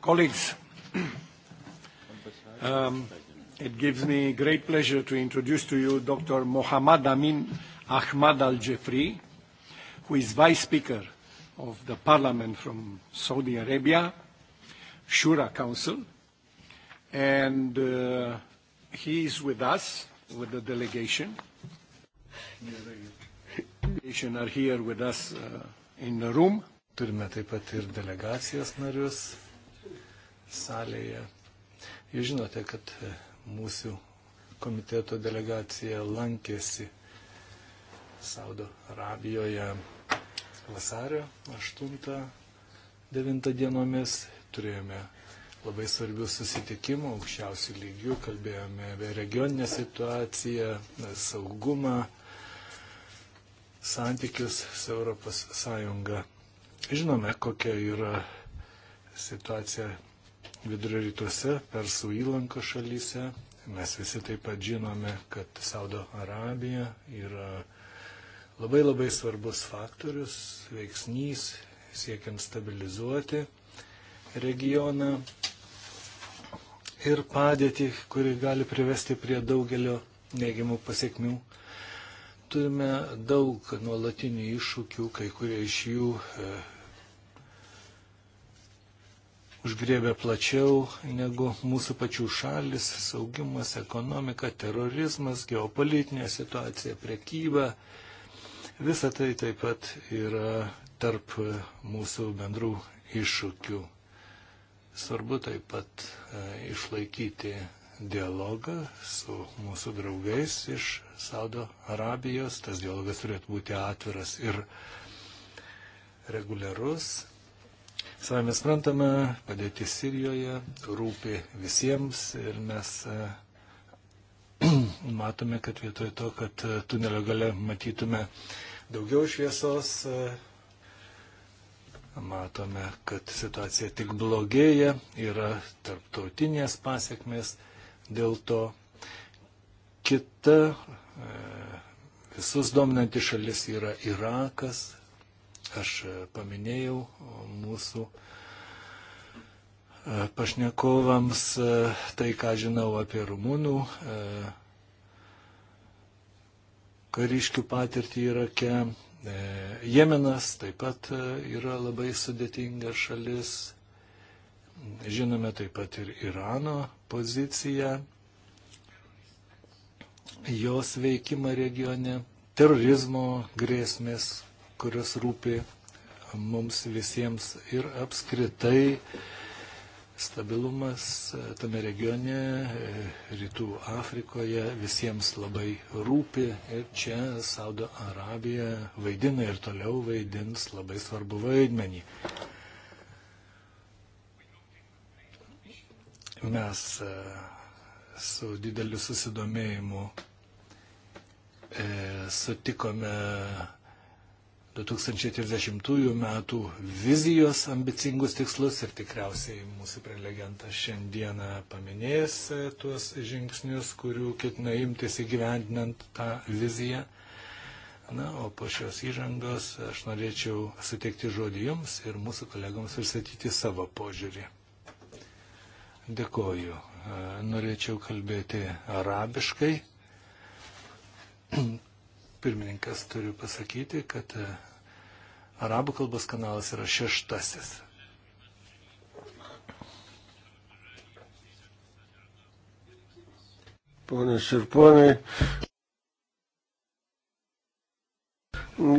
colleagues, um, it gives me great pleasure to introduce to you Dr. Mohammad Amin Ahmad Al-Jafri, who is Vice Speaker of the Parliament from Saudi Arabia, Shura Council, and uh, he is with us, with the delegation. Delegation are here with us uh, in the room. Turime taip pat ir delegacijos narius salėje. Jūs žinote, kad mūsų komiteto delegacija lankėsi Saudo Arabijoje vasario 8-9 dienomis. Turėjome labai svarbių susitikimų aukščiausių lygių, kalbėjome apie regioninę situaciją, saugumą, santykius su Europos Sąjunga. Žinome, kokia yra situacija vidurio rytuose, Persų įlanko šalyse. Mes visi taip pat žinome, kad Saudo Arabija yra labai labai svarbus faktorius, veiksnys siekiant stabilizuoti regioną ir padėtį, kuri gali privesti prie daugelio neigiamų pasiekmių. Turime daug nuolatinių iššūkių, kai kurie iš jų e, užgriebę plačiau negu mūsų pačių šalis - saugimas, ekonomika, terorizmas, geopolitinė situacija, prekyba. Visa tai taip pat yra tarp mūsų bendrų iššūkių. Svarbu taip pat e, išlaikyti dialogą su mūsų draugais iš Saudo Arabijos. Tas dialogas turėtų būti atviras ir reguliarus. Savame sprantame, padėtis Sirijoje rūpi visiems ir mes e, matome, kad vietoj to, kad e, tunelio gale matytume daugiau šviesos, e, matome, kad situacija tik blogėja, yra tarptautinės pasiekmes dėl to. Kita visus dominanti šalis yra Irakas, Aš paminėjau mūsų e, pašnekovams e, tai, ką žinau apie rumunų e, kariškių patirtį Irake. Jemenas taip pat yra labai sudėtinga šalis. Žinome taip pat ir Irano poziciją, jos veikimą regione, terorizmo grėsmės, kurios rūpi mums visiems ir apskritai stabilumas tame regione, rytų Afrikoje visiems labai rūpi ir čia Saudo Arabija vaidina ir toliau vaidins labai svarbu vaidmenį. Mes e, su dideliu susidomėjimu e, sutikome 2030 metų vizijos ambicingus tikslus ir tikriausiai mūsų prelegentas šiandieną paminės tuos žingsnius, kurių ketina imtis įgyvendinant tą viziją. Na, o po šios įžangos aš norėčiau suteikti žodį jums ir mūsų kolegoms išsakyti savo požiūrį. Dėkoju. Norėčiau kalbėti arabiškai pirmininkas turiu pasakyti, kad Arabų kalbos kanalas yra šeštasis. Ponas ir ponai,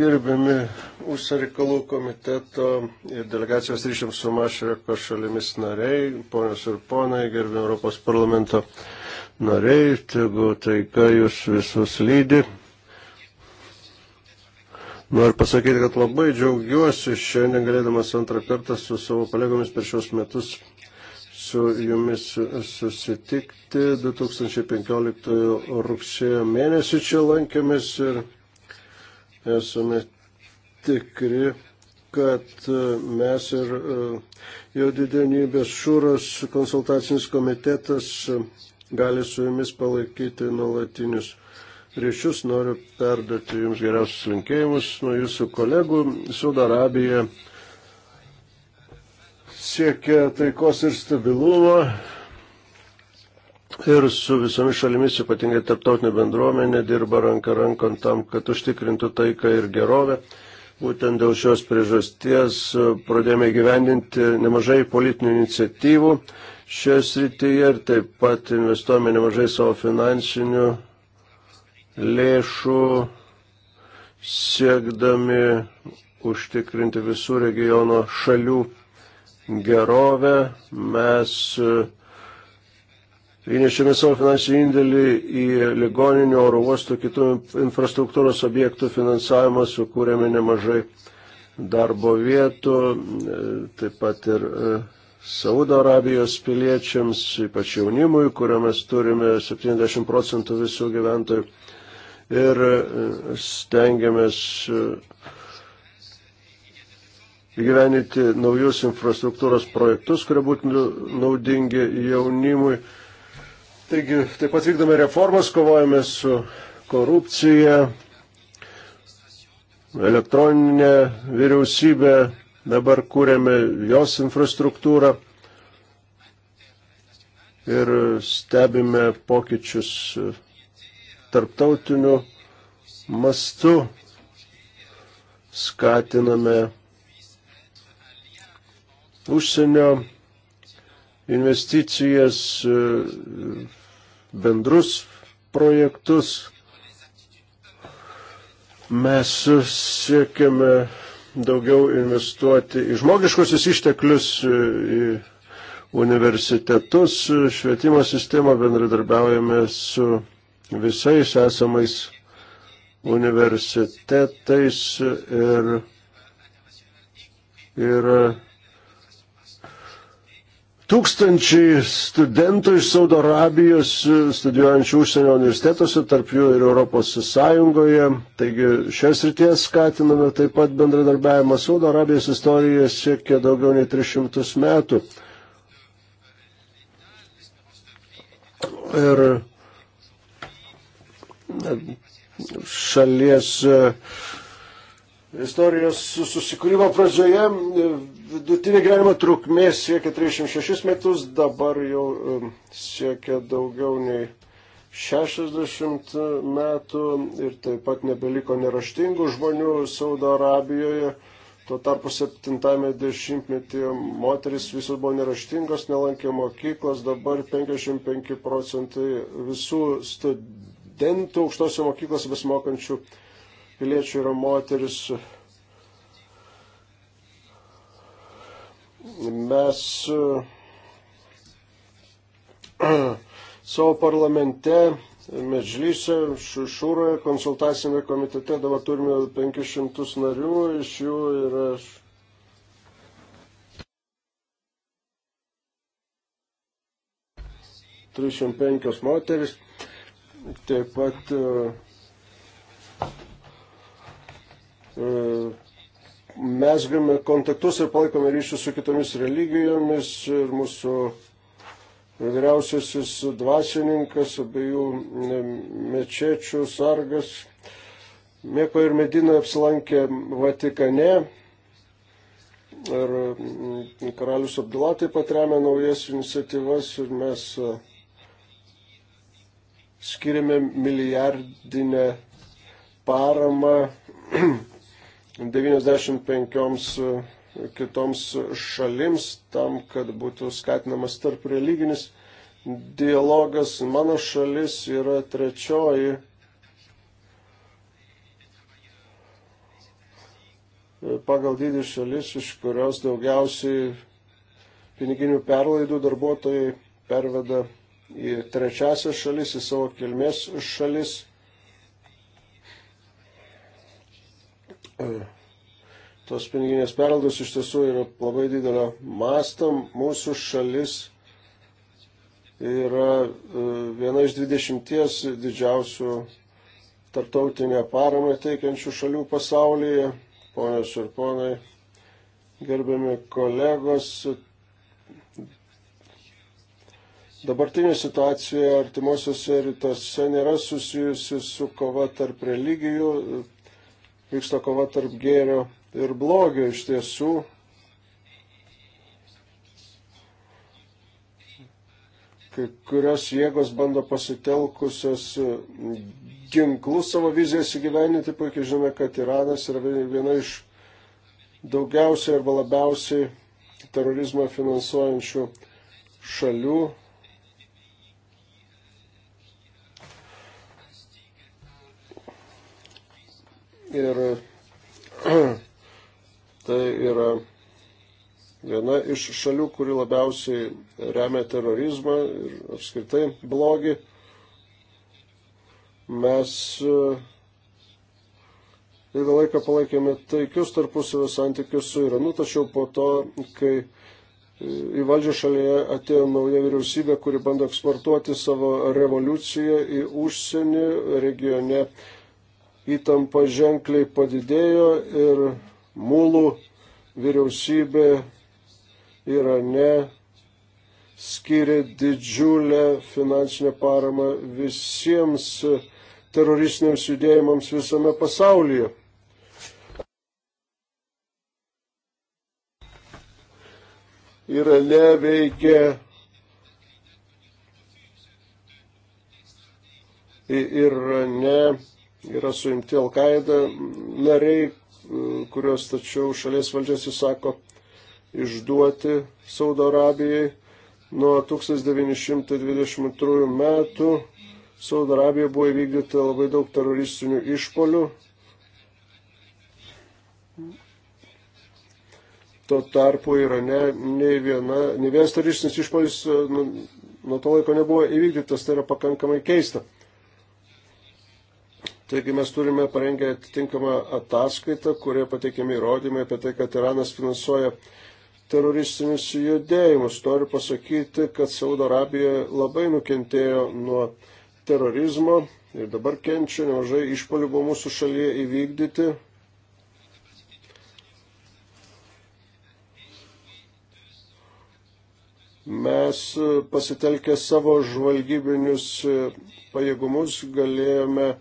gerbiami užsienio reikalų komiteto ir delegacijos ryšiams su Mašreko šalimis nariai, ponios ir ponai, gerbiami Europos parlamento nariai, tegu tai, ką jūs visus lydi. Noriu pasakyti, kad labai džiaugiuosi šiandien galėdamas antrą kartą su savo kolegomis per šios metus su jumis susitikti. 2015 rugsėjo mėnesį čia lankėmės ir esame tikri, kad mes ir e, jo didenybės šūros konsultacinis komitetas gali su jumis palaikyti nuolatinius ryšius, noriu perduoti Jums geriausius linkėjimus nuo Jūsų kolegų. Saudo Arabija siekia taikos ir stabilumo ir su visomis šalimis, ypatingai tarptautinė bendruomenė, dirba ranka rankon tam, kad užtikrintų taiką ir gerovę. Būtent dėl šios priežasties pradėjome gyvendinti nemažai politinių iniciatyvų šioje srityje ir taip pat investuojame nemažai savo finansinių lėšų siekdami užtikrinti visų regiono šalių gerovę. Mes e, įnešėme savo finansinį indėlį į ligoninių oro uostų kitų infrastruktūros objektų finansavimą, sukūrėme nemažai darbo vietų, e, taip pat ir e, Saudo Arabijos piliečiams, ypač jaunimui, kurio mes turime 70 procentų visų gyventojų ir e, stengiamės e, įgyveninti naujus infrastruktūros projektus, kurie būtų naudingi jaunimui. Taigi, taip pat vykdome reformas, kovojame su korupcija, elektroninė vyriausybė, dabar kūrėme jos infrastruktūrą ir stebime pokyčius tarptautiniu mastu skatiname užsienio investicijas, bendrus projektus. Mes siekiame daugiau investuoti į žmogiškosius išteklius, į universitetus, švietimo sistemą bendradarbiaujame su visais esamais universitetais ir, ir tūkstančiai studentų iš Saudo Arabijos studijuojančių užsienio universitetuose, tarp jų ir Europos Sąjungoje. Taigi šias ryties skatiname taip pat bendradarbiavimą. Saudo Arabijos istorija siekia daugiau nei 300 metų. Ir šalies e, istorijos susikūrimo pradžioje e, vidutinė gyvenimo trukmė siekia 306 metus, dabar jau e, siekia daugiau nei 60 metų ir taip pat nebeliko neraštingų žmonių Saudo Arabijoje. Tuo tarpu 70-ame dešimtmetyje moteris visos buvo neraštingos, nelankė mokyklos, dabar 55 procentai visų stud studentų aukštose mokyklose besimokančių piliečių yra moteris. Mes savo parlamente Medžlyse, Šūroje, konsultacinėme komitete dabar turime 500 narių, iš jų yra. Trišim penkios moteris. Taip pat e, e, mesgame kontaktus ir palaikome ryšius su kitomis religijomis ir mūsų vyriausiasis dvasininkas, abiejų mečečių sargas. Mėko ir Medina apsilankė Vatikane ir mm, karalius Abdula taip pat remia naujas iniciatyvas ir mes uh, skiriame milijardinę paramą 95 e, kitoms šalims tam, kad būtų skatinamas tarp religinis dialogas. Mano šalis yra trečioji e, pagal dydį šalis, iš kurios daugiausiai piniginių perlaidų darbuotojai perveda į trečiasias šalis, į savo kilmės šalis. E, tos piniginės perlaidos iš tiesų yra labai didelio masto. Mūsų šalis yra e, viena iš dvidešimties didžiausių tarptautinę paramą teikiančių šalių pasaulyje. Ponios ir ponai, gerbiami kolegos, Dabartinė situacija artimuosiuose rytuose nėra susijusi su kova tarp religijų, vyksta kova tarp gėrio ir blogio iš tiesų. Kai kurios jėgos bando pasitelkusios ginklus savo vizijas įgyveninti, puikiai žinome, kad Iranas yra viena iš daugiausiai arba labiausiai terorizmą finansuojančių šalių Ir tai yra viena iš šalių, kuri labiausiai remia terorizmą ir apskritai blogį. Mes e, ilgą laiką palaikėme taikius tarpusavio santykius su Iranu, tačiau po to, kai e, į valdžią šalyje atėjo nauja vyriausybė, kuri bando eksportuoti savo revoliuciją į užsienį regione, įtampa ženkliai padidėjo ir mūlų vyriausybė Irane skiria didžiulę finansinę paramą visiems teroristiniams judėjimams visame pasaulyje. Irane veikia Irane yra suimti Al-Qaeda nariai, kuriuos tačiau šalies valdžia susako išduoti Saudo Arabijai. Nuo 1922 metų Saudo Arabija buvo įvykdyta labai daug teroristinių išpolių. Tuo tarpu Irane nei, viena, nei vienas teroristinis išpolis e, nu, nuo to laiko nebuvo įvykdytas, tai yra pakankamai keista. Taigi mes turime parengę atitinkamą ataskaitą, kurie pateikiami įrodymai apie tai, kad Iranas finansuoja teroristinius judėjimus. Noriu pasakyti, kad Saudo Arabija labai nukentėjo nuo terorizmo ir dabar kenčia, nemažai išpolių buvo mūsų šalyje įvykdyti. Mes pasitelkę savo žvalgybinius pajėgumus galėjome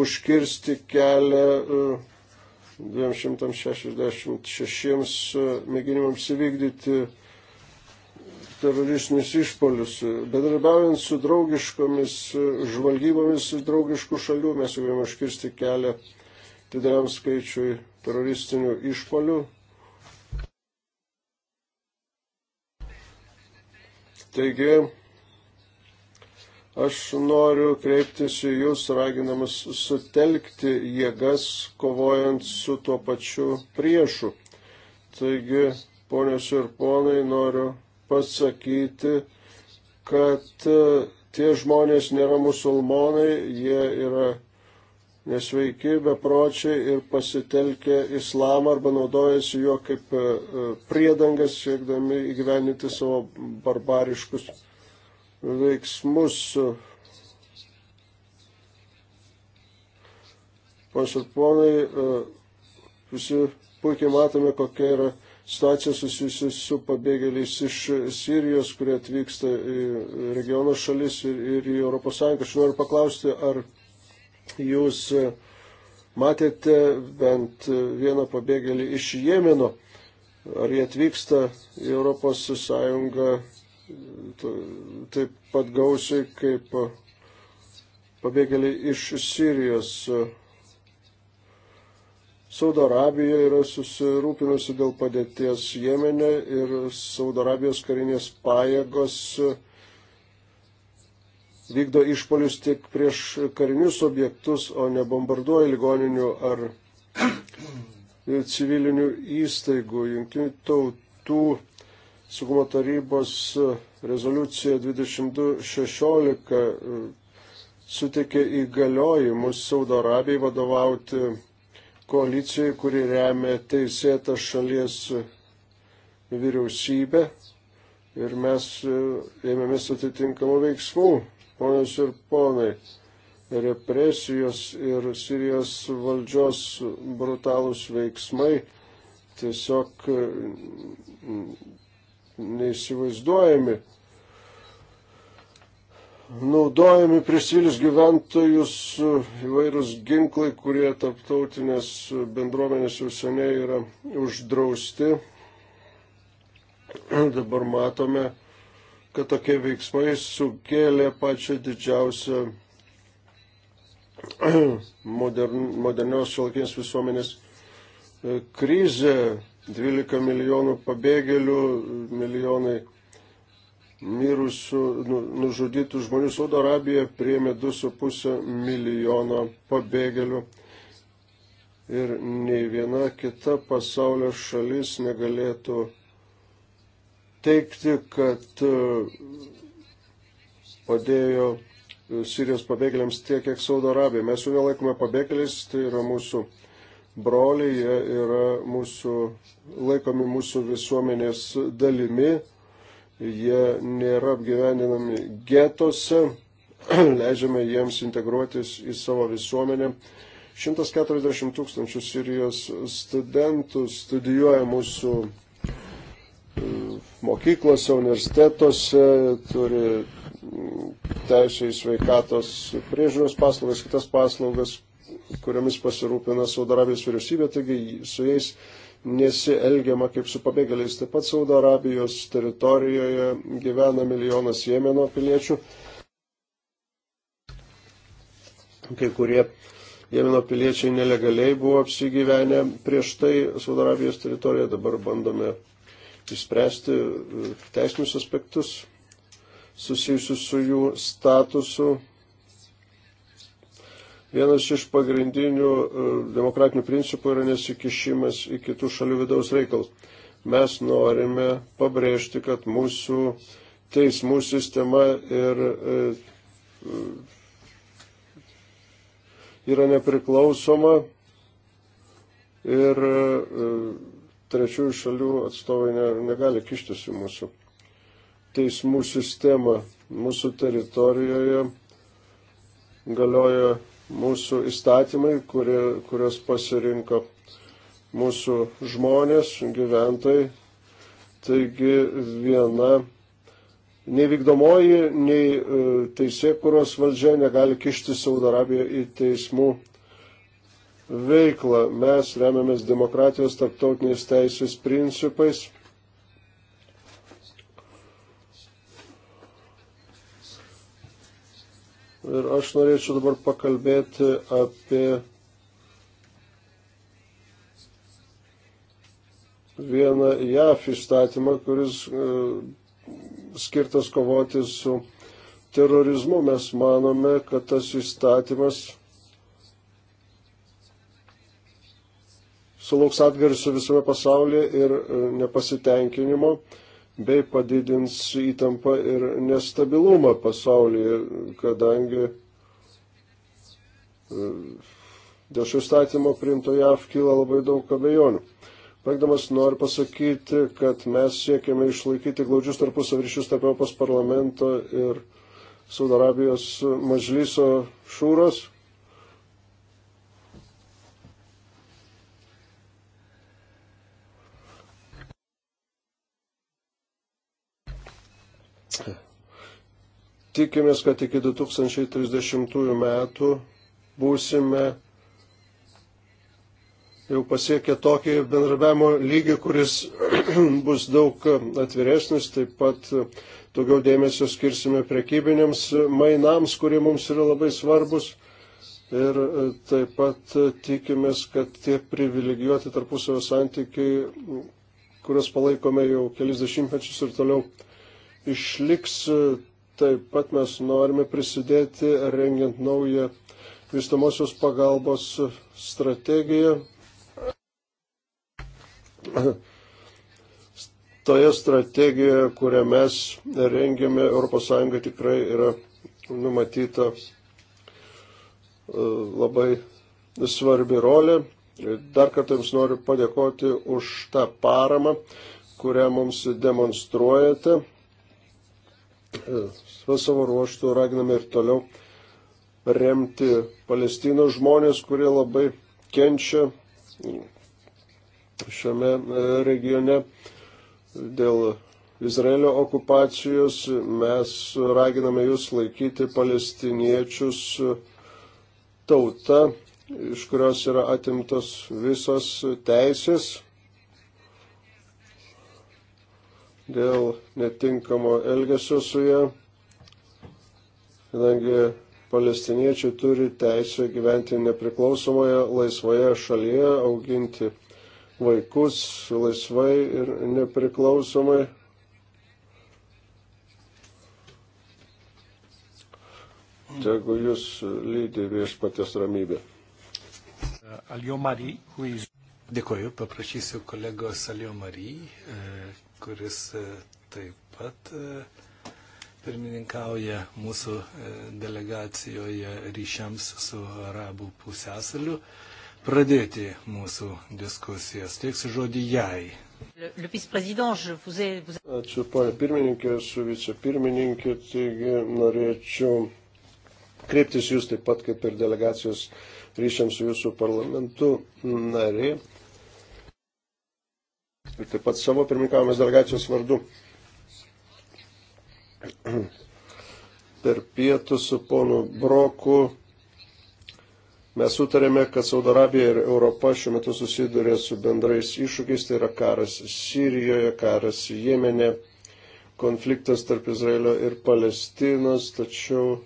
užkirsti kelią 266 e, e, mėginimams įvykdyti teroristinius išpolius. Bendradarbiaujant su draugiškomis e, žvalgybomis iš draugiškų šalių mes sugebėjome užkirsti kelią dideliam skaičiui teroristinių išpolių. Taigi, Aš noriu kreiptis į Jūs, raginamas sutelkti jėgas, kovojant su tuo pačiu priešu. Taigi, ponios ir ponai, noriu pasakyti, kad e, tie žmonės nėra musulmonai, jie yra nesveiki, bepročiai ir pasitelkia islamą arba naudojasi juo kaip e, e, priedangas, siekdami įgyveninti savo barbariškus veiksmus. Pas ir ponai, e, visi puikiai matome, kokia yra situacija susijusi su pabėgėliais iš Sirijos, kurie atvyksta į regiono šalis ir, ir į ES. Aš noriu paklausti, ar jūs matėte bent vieną pabėgėlį iš Jemeno, ar jie atvyksta į ES taip pat gausiai kaip pabėgėliai iš Sirijos. Saudo Arabija yra susirūpinusi dėl padėties Jemenė ir Saudo Arabijos karinės pajėgos vykdo išpolius tik prieš karinius objektus, o ne bombarduoja ligoninių ar civilinių įstaigų. Junktinių tautų saugumo tarybos e, rezoliucija 2216 e, suteikė įgaliojimus Saudo Arabijai vadovauti koalicijai, kuri remia teisėtą šalies e, vyriausybę ir mes ėmėmės atitinkamų veiksmų, ponios ir ponai. Represijos ir Sirijos valdžios brutalūs veiksmai tiesiog neįsivaizduojami. Naudojami prisilius gyventojus įvairūs ginklai, kurie tarptautinės bendruomenės jau seniai yra uždrausti. Dabar matome, kad tokie veiksmai sukėlė pačią didžiausią modern, modernios šiolkinės visuomenės e, krizę 12 milijonų pabėgėlių, milijonai mirusių, nu, nužudytų žmonių. Saudo Arabija priėmė 2,5 milijono pabėgėlių ir nei viena kita pasaulio šalis negalėtų teikti, kad e, padėjo e, Sirijos pabėgėliams tiek, kiek Saudo Arabija. Mes jų nelaikome pabėgėliais, tai yra mūsų broliai, jie yra mūsų, laikomi mūsų visuomenės dalimi, jie nėra apgyveninami getose, leidžiame jiems integruotis į savo visuomenę. 140 tūkstančių Sirijos studentų studijuoja mūsų uh, mokyklose, universitetuose, turi teisę į sveikatos priežiūros paslaugas, kitas paslaugas, kuriomis pasirūpina Saudarabijos vyriausybė, taigi su jais nesielgiama kaip su pabėgėliais. Taip pat Saudarabijos teritorijoje gyvena milijonas Jemeno piliečių. Kai kurie Jemeno piliečiai nelegaliai buvo apsigyvenę prieš tai Saudarabijos teritorijoje, dabar bandome išspręsti e, teisinius aspektus susijusius su jų statusu Vienas iš pagrindinių e, demokratinių principų yra nesikišimas į kitų šalių vidaus reikalus. Mes norime pabrėžti, kad mūsų teismų sistema ir, e, e, yra nepriklausoma ir trečiųjų šalių atstovai ne, negali kištis į mūsų teismų sistemą. Mūsų teritorijoje galioja mūsų įstatymai, kurie, kurios pasirinko mūsų žmonės, gyventojai. Taigi viena nevykdomoji, nei e, teisėkuros valdžia negali kišti Saudo Arabiją į teismų veiklą. Mes remiamės demokratijos tarptautinės teisės principais Ir aš norėčiau dabar pakalbėti apie vieną JAF įstatymą, kuris e, skirtas kovoti su terorizmu. Mes manome, kad tas įstatymas sulauks atgarsių visame pasaulyje ir e, nepasitenkinimo bei padidins įtampą ir nestabilumą pasaulyje, kadangi e, dėl šio statymo priimto JAV kyla labai daug abejonių. Baigdamas noriu pasakyti, kad mes siekiame išlaikyti glaudžius tarpusavį ryšius tarp Europos parlamento ir Saudarabijos mažlyso šūros. Tikimės, kad iki 2030 metų būsime jau pasiekę tokį bendrabiavimo lygį, kuris bus daug atviresnis, taip pat daugiau dėmesio skirsime prekybinėms mainams, kurie mums yra labai svarbus. Ir e, taip pat e, tikimės, kad tie privilegijuoti tarpusavio santykiai, kuriuos palaikome jau kelis dešimtmečius ir toliau išliks. Taip pat mes norime prisidėti rengiant naują vystamosios pagalbos strategiją. Toje strategijoje, kurią mes rengiame, ES tikrai yra numatyta e, labai svarbi rolė. Dar kartą Jums noriu padėkoti už tą paramą, kurią mums demonstruojate savo ruoštų raginame ir toliau remti Palestinos žmonės, kurie labai kenčia šiame e, regione dėl Izraelio okupacijos. Mes raginame jūs laikyti palestiniečius e, tauta, iš kurios yra atimtos visos teisės dėl netinkamo elgesio su ją, kadangi palestiniečiai turi teisę gyventi nepriklausomoje, laisvoje šalyje, auginti vaikus laisvai ir nepriklausomai. Tegu jūs lydi viešpatės ramybė. Aljo Mari, who is Dėkoju, paprašysiu kolegos Alio Mary, e, kuris e, taip pat e, pirmininkauja mūsų e, delegacijoje ryšiams su arabų pusėsaliu, pradėti mūsų diskusijas. Teiksiu žodį jai. Ačiū, ponė pirmininkė, su vicepirmininkė, taigi norėčiau kreiptis jūs taip pat kaip ir delegacijos ryšiams su jūsų parlamentu narė ir taip pat savo pirmininkavimas delegacijos vardu. Per pietus su ponu Broku mes sutarėme, kad Saudarabija ir Europa šiuo metu susiduria su bendrais iššūkiais, tai yra karas Sirijoje, karas Jemene, konfliktas tarp Izraelio ir Palestinos, tačiau e,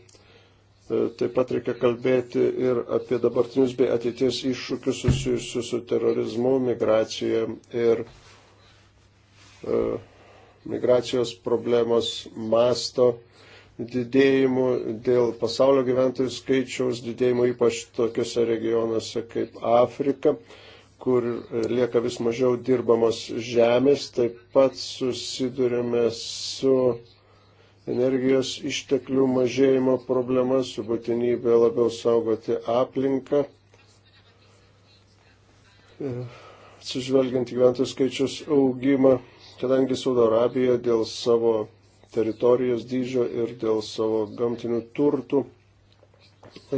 Taip pat reikia kalbėti ir apie dabartinius bei ateities iššūkius susijusius su terorizmu, migracija ir E, migracijos problemos masto didėjimu, dėl pasaulio gyventojų skaičiaus didėjimu, ypač tokiuose regionuose kaip Afrika, kur lieka vis mažiau dirbamos žemės, taip pat susidurime su energijos išteklių mažėjimo problema, su būtinybė labiau saugoti aplinką. E, atsižvelgiant gyventojų skaičius augimą kadangi Saudo Arabija dėl savo teritorijos dydžio ir dėl savo gamtinių turtų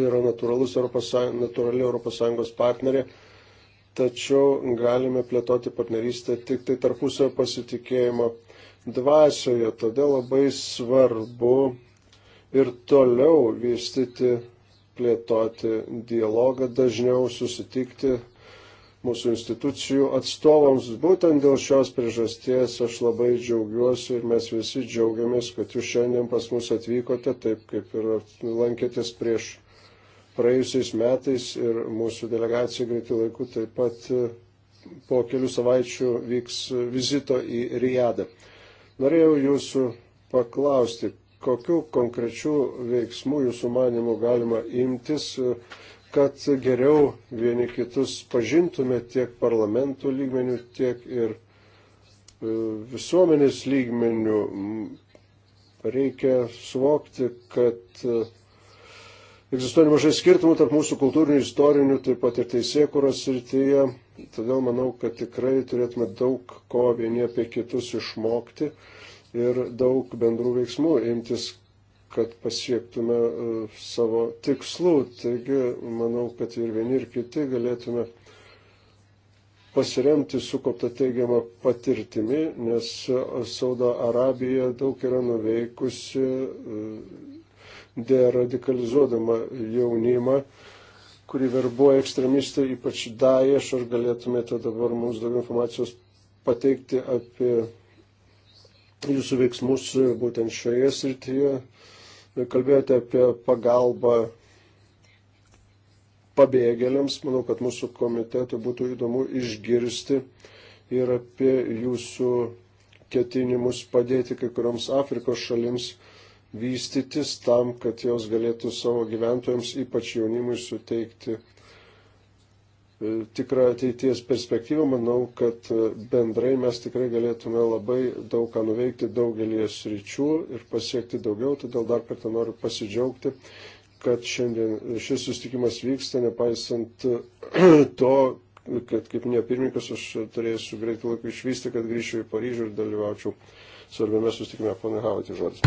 yra natūralus Europos, natūrali ES partnerė, tačiau galime plėtoti partnerystę tik tai tarpusio pasitikėjimo dvasioje. Todėl labai svarbu ir toliau vystyti, plėtoti dialogą, dažniau susitikti mūsų institucijų atstovams. Būtent dėl šios priežasties aš labai džiaugiuosi ir mes visi džiaugiamės, kad jūs šiandien pas mus atvykote, taip kaip ir lankėtės prieš praėjusiais metais ir mūsų delegacija greitų laikų taip pat e, po kelių savaičių vyks vizito į Rijadą. Norėjau jūsų paklausti, kokiu konkrečiu veiksmu jūsų manimu galima imtis e, kad geriau vieni kitus pažintume tiek parlamentų lygmenių, tiek ir e, visuomenės lygmenių. Reikia suvokti, kad e, egzistuoja nemažai skirtumų tarp mūsų kultūrinių, istorinių, taip pat ir teisėkuros srityje. Todėl manau, kad tikrai turėtume daug ko vieni apie kitus išmokti ir daug bendrų veiksmų imtis, kad pasiektume e, savo tikslų. Taigi, manau, kad ir vieni, ir kiti galėtume pasiremti sukauptą teigiamą patirtimį, nes Saudo Arabija daug yra nuveikusi e, deradikalizuodama jaunimą, kurį verbuoja ekstremistai, ypač Daesh. Ar galėtumėte dabar mums daugiau informacijos pateikti apie jūsų veiksmus būtent šioje srityje? kalbėjote apie pagalbą pabėgėliams. Manau, kad mūsų komitetui būtų įdomu išgirsti ir apie jūsų ketinimus padėti kai kurioms Afrikos šalims vystytis tam, kad jos galėtų savo gyventojams, ypač jaunimui, suteikti tikrą ateities perspektyvą, manau, kad e, bendrai mes tikrai galėtume labai daug ką nuveikti daugelį sričių ir pasiekti daugiau, todėl dar kartą noriu pasidžiaugti, kad šiandien šis sustikimas vyksta, nepaisant to, kad kaip ne pirmininkas, aš turėsiu greitų laikų išvysti, kad grįšiu į Paryžių ir dalyvaučiau svarbiame sustikime. Pone Havati, žodis.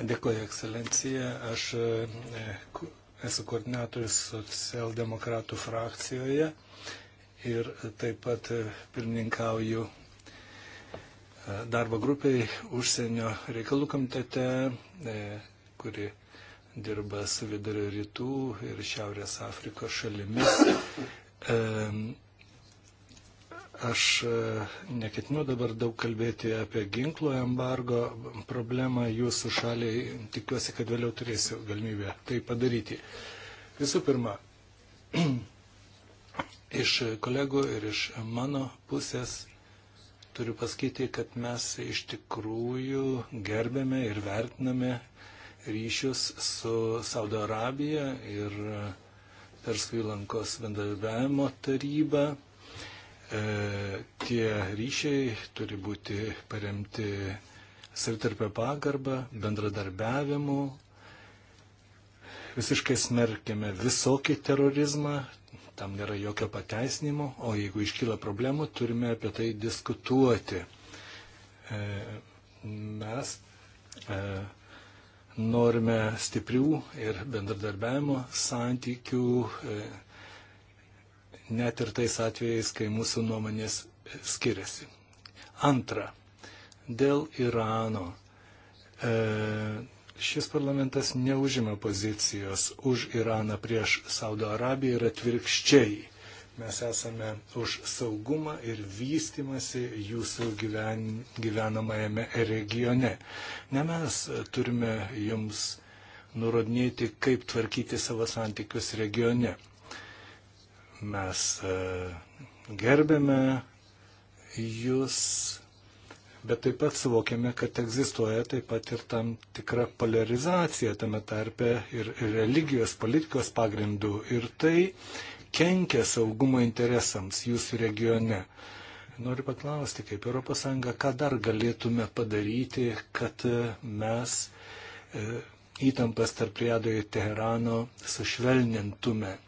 Dėkuoju, ekscelencija. Aš e, esu koordinatorius socialdemokratų frakcijoje ir taip pat e, pirmininkauju e, darbo grupiai užsienio reikalų komitete, e, kuri dirba su vidurio rytų ir Šiaurės Afrikos šalimis. Aš e, neketinu dabar daug kalbėti apie ginklų embargo problemą jūsų šaliai. Tikiuosi, kad vėliau turėsiu galimybę tai padaryti. Visų pirma, iš kolegų ir iš mano pusės turiu pasakyti, kad mes iš tikrųjų gerbėme ir vertiname ryšius su Saudo Arabija ir e, Perskų įlankos bendradarbiavimo taryba. E, tie ryšiai turi būti paremti savitarpę pagarbą, bendradarbiavimu. Visiškai smerkėme visokį terorizmą, tam nėra jokio pateisinimo, o jeigu iškyla problemų, turime apie tai diskutuoti. E, mes e, norime stiprių ir bendradarbiavimo santykių net ir tais atvejais, kai mūsų nuomonės skiriasi. Antra, dėl Irano. E, šis parlamentas neužima pozicijos už Iraną prieš Saudo Arabiją ir atvirkščiai. Mes esame už saugumą ir vystimasi jūsų gyven, gyvenamajame regione. Ne mes turime jums nurodinėti, kaip tvarkyti savo santykius regione. Mes e, gerbėme jūs, bet taip pat suvokėme, kad egzistuoja taip pat ir tam tikra polarizacija tame tarpe ir religijos, politikos pagrindų. Ir tai kenkia saugumo interesams jūsų regione. Noriu paklausti, kaip ES, ką dar galėtume padaryti, kad e, mes e, įtampas tarp Riado ir Teherano sušvelnintume.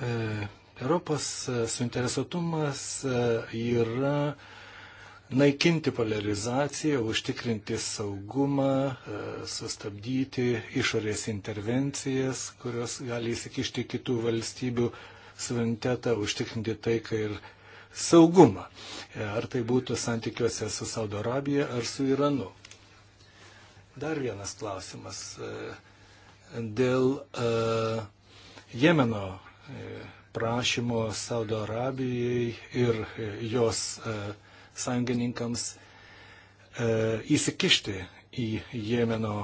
E, Europos e, suinteresuotumas e, yra naikinti polarizaciją, užtikrinti saugumą, sustabdyti išorės intervencijas, kurios gali įsikišti kitų valstybių suverenitetą, užtikrinti taiką ir saugumą. Ar tai būtų santykiuose su Saudo Arabija ar su Iranu. Dar vienas klausimas dėl Jemeno E, prašymo Saudo Arabijai ir e, jos e, sąjungininkams įsikišti į Jemeno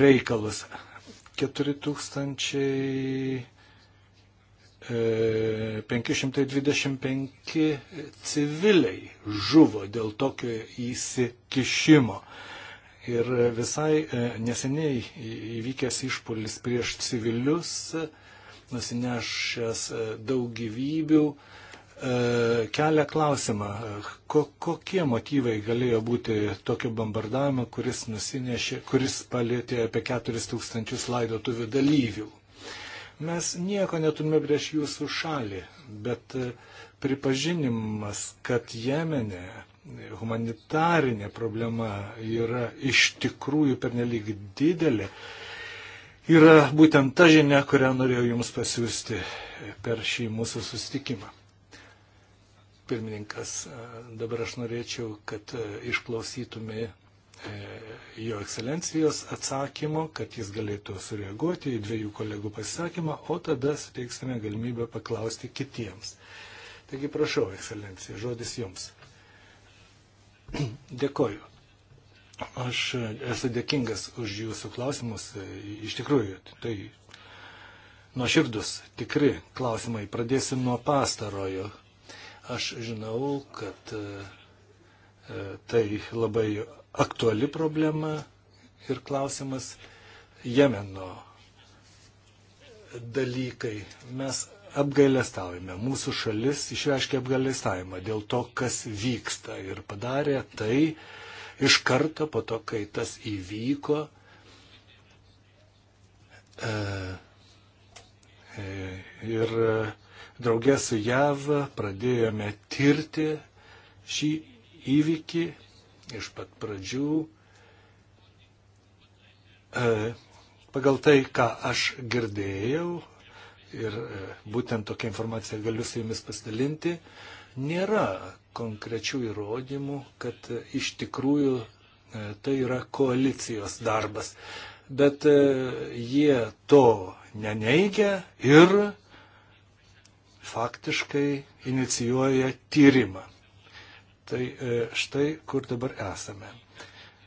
reikalus. 4525 civiliai žuvo dėl tokio įsikišimo. Ir visai neseniai įvykęs išpolis prieš civilius nusinešęs e, daug gyvybių, e, kelia klausimą, ko, kokie motyvai galėjo būti tokio bombardavimo, kuris, nusinešė, kuris palėtė apie 4000 laidotuvių dalyvių. Mes nieko neturime prieš jūsų šalį, bet e, pripažinimas, kad Jemenė humanitarinė problema yra iš tikrųjų pernelyg didelė, yra būtent ta žinia, kurią norėjau Jums pasiūsti per šį mūsų susitikimą. Pirmininkas, dabar aš norėčiau, kad e, išklausytume e, Jo ekscelencijos atsakymo, kad jis galėtų sureaguoti į dviejų kolegų pasisakymą, o tada suteiksime galimybę paklausti kitiems. Taigi prašau, ekscelencija, žodis jums. Dėkoju. Aš esu dėkingas už jūsų klausimus. E, iš tikrųjų, tai nuoširdus, tikri klausimai. Pradėsim nuo pastarojo. Aš žinau, kad e, e, tai labai aktuali problema ir klausimas Jemeno dalykai. Mes apgailestaujame, mūsų šalis išreiškia apgailestavimą dėl to, kas vyksta ir padarė tai, uh, iš karto po to, kai tas įvyko, e, e, ir draugė su JAV pradėjome tirti šį įvykį iš pat pradžių. E, pagal tai, ką aš girdėjau, ir būtent tokia informacija galiu su jumis pasidalinti, nėra konkrečių įrodymų, kad e, iš tikrųjų e, tai yra koalicijos darbas. Bet e, jie to neneigia ir faktiškai inicijuoja tyrimą. Tai štai kur dabar esame.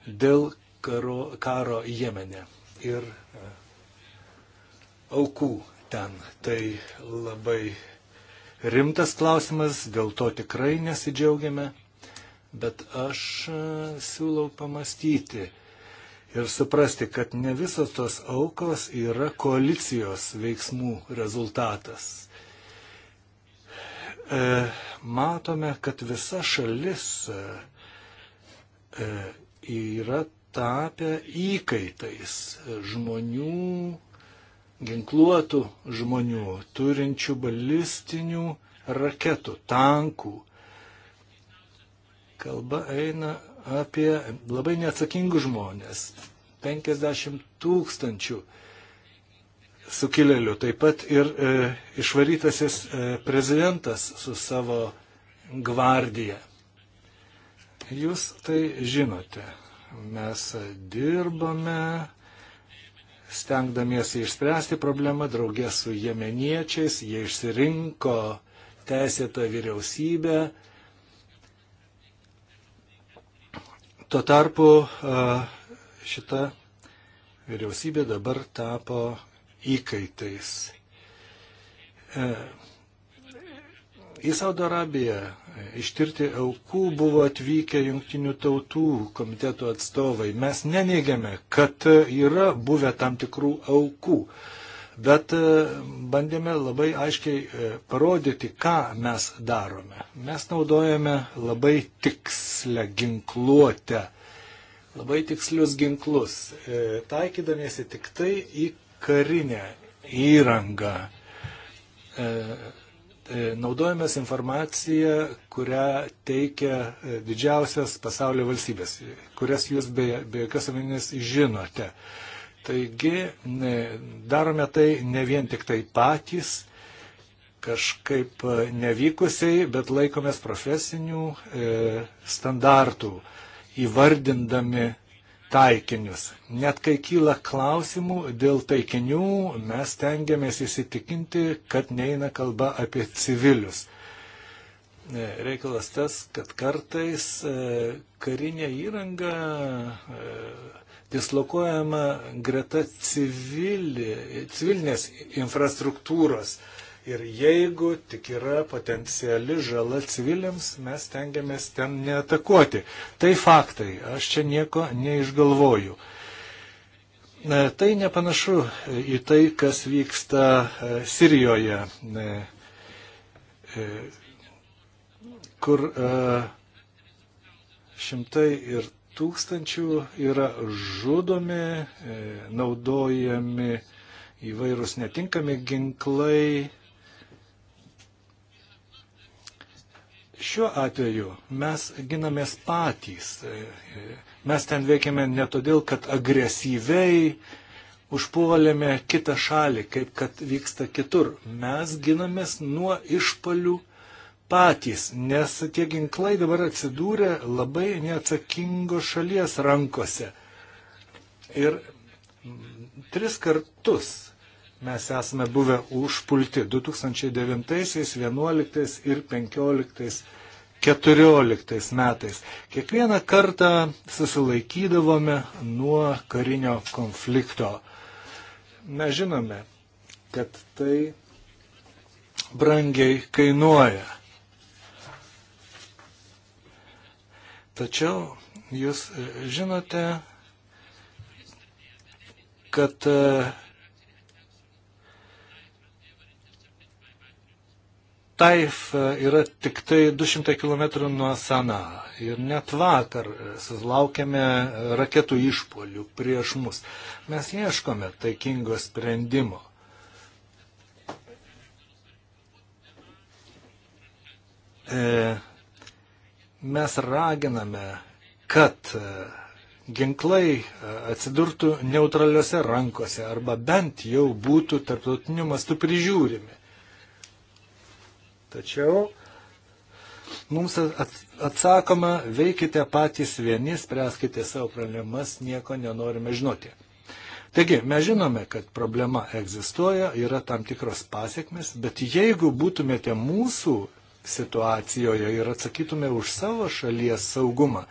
Dėl karo, karo Jemene ir aukų ten. Tai labai rimtas klausimas, dėl to tikrai nesidžiaugiame, bet aš e, siūlau pamastyti ir suprasti, kad ne visos tos aukos yra koalicijos veiksmų rezultatas. E, matome, kad visa šalis e, e yra tapę įkaitais žmonių ginkluotų žmonių, turinčių balistinių raketų, tankų. Kalba eina apie labai neatsakingus žmonės. 50 tūkstančių sukilėlių. Taip pat ir e, išvarytasis e, prezidentas su savo gvardija. Jūs tai žinote. Mes dirbame, stengdamiesi išspręsti problemą draugė su jemeniečiais, jie išsirinko teisėtą vyriausybę. Tuo tarpu šita vyriausybė dabar tapo įkaitais. E, į Saudo Arabiją ištirti aukų buvo atvykę jungtinių tautų komiteto atstovai. Mes neneigiame, kad yra buvę tam tikrų aukų, bet e, bandėme labai aiškiai e, parodyti, ką mes darome. Mes naudojame labai tikslę ginkluotę, labai tikslius ginklus, e, taikydamiesi tik tai į karinę įrangą E, naudojamės informaciją, kurią teikia e, didžiausias pasaulio valstybės, kurias jūs be, be jokios abejonės žinote. Taigi darome tai ne vien tik tai patys, kažkaip e, nevykusiai, bet laikomės profesinių standartų, įvardindami taikinius. Net kai kyla klausimų dėl taikinių, mes tengiamės įsitikinti, kad neina kalba apie civilius. E, reikalas tas, kad kartais e, karinė įranga e, dislokuojama greta civili, civilinės infrastruktūros. E, Ir jeigu tik yra potenciali žala civiliams, mes tengiamės ten neatakuoti. Tai faktai, aš čia nieko neišgalvoju. E, tai nepanašu į tai, kas vyksta e, Sirijoje, e, kur šimtai ir tūkstančių yra žudomi, naudojami įvairūs netinkami ginklai, Šiuo atveju mes ginamės patys. Mes ten veikiame ne todėl, kad agresyviai užpuolėme kitą šalį, kaip kad vyksta kitur. Mes ginamės nuo išpalių patys, nes tie ginklai dabar atsidūrė labai neatsakingos šalies rankose. Ir tris kartus mes esame buvę užpulti 2009, 2011 ir 2015. 14 metais. Kiekvieną kartą susilaikydavome nuo karinio konflikto. Mes žinome, kad tai brangiai kainuoja. Tačiau jūs žinote, kad Taif e, yra tik tai 200 km nuo Sana. Ir net vakar e, sulaukėme e, raketų išpolių prieš mus. Mes ieškome taikingo sprendimo. E, mes raginame, kad ginklai atsidurtų neutraliuose rankose arba bent jau būtų tarptautiniu mastu prižiūrimi Tačiau mums atsakoma, veikite patys vieni, spręskite savo problemas, nieko nenorime žinoti. Taigi, mes žinome, kad problema egzistuoja, yra tam tikros pasiekmes, bet jeigu būtumėte mūsų situacijoje ir atsakytume už savo šalies saugumą,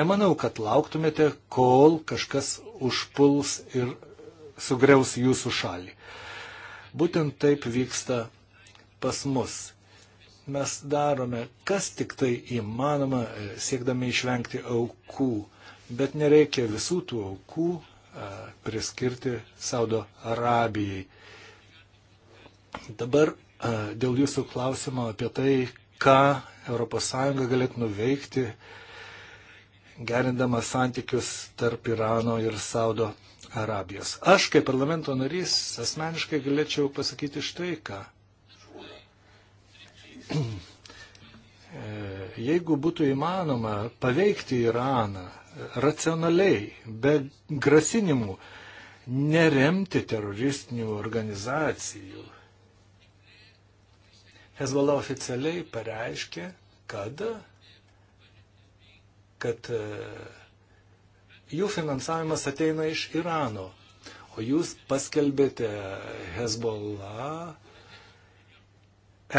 nemanau, kad lauktumėte, kol kažkas užpuls ir sugriaus jūsų šalį. Būtent taip vyksta pas mus mes darome, kas tik tai įmanoma, e, siekdami išvengti aukų. Bet nereikia visų tų aukų e, priskirti Saudo Arabijai. Dabar e, dėl jūsų klausimo apie tai, ką ES galėtų nuveikti, gerindama santykius tarp Irano ir Saudo Arabijos. Aš kaip parlamento narys asmeniškai galėčiau pasakyti štai ką. E, jeigu būtų įmanoma paveikti Iraną racionaliai, be grasinimų, neremti teroristinių organizacijų. Hezbollah oficialiai pareiškė, kad, kad e, jų finansavimas ateina iš Irano, o jūs paskelbėte Hezbollah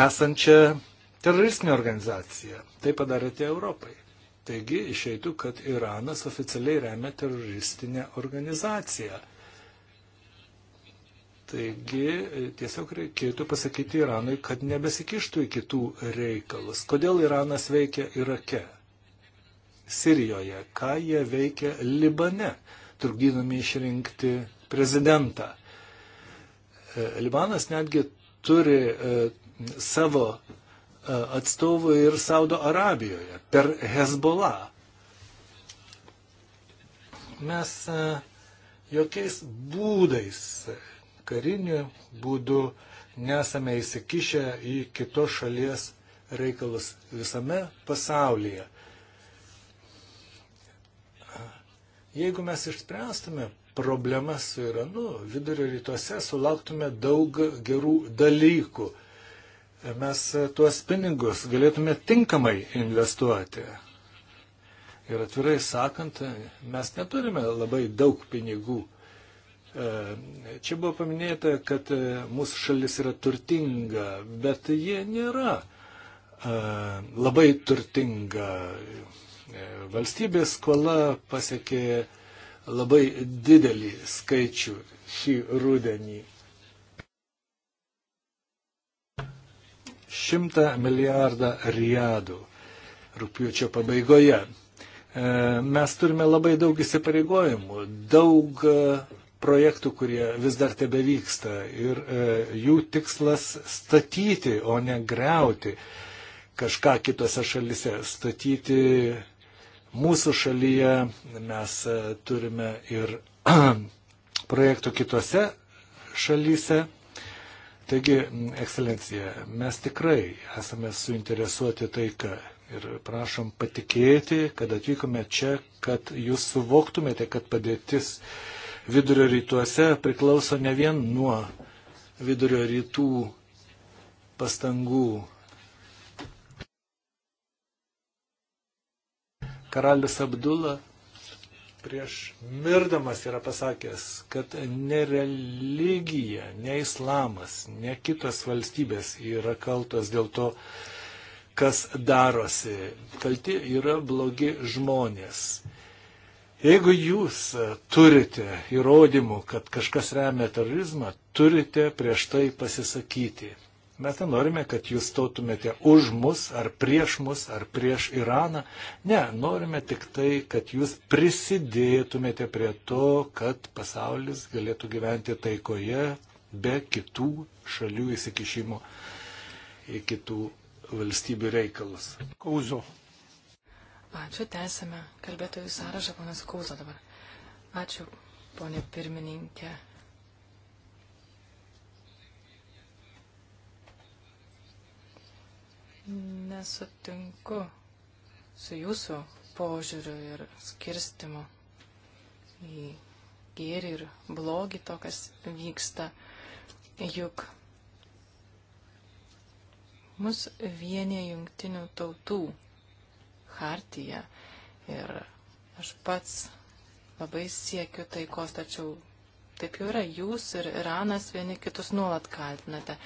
esančią teroristinę organizaciją. Tai padarėte Europai. Taigi išeitų, kad Iranas oficialiai remia teroristinę organizaciją. Taigi tiesiog reikėtų pasakyti Iranui, kad nebesikištų į kitų reikalus. Kodėl Iranas veikia Irake, Sirijoje, ką jie veikia Libane, trukdydami išrinkti prezidentą. E, Libanas netgi turi e, savo e, atstovų ir Saudo Arabijoje per Hezbollah. Mes e, jokiais būdais kariniu būdu nesame įsikišę į kitos šalies reikalus visame pasaulyje. Jeigu mes išspręstume problemas su Iranu, vidurio rytuose sulauktume daug gerų dalykų mes tuos pinigus galėtume tinkamai investuoti. Ir atvirai sakant, mes neturime labai daug pinigų. E, čia buvo paminėta, kad e, mūsų šalis yra turtinga, bet jie nėra e, labai turtinga. Valstybės skola pasiekė labai didelį skaičių šį rudenį. 100 milijardą riadų rūpiučio pabaigoje. E, mes turime labai daug įsipareigojimų, daug e, projektų, kurie vis dar tebe vyksta ir e, jų tikslas statyti, o ne greuti kažką kitose šalise, statyti mūsų šalyje, mes turime ir projektų kitose šalyse, Taigi, ekscelencija, mes tikrai esame suinteresuoti taika ir prašom patikėti, kad atvykome čia, kad jūs suvoktumėte, kad padėtis vidurio rytuose priklauso ne vien nuo vidurio rytų pastangų. Karalius Abdula prieš mirdamas yra pasakęs, kad ne religija, ne islamas, ne kitos valstybės yra kaltos dėl to, kas darosi. Kalti yra blogi žmonės. Jeigu jūs turite įrodymų, kad kažkas remia terorizmą, turite prieš tai pasisakyti. Mes nenorime, kad jūs stotumėte už mus ar prieš mus ar prieš Iraną. Ne, norime tik tai, kad jūs prisidėtumėte prie to, kad pasaulis galėtų gyventi taikoje be kitų šalių įsikišimo į kitų valstybių reikalus. Kauzo. Ačiū, tęsime. Kalbėtojų sąrašą, ponas Kauzo dabar. Ačiū, ponė pirmininkė. nesutinku su jūsų požiūriu ir skirstimu į gėrį ir blogį to, kas vyksta. Juk mus vienė jungtinių tautų hartija ir aš pats labai siekiu taikos, tačiau taip jau yra, jūs ir Iranas vieni kitus nuolat kaltinate.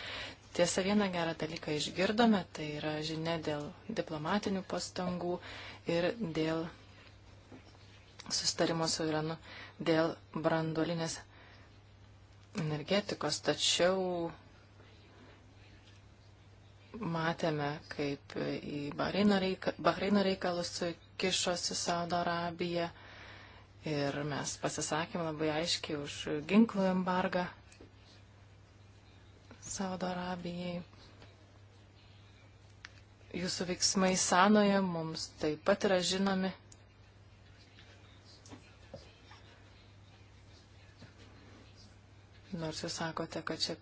Tiesa, vieną gerą dalyką išgirdome, tai yra žinia dėl diplomatinių pastangų ir dėl sustarimo su Iranu, dėl brandolinės energetikos. Tačiau matėme, kaip į Bahreino reikalus, reikalus kišosi Saudo Arabija ir mes pasisakėme labai aiškiai už ginklų embargą Saudo Arabijai. Jūsų veiksmai senoje mums taip pat yra žinomi. Nors jūs sakote, kad čia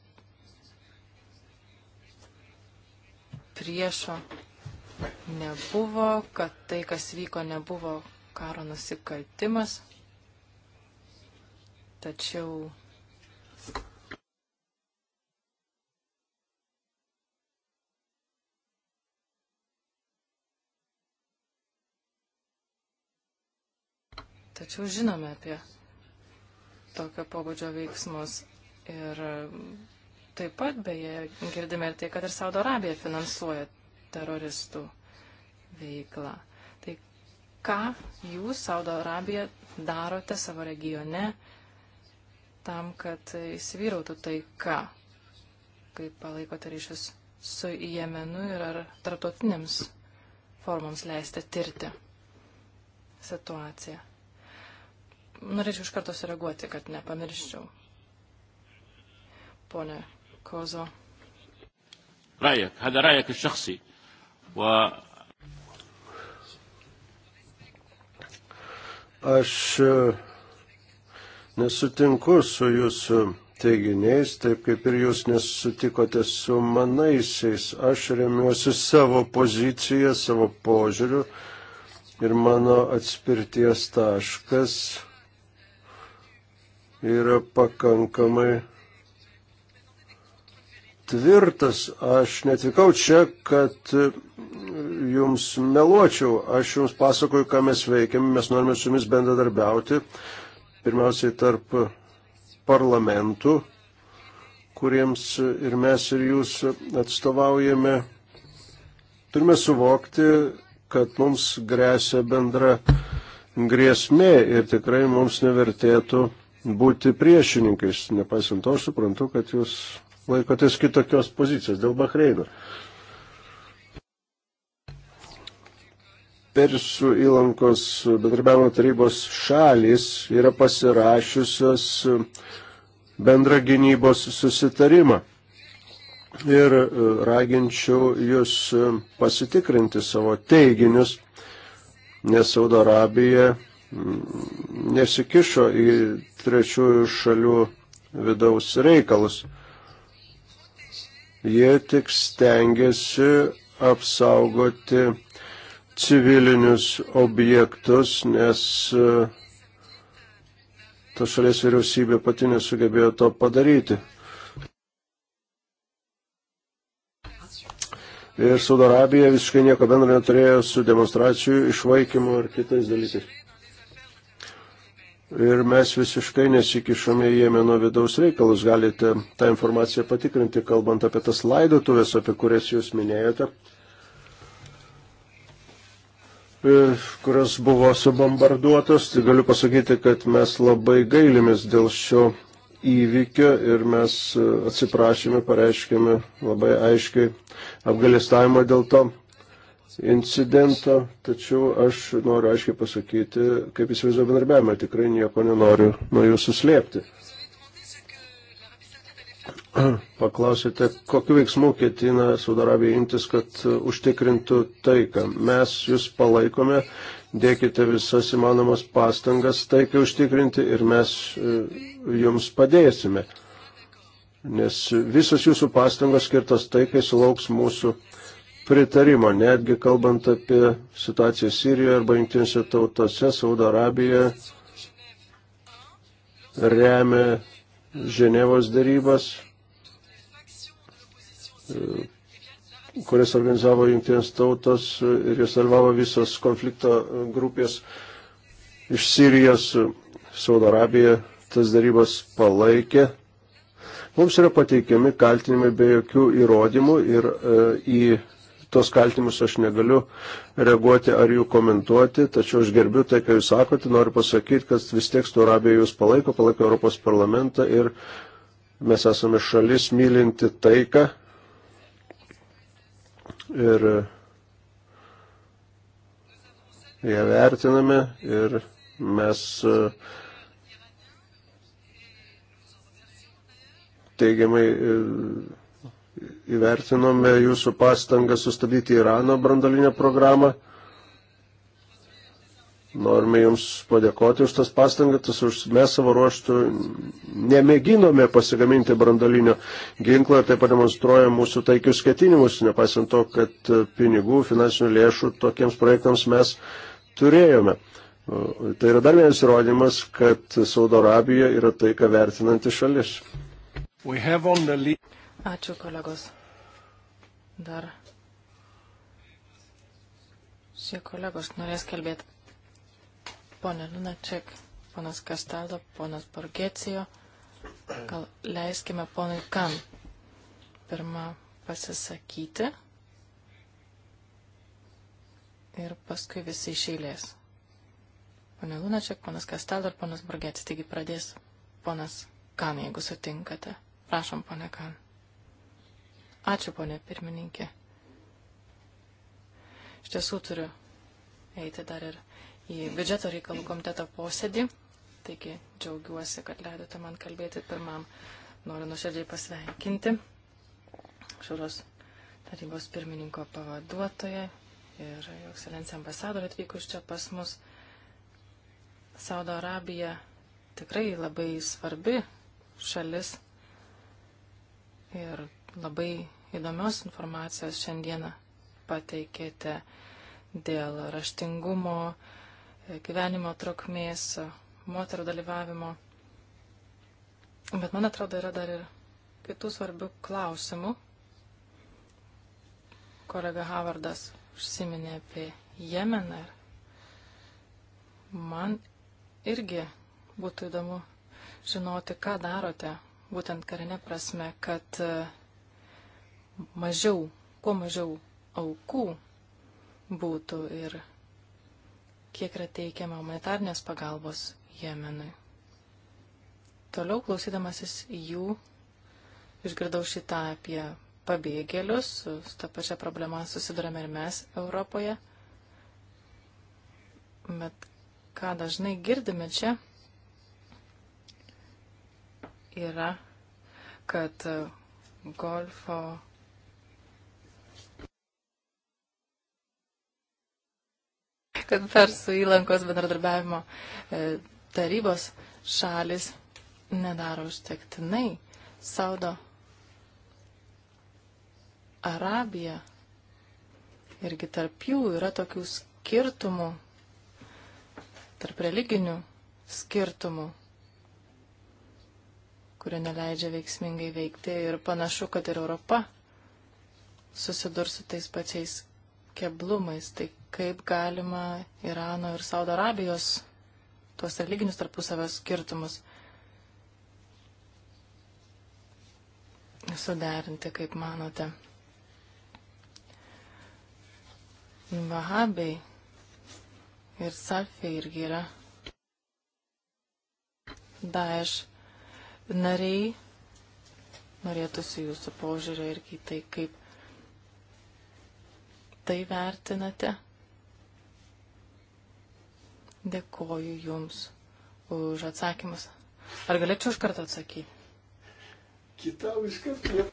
priešo nebuvo, kad tai, kas vyko, nebuvo karo nusikaltimas. Tačiau Tačiau žinome apie tokio pobūdžio veiksmus. Ir taip pat, beje, girdime ir tai, kad ir Saudo Arabija finansuoja teroristų veiklą. Tai ką jūs, Saudo Arabija, darote savo regione tam, kad įsivyrautų taika, kaip palaikote ryšius su Jemenu ir ar tarptautinėms formoms leista tirti situaciją? norėčiau iš karto sureaguoti, kad nepamirščiau. Pone Kozo. رأيك هذا رأيك الشخصي و Aš e, nesutinku su jūsų teiginiais, taip kaip ir jūs nesutikote su manaisiais. Aš remiuosi savo poziciją, savo požiūriu ir mano atspirties taškas yra pakankamai tvirtas. Aš netvykau čia, kad jums meluočiau. Aš jums pasakoju, ką mes veikiam. Mes norime su jumis bendradarbiauti. Pirmiausiai tarp parlamentų, kuriems ir mes ir jūs atstovaujame. Turime suvokti, kad mums grėsia bendra grėsmė ir tikrai mums nevertėtų būti priešininkais. Nepaisant to, aš suprantu, kad jūs laikotės kitokios pozicijos dėl Bahreino. Persų įlankos bendrabiavimo tarybos šalis yra pasirašiusios bendrą gynybos susitarimą. Ir e, raginčiau jūs e, pasitikrinti savo teiginius, nes Saudo Arabija nesikišo į trečiųjų šalių vidaus reikalus. Jie tik stengiasi apsaugoti civilinius objektus, nes e, ta šalies vyriausybė pati nesugebėjo to padaryti. Ir Saudarabija visiškai nieko bendro neturėjo su demonstracijų išvaikymu ir kitais dalykais ir mes visiškai nesikišome į Jemeno vidaus reikalus. Galite tą informaciją patikrinti, kalbant apie tas laidotuvės, apie kurias jūs minėjote, e, kurios buvo subombarduotos. Tai galiu pasakyti, kad mes labai gailimės dėl šio įvykio ir mes e, atsiprašėme, pareiškėme labai aiškiai apgalėstavimą dėl to incidento, tačiau aš noriu aiškiai pasakyti, kaip įsivaizduoju bendarbiavimą, tikrai nieko nenoriu nuo jūsų slėpti. Paklausėte, kokiu veiksmu ketina Saudarabija imtis, kad užtikrintų taiką. Mes jūs palaikome, dėkite visas įmanomas pastangas taikai užtikrinti ir mes e, jums padėsime. Nes visos jūsų pastangos skirtos taikai sulauks mūsų pritarimo, netgi kalbant apie situaciją Sirijoje arba jungtinėse tautose, Saudo Arabija remia Ženevos darybas, kurias organizavo jungtinės tautos ir jas dalyvavo visos konflikto grupės iš Sirijos, Saudo Arabija tas darybas palaikė. Mums yra pateikiami kaltinimai be jokių įrodymų ir e, į tuos kaltimus aš negaliu reaguoti ar jų komentuoti, tačiau aš gerbiu tai, ką jūs sakote, noriu pasakyti, kad vis tiek Saudo Arabija jūs palaiko, palaiko Europos parlamentą ir mes esame šalis mylinti taiką. Ir ją vertiname ir mes e, teigiamai e, įvertinome jūsų pastangą sustabdyti Irano brandalinę programą. Norime Jums padėkoti už tas pastangas, už mes savo ruoštų nemėginome pasigaminti brandolinio ginklo ir tai pademonstruoja mūsų taikius ketinimus, nepaisant to, kad pinigų, finansinių lėšų tokiems projektams mes turėjome. Tai yra dar vienas įrodymas, kad Saudo Arabija yra tai, ką vertinanti šalis. The... Ačiū, kolegos. Dar šie kolegos norės kalbėti. Pone Lunaček, ponas Kastaldo, ponas Borgecijo. Gal leiskime ponui Kam pirmą pasisakyti ir paskui visi iš eilės. Pone Lunaček, ponas Kastaldo ir ponas Borgecijo. Taigi pradės ponas Kam, jeigu sutinkate. Prašom, pone Kam. Ačiū, ponė pirmininkė. Iš tiesų turiu eiti dar ir į biudžeto reikalų komiteto posėdį, taigi džiaugiuosi, kad leidote man kalbėti pirmam. Noriu nuoširdžiai pasveikinti Šūros tarybos pirmininko pavaduotoją ir jo ekscelencija ambasadorė atvykus čia pas mus. Saudo Arabija tikrai labai svarbi šalis ir labai įdomios informacijos šiandieną pateikėte dėl raštingumo, gyvenimo trukmės, moterų dalyvavimo. Bet man atrodo, yra dar ir kitų svarbių klausimų. Kolega Havardas užsiminė apie Jemeną ir man irgi būtų įdomu žinoti, ką darote būtent karinė prasme, kad uh, mažiau, kuo mažiau aukų būtų ir kiek yra teikiama humanitarnės pagalbos Jemenui. Toliau klausydamasis jų, išgirdau šitą apie pabėgėlius, su tą pačią problemą susidurame ir mes Europoje. Bet ką dažnai girdime čia, yra, kad uh, golfo kad Persų įlankos bendradarbiavimo e, tarybos šalis nedaro užtektinai. Saudo Arabija irgi tarp jų yra tokių skirtumų, tarp religinių skirtumų, kurie neleidžia veiksmingai veikti ir panašu, kad ir Europa susidurs su tais pačiais keblumais. Tai kaip galima Irano ir Saudo Arabijos tuos religinius tarpusavio skirtumus suderinti, kaip manote. Vahabiai ir Safiai irgi yra Daesh nariai. Norėtųsi jūsų požiūrio irgi tai, kaip tai vertinate. Dėkoju Jums už atsakymus. Ar galėčiau iš karto atsakyti? Kitam iš karto.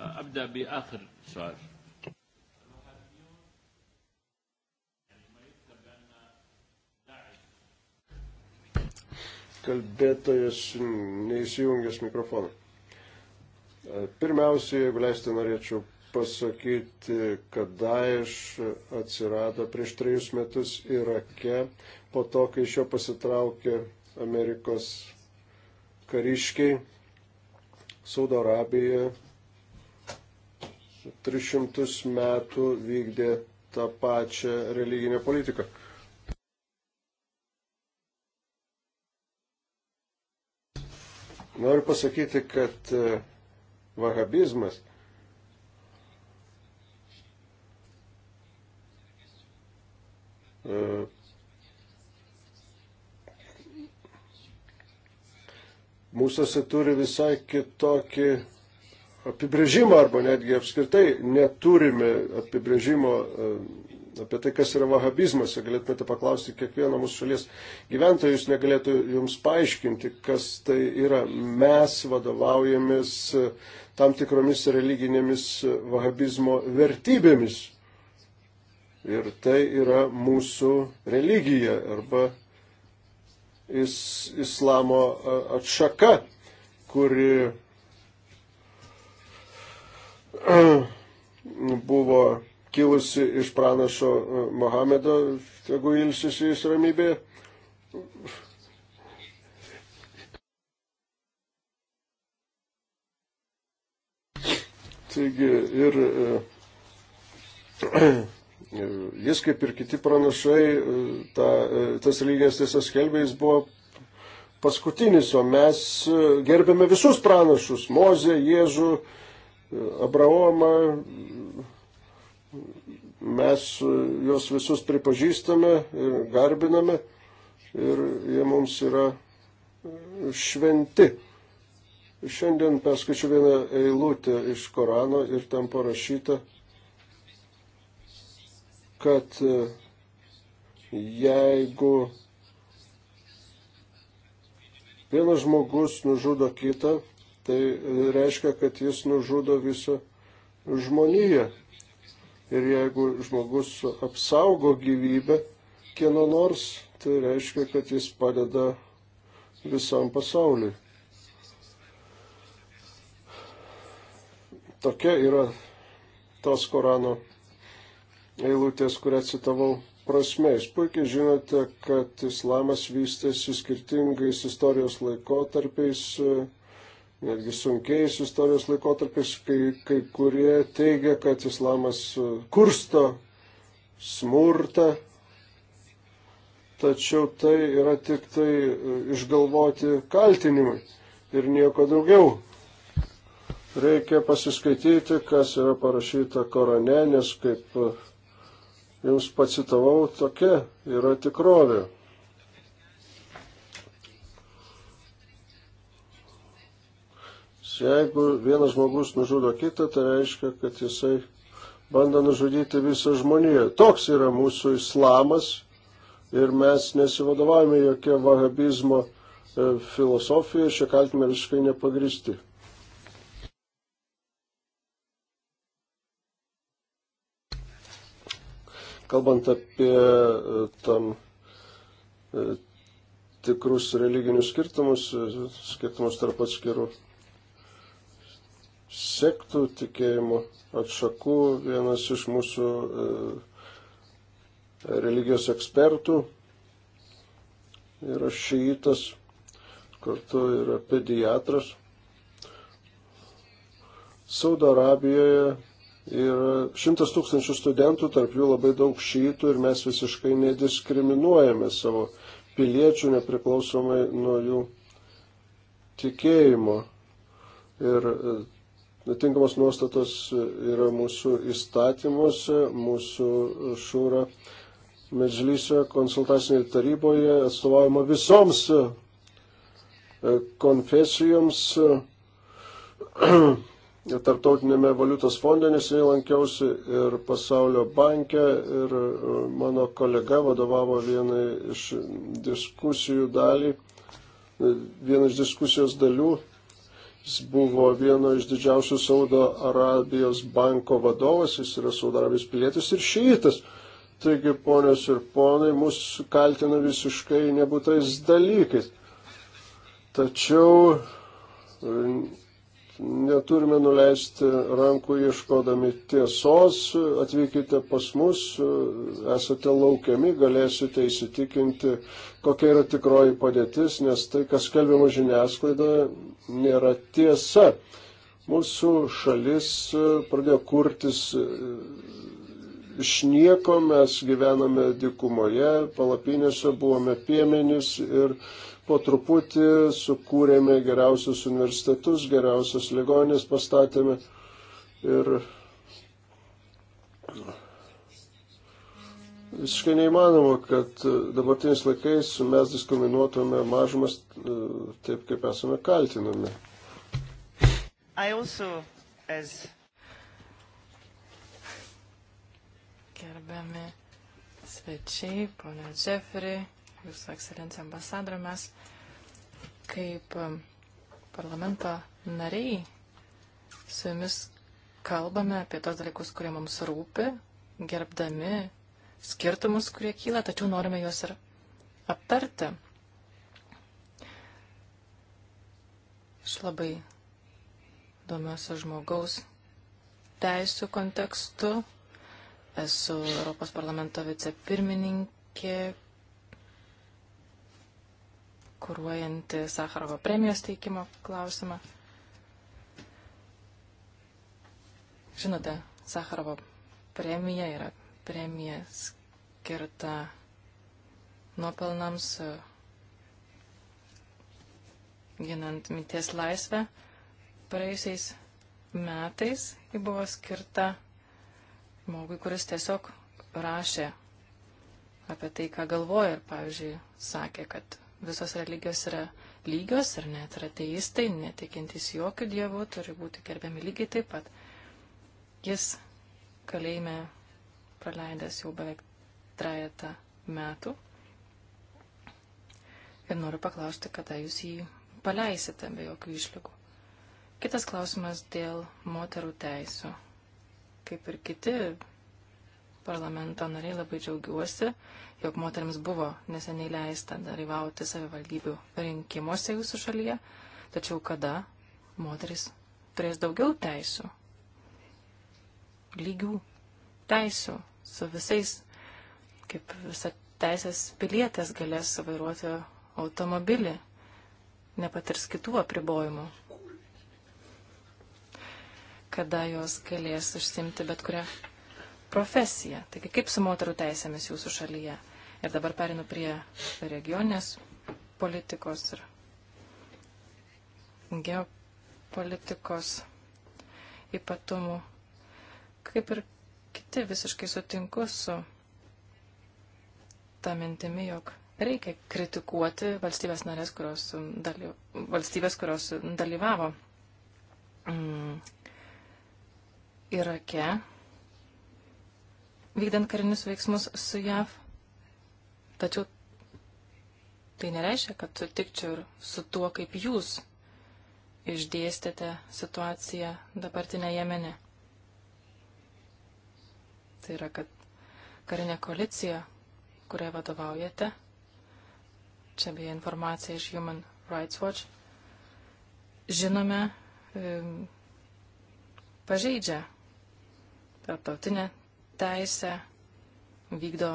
أبدأ بآخر سؤال kalbėtojas neįsijungęs mikrofoną. Pirmiausia, jeigu leisti, norėčiau pasakyti, kad Daesh atsirado prieš trejus metus Irake, po to, kai iš jo pasitraukė Amerikos kariškiai Saudo Arabijoje 300 metų vykdė tą pačią religinę politiką. Noriu pasakyti, kad e, vahabizmas mūsųse turi visai kitokį apibrėžimą arba netgi apskritai neturime apibrėžimo apie tai, kas yra vahabizmas. Galėtumėte paklausti kiekvieno mūsų šalies gyventojų, jūs negalėtų jums paaiškinti, kas tai yra. Mes vadovaujamės tam tikromis religinėmis vahabizmo vertybėmis. Ir tai yra mūsų religija arba is, islamo atšaka, kuri buvo kilusi iš pranašo Mohamedo, jeigu ilsisi jis ramybėje. Taigi ir E, jis, kaip ir kiti pranašai, e, ta, e, tas lygias tiesas skelbė, jis buvo paskutinis, o mes gerbėme visus pranašus - Mozę, Jėzų, Abraomą. Mes juos visus pripažįstame ir garbiname ir jie mums yra šventi. Šiandien perskaičiu vieną eilutę iš Korano ir ten parašyta, kad e, jeigu vienas žmogus nužudo kitą, tai e, reiškia, kad jis nužudo visą žmoniją. Ir jeigu žmogus apsaugo gyvybę kieno nors, tai reiškia, kad jis padeda visam pasauliui. Tokia yra tos Korano eilutės, kurią citavau prasme. Jūs puikiai žinote, kad islamas vystėsi skirtingais istorijos laikotarpiais, netgi sunkiais istorijos laikotarpiais, kai, kai kurie teigia, kad islamas kursto smurtą. Tačiau tai yra tik tai išgalvoti kaltinimai ir nieko daugiau. Reikia pasiskaityti, kas yra parašyta Korane, nes kaip jums pacitavau, tokia yra tikrovė. Jeigu vienas žmogus nužudo kitą, tai reiškia, kad jisai bando nužudyti visą žmoniją. Toks yra mūsų islamas ir mes nesivadovavome jokia vahabizmo e, filosofija, šie kaltinimai visiškai nepagristi. Kalbant apie e, tam e, tikrus religinius skirtumus, e, skirtumus tarp atskirų sektų tikėjimo atšakų, vienas iš mūsų religijos ekspertų yra šeitas, kartu yra pediatras. Saudo Arabijoje Ir šimtas tūkstančių studentų, tarp jų labai daug šytų ir mes visiškai nediskriminuojame savo piliečių nepriklausomai nuo jų tikėjimo. Ir e, netinkamos nuostatos yra mūsų įstatymuose, mūsų šūra medžlyse, konsultacinėje taryboje atstovaujama visoms e, konfesijoms Tartautinėme valiutos fonde neseniai lankiausi ir pasaulio banke ir e, mano kolega vadovavo vienai iš diskusijų dalį, e, vieną iš diskusijos dalių. Jis buvo vieno iš didžiausių Saudo Arabijos banko vadovas, jis yra Saudo Arabijos pilietis ir šeitas. Taigi, ponios ir ponai, mus kaltina visiškai nebūtais dalykais. Tačiau e, Neturime nuleisti rankų ieškodami tiesos, atvykite pas mus, esate laukiami, galėsite įsitikinti, kokia yra tikroji padėtis, nes tai, kas kalbama žiniasklaidoje, nėra tiesa. Mūsų šalis pradėjo kurtis iš nieko, mes gyvename dikumoje, palapinėse buvome piemenys ir po truputį sukūrėme geriausius universitetus, geriausias ligonės pastatėme ir visiškai neįmanoma, kad dabartiniais laikais mes diskriminuotume mažumas e, taip, kaip esame kaltinami. Also, as... Gerbiami svečiai, ponia Jeffrey. Jūsų ekscelencija ambasadorė, mes kaip um, parlamento nariai su jumis kalbame apie tos dalykus, kurie mums rūpi, gerbdami skirtumus, kurie kyla, tačiau norime juos ir aptarti. Aš labai domiuosi žmogaus teisų kontekstu. Esu Europos parlamento vicepirmininkė, kuruojanti Sakarovo premijos teikimo klausimą. Žinote, Sakarovo premija yra premija skirta nuopelnams ginant minties laisvę. Praėjusiais metais ji buvo skirta žmogui, kuris tiesiog rašė apie tai, ką galvoja ir, pavyzdžiui, sakė, kad visos religijos yra lygios ir net yra ateistai, netikintys jokių dievų, turi būti gerbiami lygiai taip pat. Jis kalėjime praleidęs jau beveik trejata metų. Ir noriu paklausti, kada jūs jį paleisite be jokių išlygų. Kitas klausimas dėl moterų teisų. Kaip ir kiti parlamento nariai, labai džiaugiuosi, jog moteriams buvo neseniai leista dalyvauti savivaldybių rinkimuose jūsų šalyje, tačiau kada moteris turės daugiau teisų, lygių teisų su visais, kaip visa teisės pilietės galės vairuoti automobilį, nepatirs kitų apribojimų kada jos galės užsimti bet kurią profesiją. Taigi kaip su moterų teisėmis jūsų šalyje? Ir dabar perinu prie regionės politikos ir geopolitikos ypatumų. Kaip ir kiti visiškai sutinku su tą mintimi, jog reikia kritikuoti valstybės narės, kurios, daly, valstybės, kurios dalyvavo mm, Irake vykdant karinius veiksmus su JAV. Tačiau tai nereiškia, kad sutikčiau ir su tuo, kaip jūs išdėstėte situaciją dabartinę Jemene. Tai yra, kad karinė koalicija, kurią vadovaujate, čia beje informacija iš Human Rights Watch, žinome, pažeidžia tarptautinę teisę, vykdo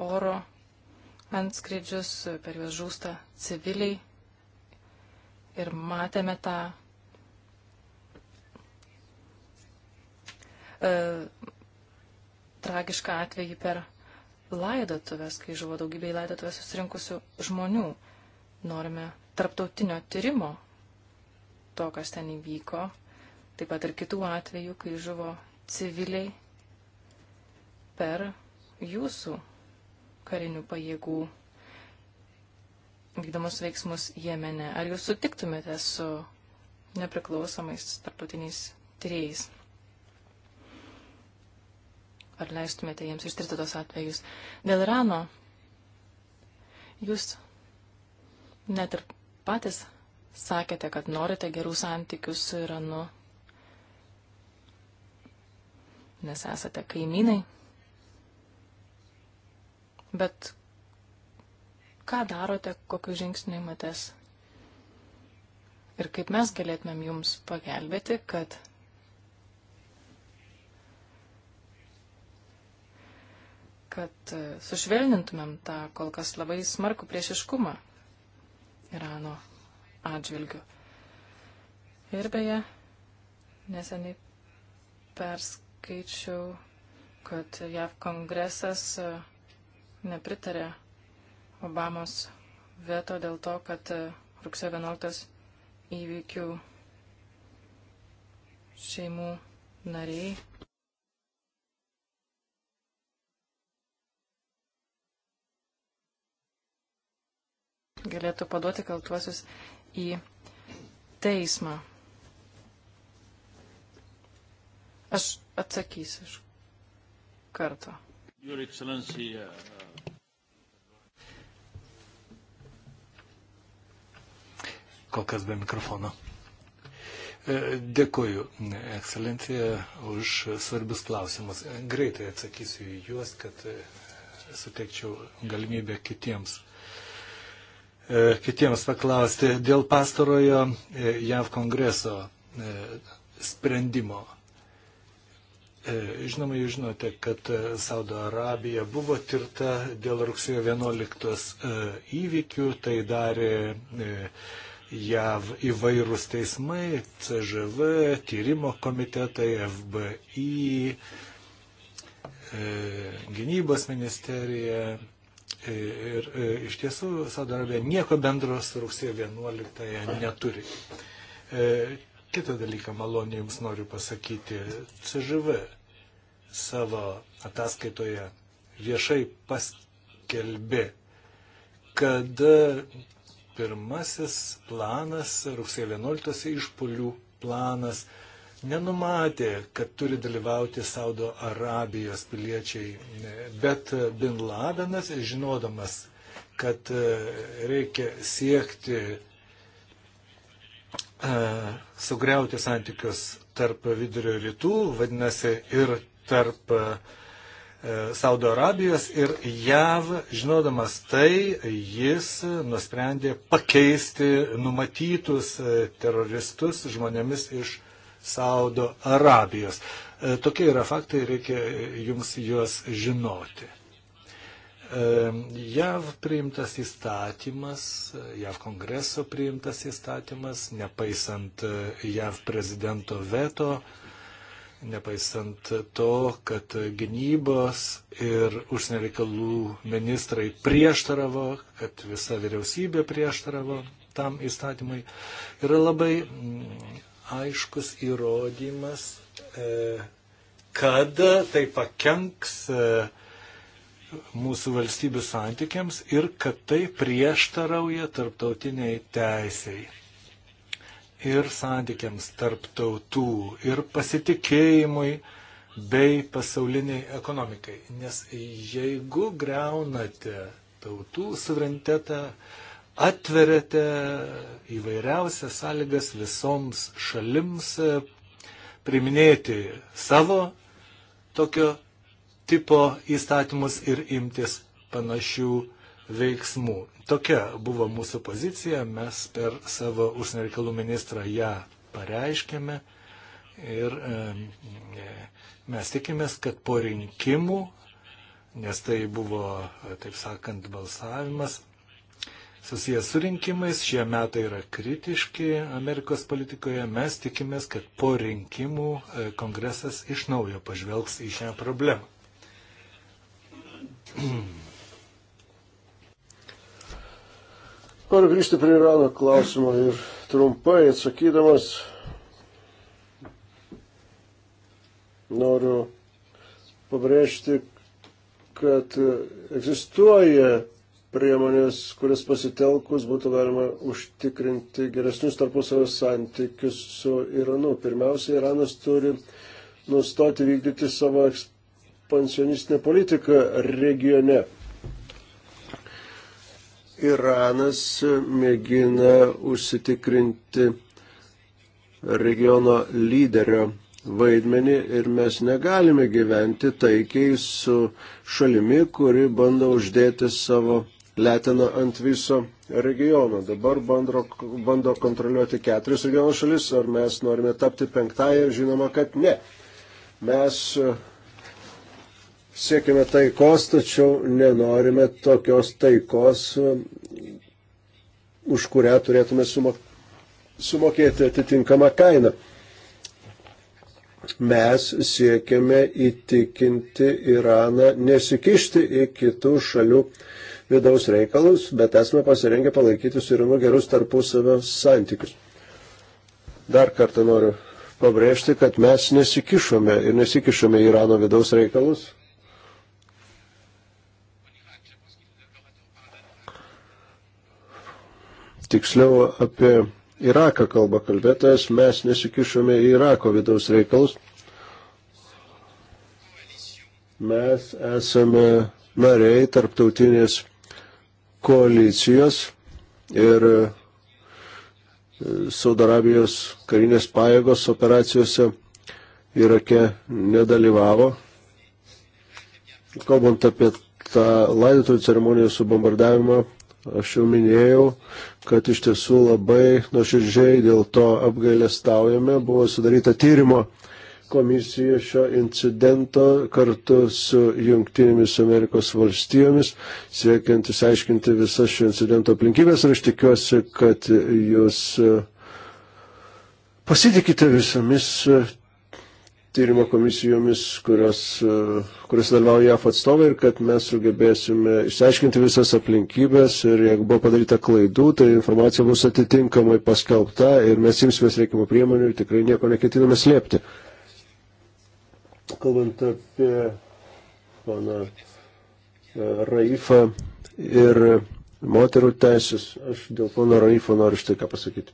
oro antskridžius, per juos žūsta civiliai. Ir matėme tą e, tragišką atvejį per laidotuvės, kai žuvo daugybė į laidotuvės susirinkusių žmonių. Norime tarptautinio tyrimo to, kas ten įvyko, taip pat ir kitų atvejų, kai žuvo civiliai per jūsų karinių pajėgų vykdomus veiksmus Jemene. Ar jūs sutiktumėte su nepriklausomais tarptautiniais tyrėjais? Ar leistumėte jiems ištirti tos atvejus? Dėl Irano jūs net ir patys sakėte, kad norite gerų santykių su Iranu, nes esate kaimynai Bet ką darote, kokius žingsniai matės? Ir kaip mes galėtumėm jums pagelbėti, kad kad e, sušvelnintumėm tą kol kas labai smarkų priešiškumą Irano atžvilgiu. Ir beje, neseniai perskaičiau, kad JAV kongresas uh, nepritarė Obamos veto dėl to, kad e, rugsėjo 11 įvykių šeimų nariai galėtų paduoti kaltuosius į teismą. Aš atsakysiu iš karto. Your Excellency, uh, uh kol kas be mikrofono. E, dėkuoju, ekscelencija, už svarbius klausimus. E, greitai atsakysiu į juos, kad e, suteikčiau galimybę kitiems kitiems paklausti dėl pastarojo JAV kongreso sprendimo. Žinoma, jūs žinote, kad Saudo Arabija buvo tirta dėl rugsėjo 11 įvykių, tai darė JAV įvairūs teismai, CŽV, tyrimo komitetai, FBI, e, gynybos ministerija. E, ir e, iš tiesų Saudo Arabija nieko bendro su rugsėjo 11 neturi. Kitą dalyką maloniai Jums noriu pasakyti. CŽV savo ataskaitoje viešai paskelbė, kad pirmasis planas, rugsėjo 11 išpolių planas, nenumatė, kad turi dalyvauti Saudo Arabijos piliečiai, bet Bin Ladenas, žinodamas, kad e, reikia siekti e, sugriauti santykius tarp vidurio rytų, vadinasi, ir tarp uh, E, Saudo Arabijos ir JAV, žinodamas tai, jis nusprendė pakeisti numatytus e, teroristus žmonėmis iš Saudo Arabijos. E, tokie yra faktai, reikia jums juos žinoti. JAV priimtas įstatymas, JAV kongreso priimtas įstatymas, nepaisant JAV prezidento veto, nepaisant to, kad gynybos ir užsienio reikalų ministrai prieštaravo, kad visa vyriausybė prieštaravo tam įstatymui, yra labai mm, aiškus įrodymas, e, kad tai pakenks e, mūsų valstybių santykiams ir kad tai prieštarauja tarptautiniai teisėjai ir santykiams tarp tautų, ir pasitikėjimui bei pasauliniai ekonomikai. Nes jeigu greunate tautų suverenitetą, atveriate įvairiausias sąlygas visoms šalims e, priminėti savo tokio tipo įstatymus ir imtis panašių veiksmų. Tokia buvo mūsų pozicija, mes per savo užsienio reikalų ministrą ją pareiškėme ir e, mes tikimės, kad po rinkimų, nes tai buvo, taip sakant, balsavimas susijęs su rinkimais, šie metai yra kritiški Amerikos politikoje, mes tikimės, kad po rinkimų e, kongresas iš naujo pažvelgs į šią problemą. Noriu grįžti prie Irano klausimo ir trumpai atsakydamas noriu pabrėžti, kad egzistuoja priemonės, kuris pasitelkus būtų galima užtikrinti geresnius tarpusavio santykius su Iranu. Pirmiausia, Iranas turi nustoti vykdyti savo ekspansionistinę politiką regione. Iranas mėgina užsitikrinti regiono lyderio vaidmenį ir mes negalime gyventi taikiai su šalimi, kuri bando uždėti savo letiną ant viso regiono. Dabar bandro, bando kontroliuoti keturis regiono šalis, ar mes norime tapti penktąją, žinoma, kad ne. Mes Siekime taikos, tačiau nenorime tokios taikos, už kurią turėtume sumokėti atitinkamą kainą. Mes siekiame įtikinti Iraną nesikišti į kitų šalių vidaus reikalus, bet esame pasirengę palaikyti su Iranu gerus tarpusavio santykius. Dar kartą noriu pabrėžti, kad mes nesikišome ir nesikišome į Irano vidaus reikalus. tiksliau apie Iraką kalba kalbėtojas, mes nesikišome į Irako vidaus reikalus. Mes esame nariai tarptautinės koalicijos ir e, Saudarabijos karinės pajėgos operacijose Irake nedalyvavo. Kalbant apie tą laidotojų ceremoniją su bombardavimą, aš jau minėjau, kad iš tiesų labai nuoširdžiai dėl to apgailestaujame. Buvo sudaryta tyrimo komisija šio incidento kartu su Junktinėmis Amerikos valstijomis, siekiant įsiaiškinti visas šio incidento aplinkybės ir aš tikiuosi, kad jūs e, pasitikite visomis tyrimo komisijomis, kurios, e, kurios dalyvauja JAF atstovai ir kad mes sugebėsime išsiaiškinti visas aplinkybės ir jeigu buvo padaryta klaidų, tai informacija bus atitinkamai paskelbta ir mes imsimės reikimų priemonių ir tikrai nieko neketiname slėpti. Kalbant apie pana e, Raifą ir moterų teisės, aš dėl pana Raifo noriu štai ką pasakyti.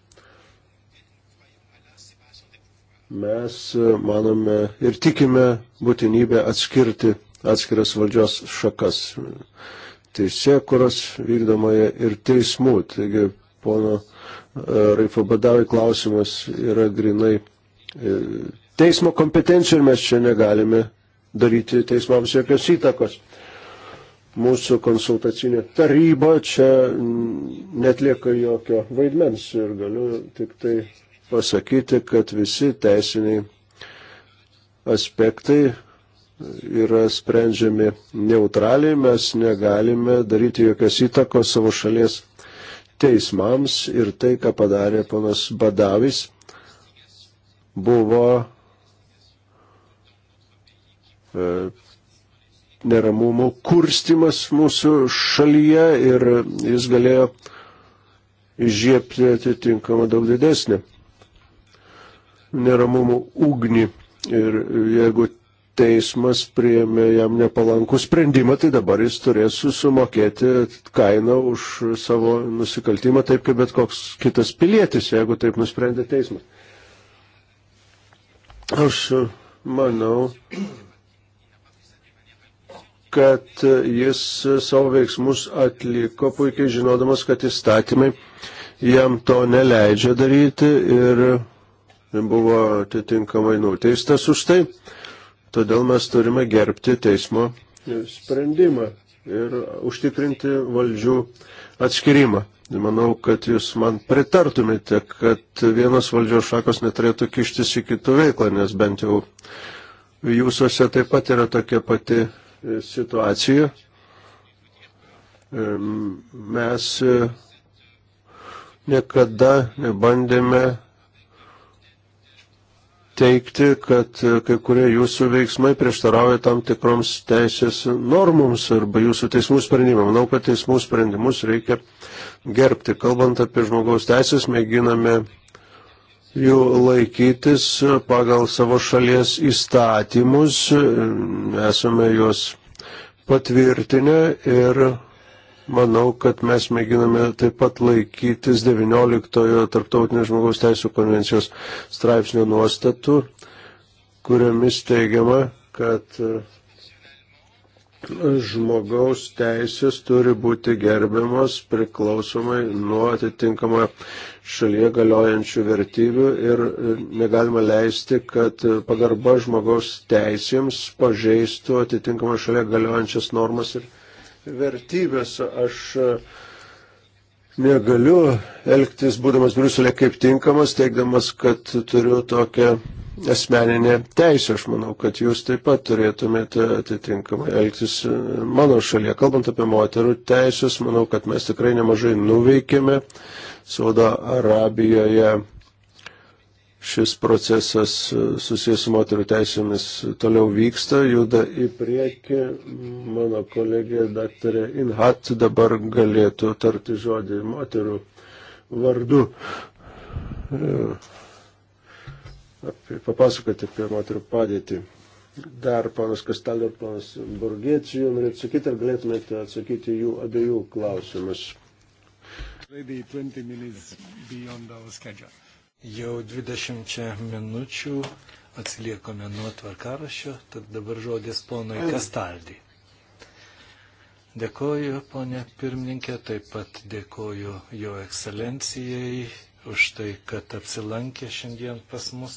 Mes e, manome ir tikime būtinybę atskirti atskiras valdžios šakas teisėkuros vykdomoje ir teismų. Taigi, pono e, Raifo Badavai klausimas yra grinai e, teismo kompetencijų ir mes čia negalime daryti teismams jokios įtakos. Mūsų konsultacinė taryba čia netlieka jokio vaidmens ir galiu tik tai pasakyti, kad visi teisiniai aspektai yra sprendžiami neutraliai, mes negalime daryti jokios įtakos savo šalies teismams ir tai, ką padarė ponas Badavis, buvo e, neramumų kurstimas mūsų šalyje ir jis galėjo įžiepti atitinkamą daug didesnį neramumų ugnį. Ir jeigu teismas priėmė jam nepalankų sprendimą, tai dabar jis turės sumokėti kainą už savo nusikaltimą, taip kaip bet koks kitas pilietis, jeigu taip nusprendė teismas. Aš manau, kad jis savo veiksmus atliko puikiai žinodamas, kad įstatymai jam to neleidžia daryti ir buvo atitinkamai nuteistas už tai. Todėl mes turime gerbti teismo sprendimą ir užtikrinti valdžių atskirimą. Manau, kad jūs man pritartumėte, kad vienas valdžios šakos neturėtų kištis į kitų veiklą, nes bent jau jūsose taip pat yra tokia pati e, situacija. Mes e, niekada nebandėme teikti, kad e, kai kurie jūsų veiksmai prieštarauja tam tikroms teisės normoms arba jūsų teismų sprendimams. Manau, kad teismų sprendimus reikia gerbti. Kalbant apie žmogaus teisės, mėginame jų laikytis pagal savo šalies įstatymus, esame juos patvirtinę ir manau, kad mes mėginame taip pat laikytis 19-ojo Tarptautinės žmogaus teisų konvencijos straipsnio nuostatų, kuriamis teigiama, kad e, žmogaus teisės turi būti gerbiamos priklausomai nuo atitinkamą šalyje galiojančių vertybių ir e, negalima leisti, kad pagarba žmogaus teisėms pažeistų atitinkamą šalyje galiojančias normas ir vertybės. Aš e, negaliu elgtis, būdamas Briuselė, kaip tinkamas, teikdamas, kad turiu tokią asmeninę teisę. Aš manau, kad jūs taip pat turėtumėte atitinkamai elgtis e, mano šalyje. Kalbant apie moterų teisės, manau, kad mes tikrai nemažai nuveikėme Saudo Arabijoje šis procesas e, susijęs su moterų teisėmis toliau vyksta, juda į priekį. Mano kolegė daktarė Inhat dabar galėtų tarti žodį moterų vardu. E, apie, papasakoti apie moterų padėtį. Dar panas Kastalė ir panas Borgėcijų, norėtų atsakyti, ar galėtumėte atsakyti jų abiejų klausimus. Already 20 minutes beyond our schedule. Jau 20 minučių atsiliekame nuo tvarkarašio, tad dabar žodis ponui Kastaldį. Dėkoju, ponė pirmininkė, taip pat dėkoju jo ekscelencijai už tai, kad apsilankė šiandien pas mus.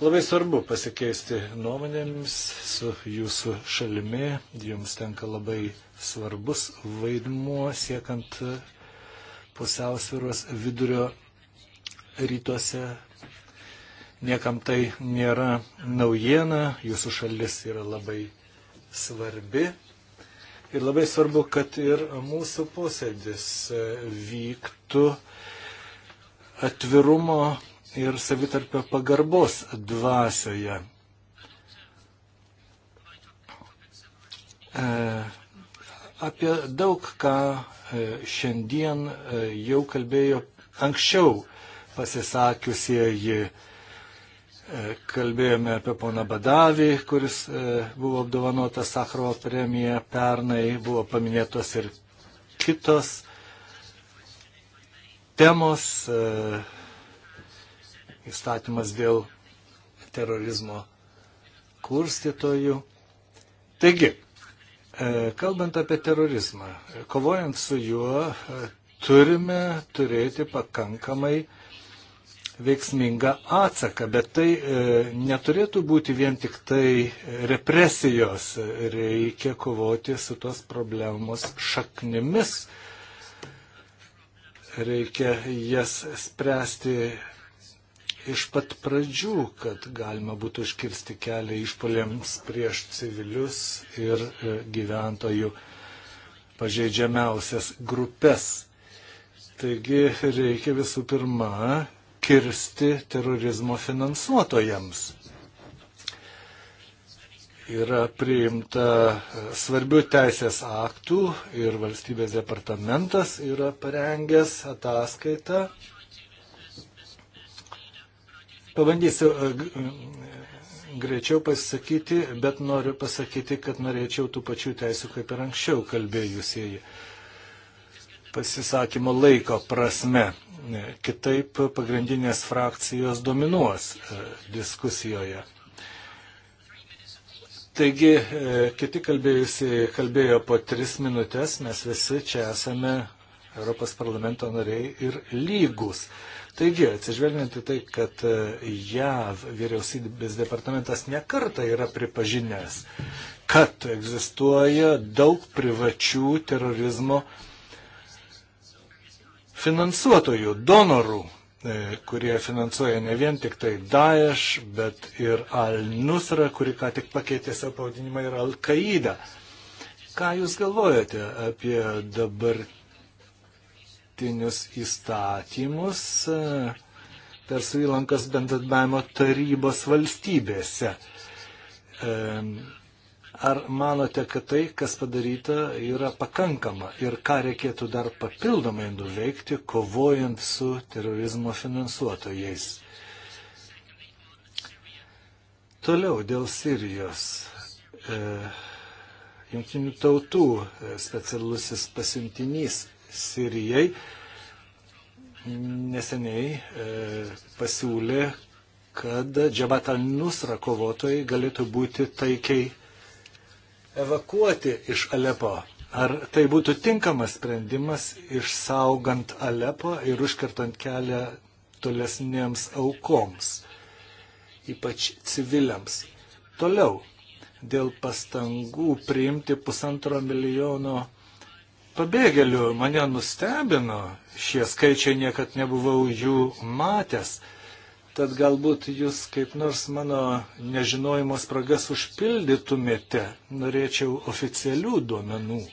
Labai svarbu pasikeisti nuomonėmis su jūsų šalimi. Jums tenka labai svarbus vaidmuo siekant pusiausvėros vidurio rytuose. Niekam tai nėra naujiena, jūsų šalis yra labai svarbi. Ir labai svarbu, kad ir mūsų posėdis e, vyktų atvirumo ir savitarpio pagarbos dvasioje. E, apie daug ką e, šiandien jau kalbėjo anksčiau pasisakiusieji. E, kalbėjome apie poną Badavį, kuris e, buvo apdovanotas Sakrovo premija pernai, buvo paminėtos ir kitos temos, e, įstatymas dėl terorizmo kurstytojų. Taigi, kalbant apie terorizmą, kovojant su juo, turime turėti pakankamai veiksmingą atsaką, bet tai e, neturėtų būti vien tik tai represijos, reikia kovoti su tos problemos šaknimis, reikia jas spręsti iš pat pradžių, kad galima būtų užkirsti kelią išpolėms prieš civilius ir e, gyventojų pažeidžiamiausias grupės. Taigi reikia visų pirma kirsti terorizmo finansuotojams. Yra priimta svarbių teisės aktų ir valstybės departamentas yra parengęs ataskaitą. Pabandysiu e, e, greičiau pasisakyti, bet noriu pasakyti, kad norėčiau tų pačių teisų kaip ir anksčiau kalbėjusieji pasisakymo laiko prasme. Kitaip pagrindinės frakcijos dominuos e, diskusijoje. Taigi, e, kiti kalbėjusi kalbėjo po tris minutės, mes visi čia esame Europos parlamento nariai ir lygus. Taigi, atsižvelgiant į tai, kad e, JAV vyriausybės departamentas nekarta yra pripažinęs, kad egzistuoja daug privačių terorizmo finansuotojų, donorų, e, kurie finansuoja ne vien tik tai Daesh, bet ir Al-Nusra, kuri ką tik pakeitė savo pavadinimą ir Al-Qaida. Ką Jūs galvojate apie dabartinius įstatymus e, per Suilankas bendradarbiavimo tarybos valstybėse? E, Ar manote, kad tai, kas padaryta, yra pakankama ir ką reikėtų dar papildomai nuveikti, kovojant su terorizmo finansuotojais? Toliau dėl Sirijos. E, Junktinių tautų e, specialusis pasiuntinys Sirijai neseniai e, pasiūlė, kad Džabat al-Nusra kovotojai galėtų būti taikiai evakuoti iš Alepo. Ar tai būtų tinkamas sprendimas išsaugant Alepo ir užkertant kelią tolesnėms aukoms, ypač civiliams? Toliau, dėl pastangų priimti pusantro milijono pabėgėlių mane nustebino, šie skaičiai niekad nebuvau jų matęs. Tad galbūt jūs kaip nors mano nežinojimo spragas užpildytumėte, norėčiau oficialių duomenų. E,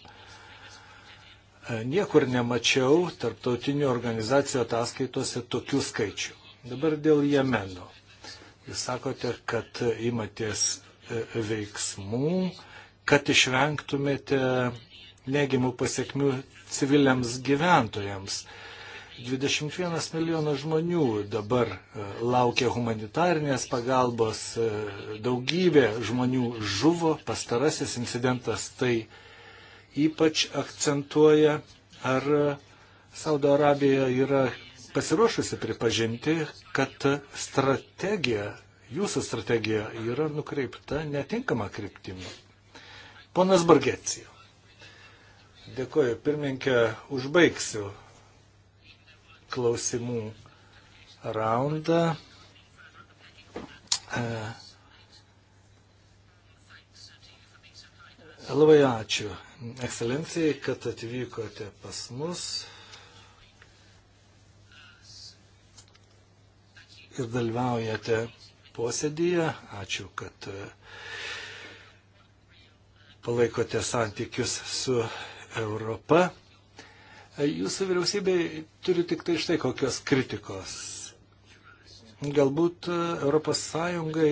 niekur nemačiau tarptautinių organizacijų ataskaitose tokių skaičių. Dabar dėl Jemeno. Jūs sakote, kad imatės e, veiksmų, kad išvengtumėte negimų pasiekmių civiliams gyventojams. 21 milijonas žmonių dabar e, laukia humanitarnės pagalbos, e, daugybė žmonių žuvo, pastarasis incidentas tai ypač akcentuoja, ar e, Saudo Arabija yra pasiruošusi pripažinti, kad strategija, jūsų strategija yra nukreipta netinkama kryptimi. Ponas Bargecijo. Dėkuoju, pirmininkė, užbaigsiu klausimų raundą. E, Labai ačiū, ekscelencijai, kad atvykote pas mus ir dalyvaujate posėdyje. Ačiū, kad e, palaikote santykius su Europa. E, jūsų vyriausybė turi tik tai štai kokios kritikos. Galbūt ES e,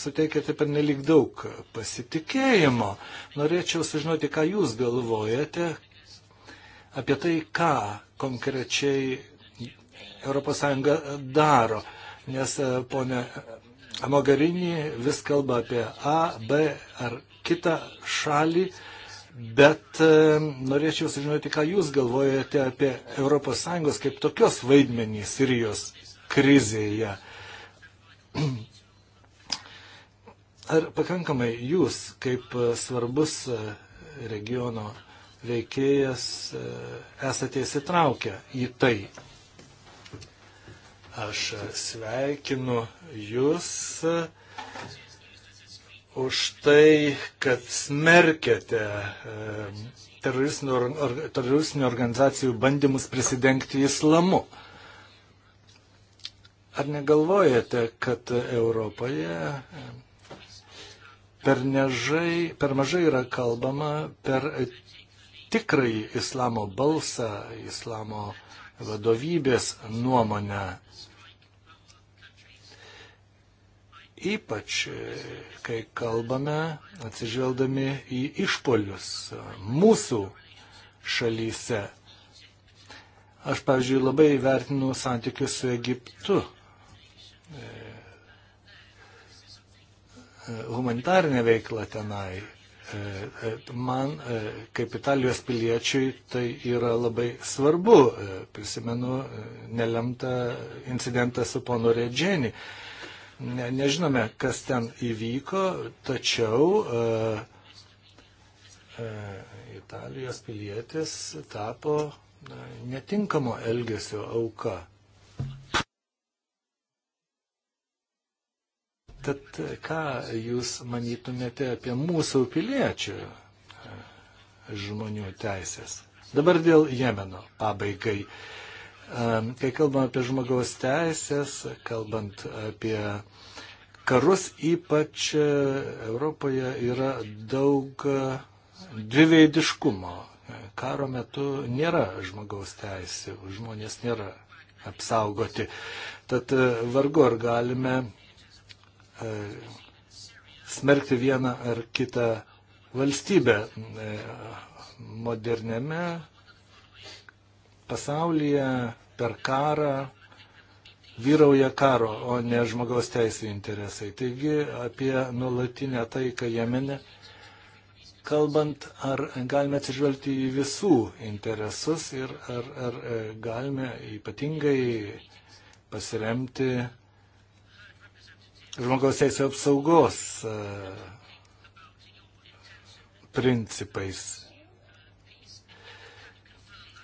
suteikėte per nelik daug pasitikėjimo. Norėčiau sužinoti, ką Jūs galvojate apie tai, ką konkrečiai ES daro. Nes e, ponė Amogarinį vis kalba apie A, B ar kitą šalį, Bet e, norėčiau sužinoti, ką Jūs galvojate apie ES kaip tokios vaidmenį Sirijos krizėje. Ar pakankamai Jūs kaip e, svarbus e, regiono veikėjas esate įsitraukę į tai? Aš sveikinu Jūs už tai, kad smerkėte e, teroristinių, or, teroristinių organizacijų bandymus prisidengti islamu. Ar negalvojate, kad Europoje e, per, nežai, per mažai yra kalbama per tikrai islamo balsą, islamo vadovybės nuomonę Ypač, e, kai kalbame atsižvelgdami į išpolius e, mūsų šalyse. Aš, pavyzdžiui, labai vertinu santykius su Egiptu. E, humanitarinė veikla tenai. Man, kaip Italijos piliečiui, tai yra labai svarbu. Prisimenu nelemtą incidentą su ponu Redženi Ne, nežinome, kas ten įvyko, tačiau e, e, Italijos pilietis tapo e, netinkamo elgesio auka. Tad ką jūs manytumėte apie mūsų piliečių e, žmonių teisės? Dabar dėl Jemeno pabaigai. E, Kai kalbame apie žmogaus teisės, kalbant apie karus, ypač Europoje yra daug dviveidiškumo. Karo metu nėra žmogaus teisų, žmonės nėra apsaugoti. Tad e, vargu ar galime e, smerkti vieną ar kitą valstybę e, moderniame pasaulyje per karą vyrauja karo, o ne žmogaus teisų interesai. Taigi apie nulatinę taiką Jemene, kalbant, ar galime atsižvelgti į visų interesus ir ar, ar e, galime ypatingai pasiremti žmogaus teisų apsaugos e, principais.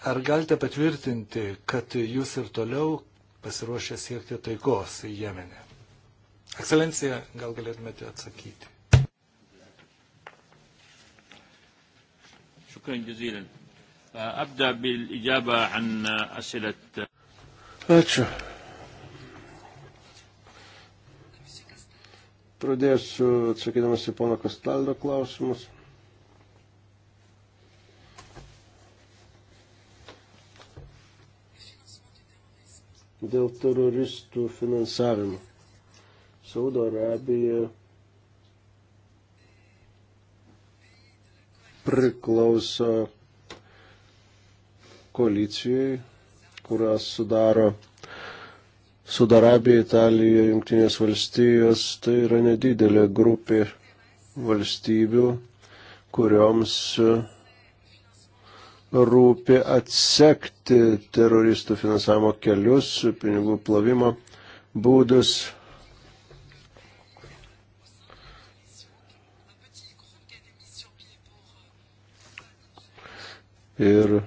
Ar galite patvirtinti, kad jūs ir toliau pasiruošę siekti taikos į Jemenę? Ekscelencija, gal galėtumėte atsakyti. Uh, uh, uh, Ačiū. Pradėsiu atsakydamas į pono Kastaldo klausimus. dėl teroristų finansavimo. Saudo Arabija priklauso koalicijai, kurias sudaro Sudarabija, Italija, Junktinės valstijos. Tai yra nedidelė grupė valstybių, kurioms uh, rūpi atsekti teroristų finansavimo kelius, pinigų plovimo būdus. Ir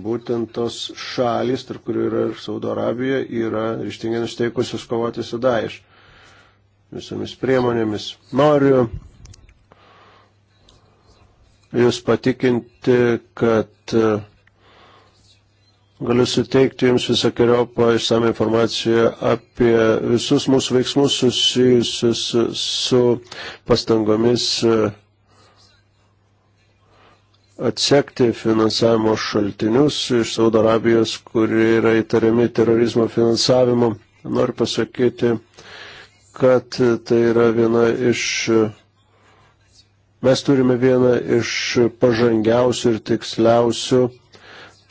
būtent tos šalis, tarp kurių yra ir Saudo Arabija, yra ryštingai nusteikusios kovoti su Daesh visomis priemonėmis. Noriu Jūs patikinti, kad e, galiu suteikti Jums visokiojopą išsame informaciją apie visus mūsų veiksmus susijusius su pastangomis e, atsekti finansavimo šaltinius iš Saudo Arabijos, kurie yra įtariami terorizmo finansavimu. Noriu pasakyti, kad tai yra viena iš Mes turime vieną iš pažangiausių ir tiksliausių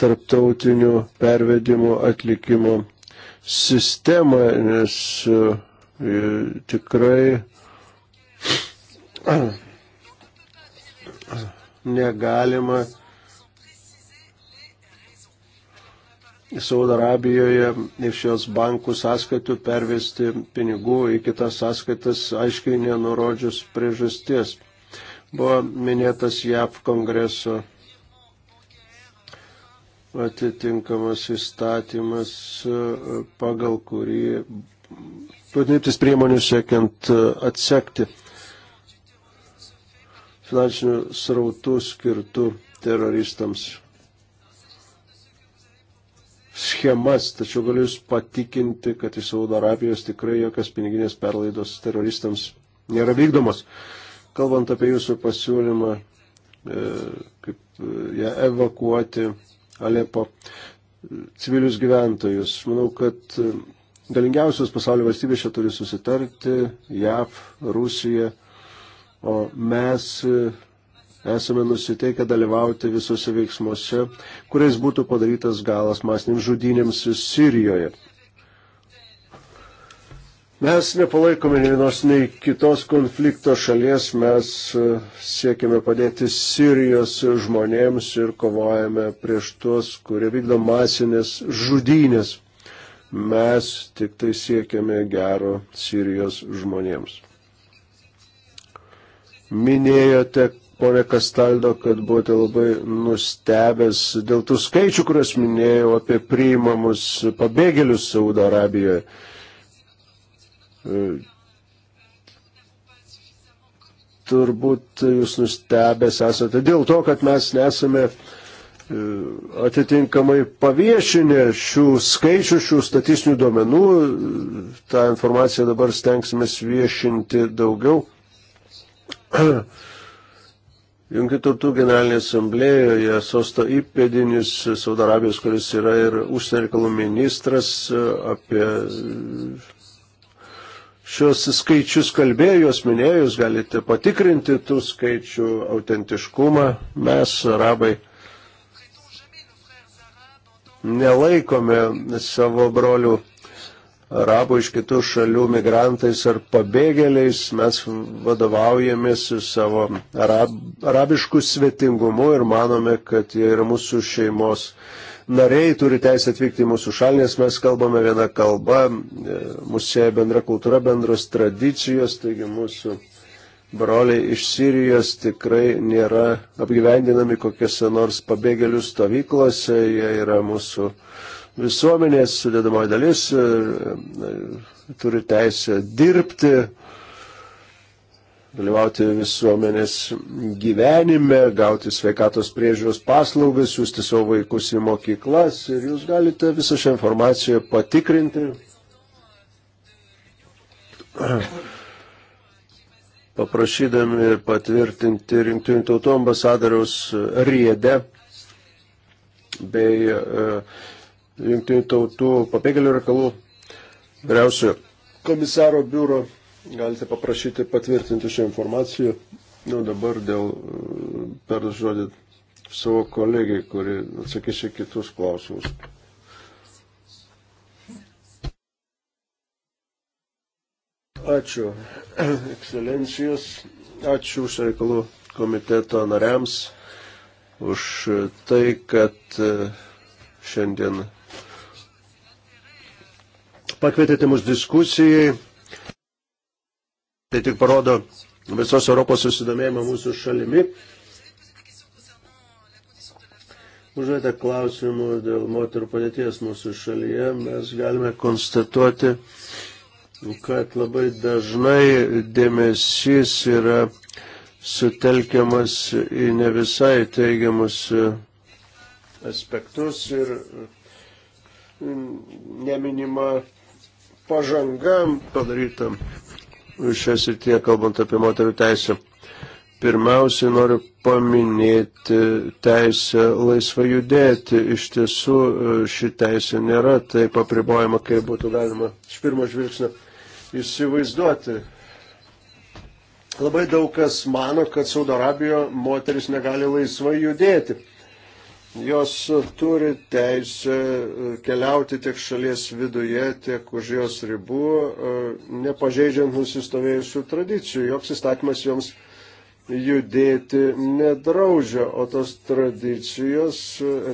tarptautinių pervedimų atlikimo sistemą, nes e, tikrai negalima Saudo Arabijoje iš jos bankų sąskaitų pervesti pinigų į kitas sąskaitas, aiškiai nenurodžius priežasties. Buvo minėtas JAV kongreso atitinkamas įstatymas, e, pagal kurį padėtis priemonių siekiant e, atsekti finansinių srautų skirtų teroristams schemas, tačiau galiu Jūs patikinti, kad iš Saudo Arabijos tikrai jokios piniginės perlaidos teroristams nėra vykdomos. Kalbant apie jūsų pasiūlymą, e, kaip e, ją evakuoti Alepo e, civilius gyventojus, manau, kad galingiausios pasaulio valstybės čia turi susitarti - JAV, Rusija, o mes esame nusiteikę dalyvauti visose veiksmuose, kuriais būtų padarytas galas masiniams žudynėms Sirijoje. Mes nepalaikome nei vienos, nei kitos konflikto šalies, mes e, siekiame padėti Sirijos žmonėms ir kovojame prieš tuos, kurie vykdo masinės žudynės. Mes tik tai siekiame gero Sirijos žmonėms. Minėjote, ponė Kastaldo, kad buvote labai nustebęs dėl tų skaičių, kuriuos minėjau apie priimamus pabėgėlius Saudo Arabijoje. E, turbūt jūs nustebęs esate dėl to, kad mes nesame e, atitinkamai paviešinę šių skaičių, šių statistinių duomenų. Ta informacija dabar stengsimės viešinti daugiau. Junktinių tautų generalinėje asamblėjoje sosto įpėdinis Saudarabijos, kuris yra ir užsienio reikalų ministras, e, apie šios skaičius kalbėjo, juos minėjo, jūs galite patikrinti tų skaičių autentiškumą. Mes, arabai, nelaikome savo brolių arabų iš kitų šalių migrantais ar pabėgėliais, mes vadovaujamės savo arab, arabiškų svetingumu ir manome, kad jie yra mūsų šeimos nariai turi teisę atvykti į mūsų šalį, nes mes kalbame vieną kalbą, e, mūsų sieja bendra kultūra, bendros tradicijos, taigi mūsų broliai iš Sirijos tikrai nėra apgyvendinami kokiuose nors pabėgėlių stovyklose, jie yra mūsų visuomenės sudėdamoji dalis, e, e, turi teisę dirbti dalyvauti visuomenės gyvenime, gauti sveikatos priežiūros paslaugas, siūsti savo vaikus į mokyklas ir jūs galite visą šią informaciją patikrinti. paprašydami ir patvirtinti rinktinių tautų ambasadoriaus riedę bei e, rinktinių tautų pabėgėlių reikalų vyriausiojo komisaro biuro galite paprašyti patvirtinti šią informaciją. Na, nu, dabar dėl e, per žodį savo kolegiai, kuri atsakys į kitus klausimus. Ačiū, ekscelencijos, ačiū už reikalų komiteto nariams, už tai, kad e, šiandien pakvietėte mus diskusijai. Tai tik parodo visos Europos susidomėjimą mūsų šalimi. Užduodate klausimų dėl moterų padėties mūsų šalyje. Mes galime konstatuoti, kad labai dažnai dėmesys yra sutelkiamas į ne visai teigiamus aspektus ir neminima pažangam padarytam šias ir tie, kalbant apie moterų teisę. Pirmiausiai noriu paminėti teisę laisvai judėti. Iš tiesų ši teisė nėra taip apribojama, kaip būtų galima iš pirmo žvilgsnio įsivaizduoti. Labai daug kas mano, kad Saudo Arabijoje moteris negali laisvai judėti. Jos turi teisę e, keliauti tiek šalies viduje, tiek už jos ribų, e, nepažeidžiant nusistovėjusių tradicijų. Joks įstatymas joms judėti nedraužia, o tos tradicijos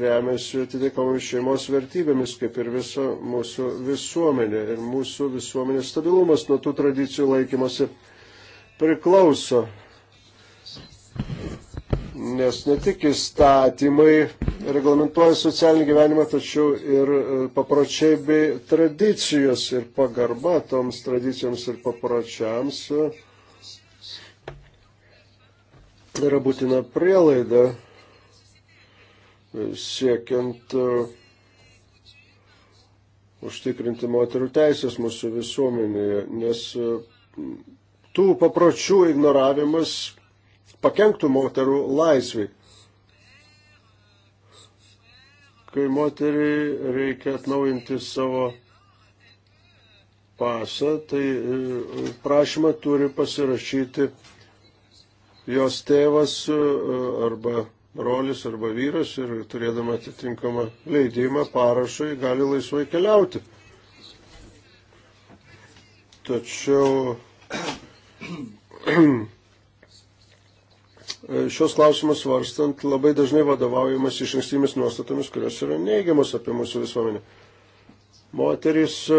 remiasi atitinkamomis šeimos vertybėmis, kaip ir visa mūsų visuomenė. Ir mūsų visuomenės stabilumas nuo tų tradicijų laikymosi priklauso nes ne tik įstatymai reglamentuoja socialinį gyvenimą, tačiau ir e, papročiai bei tradicijos ir pagarba toms tradicijoms ir papročiams e, yra būtina prielaida e, siekiant užtikrinti moterų teisės mūsų visuomenėje, nes tų papročių ignoravimas pakenktų moterų laisviai. Kai moteriai reikia atnaujinti savo pasą, tai e, prašymą turi pasirašyti jos tėvas e, arba brolis arba vyras ir turėdama atitinkamą leidimą parašai gali laisvai keliauti. Tačiau šios klausimus svarstant labai dažnai vadovaujamas iš ankstymis nuostatomis, kurios yra neigiamas apie mūsų visuomenę. Moterys e,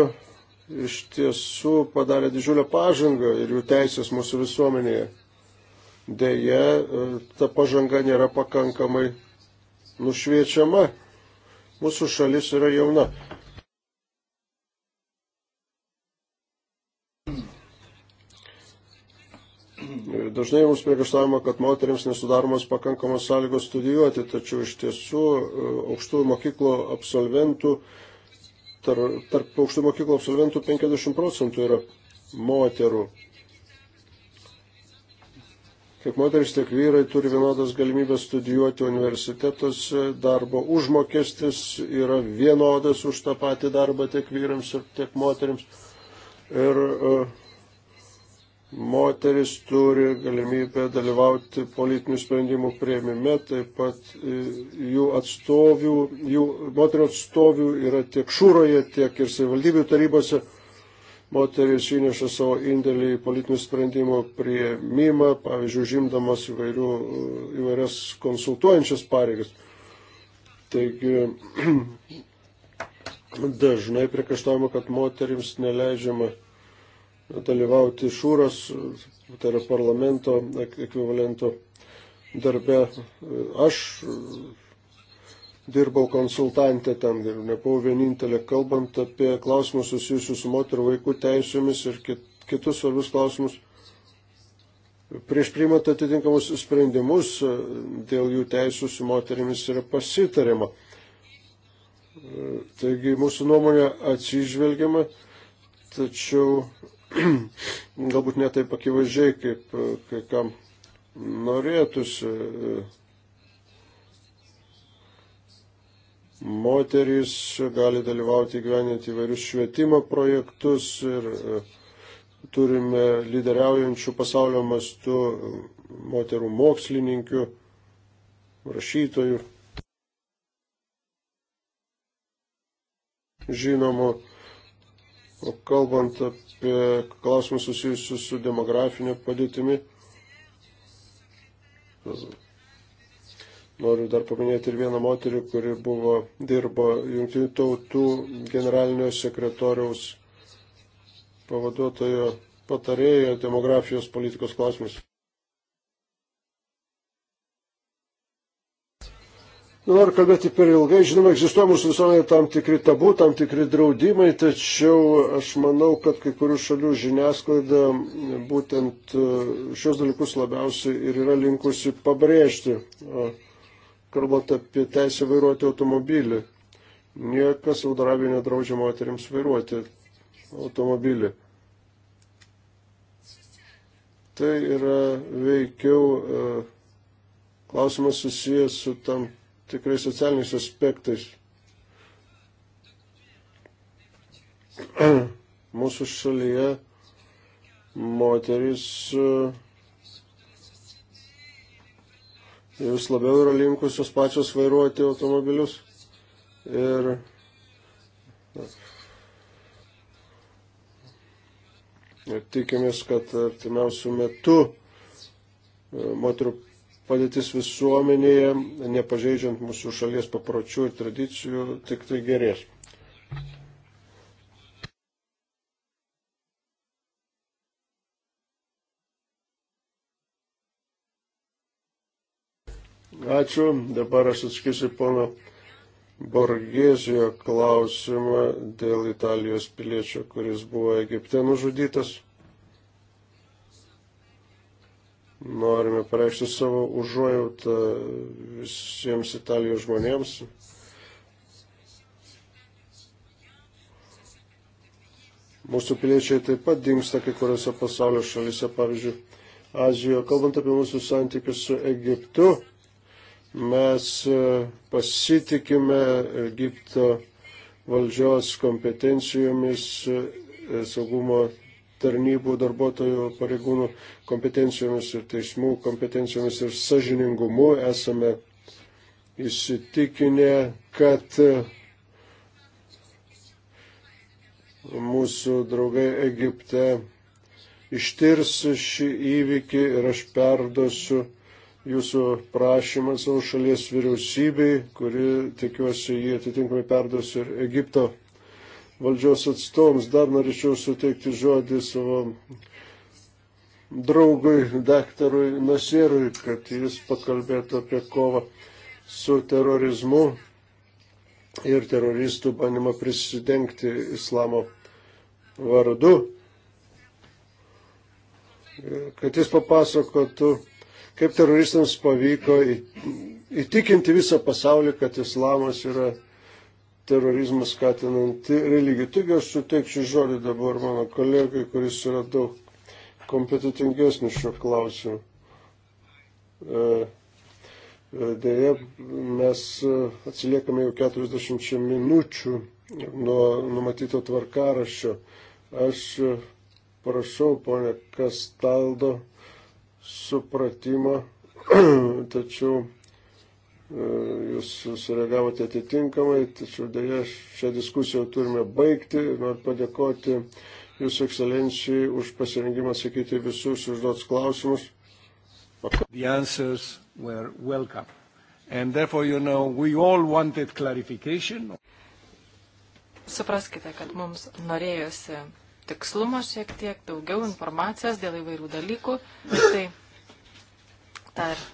iš tiesų padarė didžiulę pažangą ir jų teisės mūsų visuomenėje. Deja, e, ta pažanga nėra pakankamai nušviečiama. Mūsų šalis yra jauna. Dažnai mums priekaštavimo, kad moteriams nesudaromos pakankamos sąlygos studijuoti, tačiau iš tiesų e, aukštųjų mokyklų absolventų, tarp, tarp aukštųjų mokyklų absolventų 50 procentų yra moterų. Tiek moteris, tiek vyrai turi vienodas galimybės studijuoti universitetuose, darbo užmokestis yra vienodas už tą patį darbą tiek vyrams ir tiek moteriams. Ir uh, moteris turi galimybę dalyvauti politinių sprendimų prieimime, taip pat e, jų atstovių, jų moterių atstovių yra tiek šūroje, tiek ir savivaldybių tarybose. Moteris įneša savo indėlį į politinių sprendimų prieimimą, pavyzdžiui, žimdamas įvairių, e, įvairias konsultuojančias pareigas. Taigi dažnai priekaštavimo, kad moterims neleidžiama dalyvauti šūros, tai yra parlamento ekvivalento darbe. Aš dirbau konsultantė ten ir nebuvau vienintelė, kalbant apie klausimus susijusius su moterų vaikų teisėmis ir kitus svarbius klausimus. Prieš priimant atitinkamus sprendimus dėl jų teisų su moterimis yra pasitariama. Taigi mūsų nuomonė atsižvelgiama, tačiau galbūt netaip akivaizdžiai, kaip kai kam norėtųsi. Moterys gali dalyvauti gyvenant įvairius švietimo projektus ir e, turime lyderiaujančių pasaulio mastu moterų mokslininkių, rašytojų, žinomų O kalbant apie klausimus susijusius su demografinė padėtimi, noriu dar paminėti ir vieną moterį, kuri buvo, dirbo Junktinių tautų generalinio sekretoriaus pavaduotojo patarėjo demografijos politikos klausimus. Nenoriu kalbėti per ilgai, žinoma, egzistuoja mūsų visuomenė tam tikri tabu, tam tikri draudimai, tačiau aš manau, kad kai kurių šalių žiniasklaida būtent e, šios dalykus labiausiai ir yra linkusi pabrėžti, kalbant apie teisę vairuoti automobilį. Niekas Saudarabija nedraudžia moteriams vairuoti automobilį. Tai yra veikiau e, klausimas susijęs su tam tikrai socialiniais aspektais. Mūsų šalyje moteris e, vis labiau yra linkusios pačios vairuoti automobilius. Ir Ir e, tikimės, kad artimiausių metų e, moterų padėtis visuomenėje, nepažeidžiant mūsų šalies papročių ir tradicijų, tik tai gerės. Ačiū. Dabar aš atsakysiu pono Borgėzijo klausimą dėl Italijos piliečio, kuris buvo Egipte nužudytas. Norime pareikšti savo užuojautą visiems Italijos žmonėms. Mūsų piliečiai taip pat dinksta kai kuriuose pasaulio šalise, pavyzdžiui, Azijoje. Kalbant apie mūsų santykius su Egiptu, mes e, pasitikime Egipto valdžios kompetencijomis e, saugumo tarnybų darbuotojų pareigūnų kompetencijomis ir teismų kompetencijomis ir sažiningumu esame įsitikinę, kad mūsų draugai Egipte ištirs šį įvykį ir aš perdosiu jūsų prašymą savo šalies vyriausybei, kuri tikiuosi jį atitinkamai perdos ir Egipto valdžios atstovams. Dar norėčiau suteikti žodį savo draugui, daktarui Nasirui, kad jis pakalbėtų apie kovą su terorizmu ir teroristų bandymą prisidengti islamo vardu. Kad jis papasakotų, kaip teroristams pavyko įtikinti visą pasaulį, kad islamas yra terorizmą skatinanti religija. Taigi aš suteiksiu žodį dabar mano kolegai, kuris yra daug kompetitingesnis šio klausimu. E, e, Deja, mes e, atsiliekame jau 40 minučių nuo numatyto tvarkaraščio. Aš prašau, ponė Kastaldo, supratimo, tačiau E, jūs sureagavote atitinkamai, tačiau dėja šią diskusiją turime baigti. Noriu padėkoti Jūsų ekscelencijai už pasirengimą atsakyti visus užduotus klausimus. The answers were welcome. And therefore, you know, we all wanted clarification. Supraskite, kad mums norėjosi tikslumo šiek tiek daugiau informacijos dėl įvairių dalykų. Tai tą ir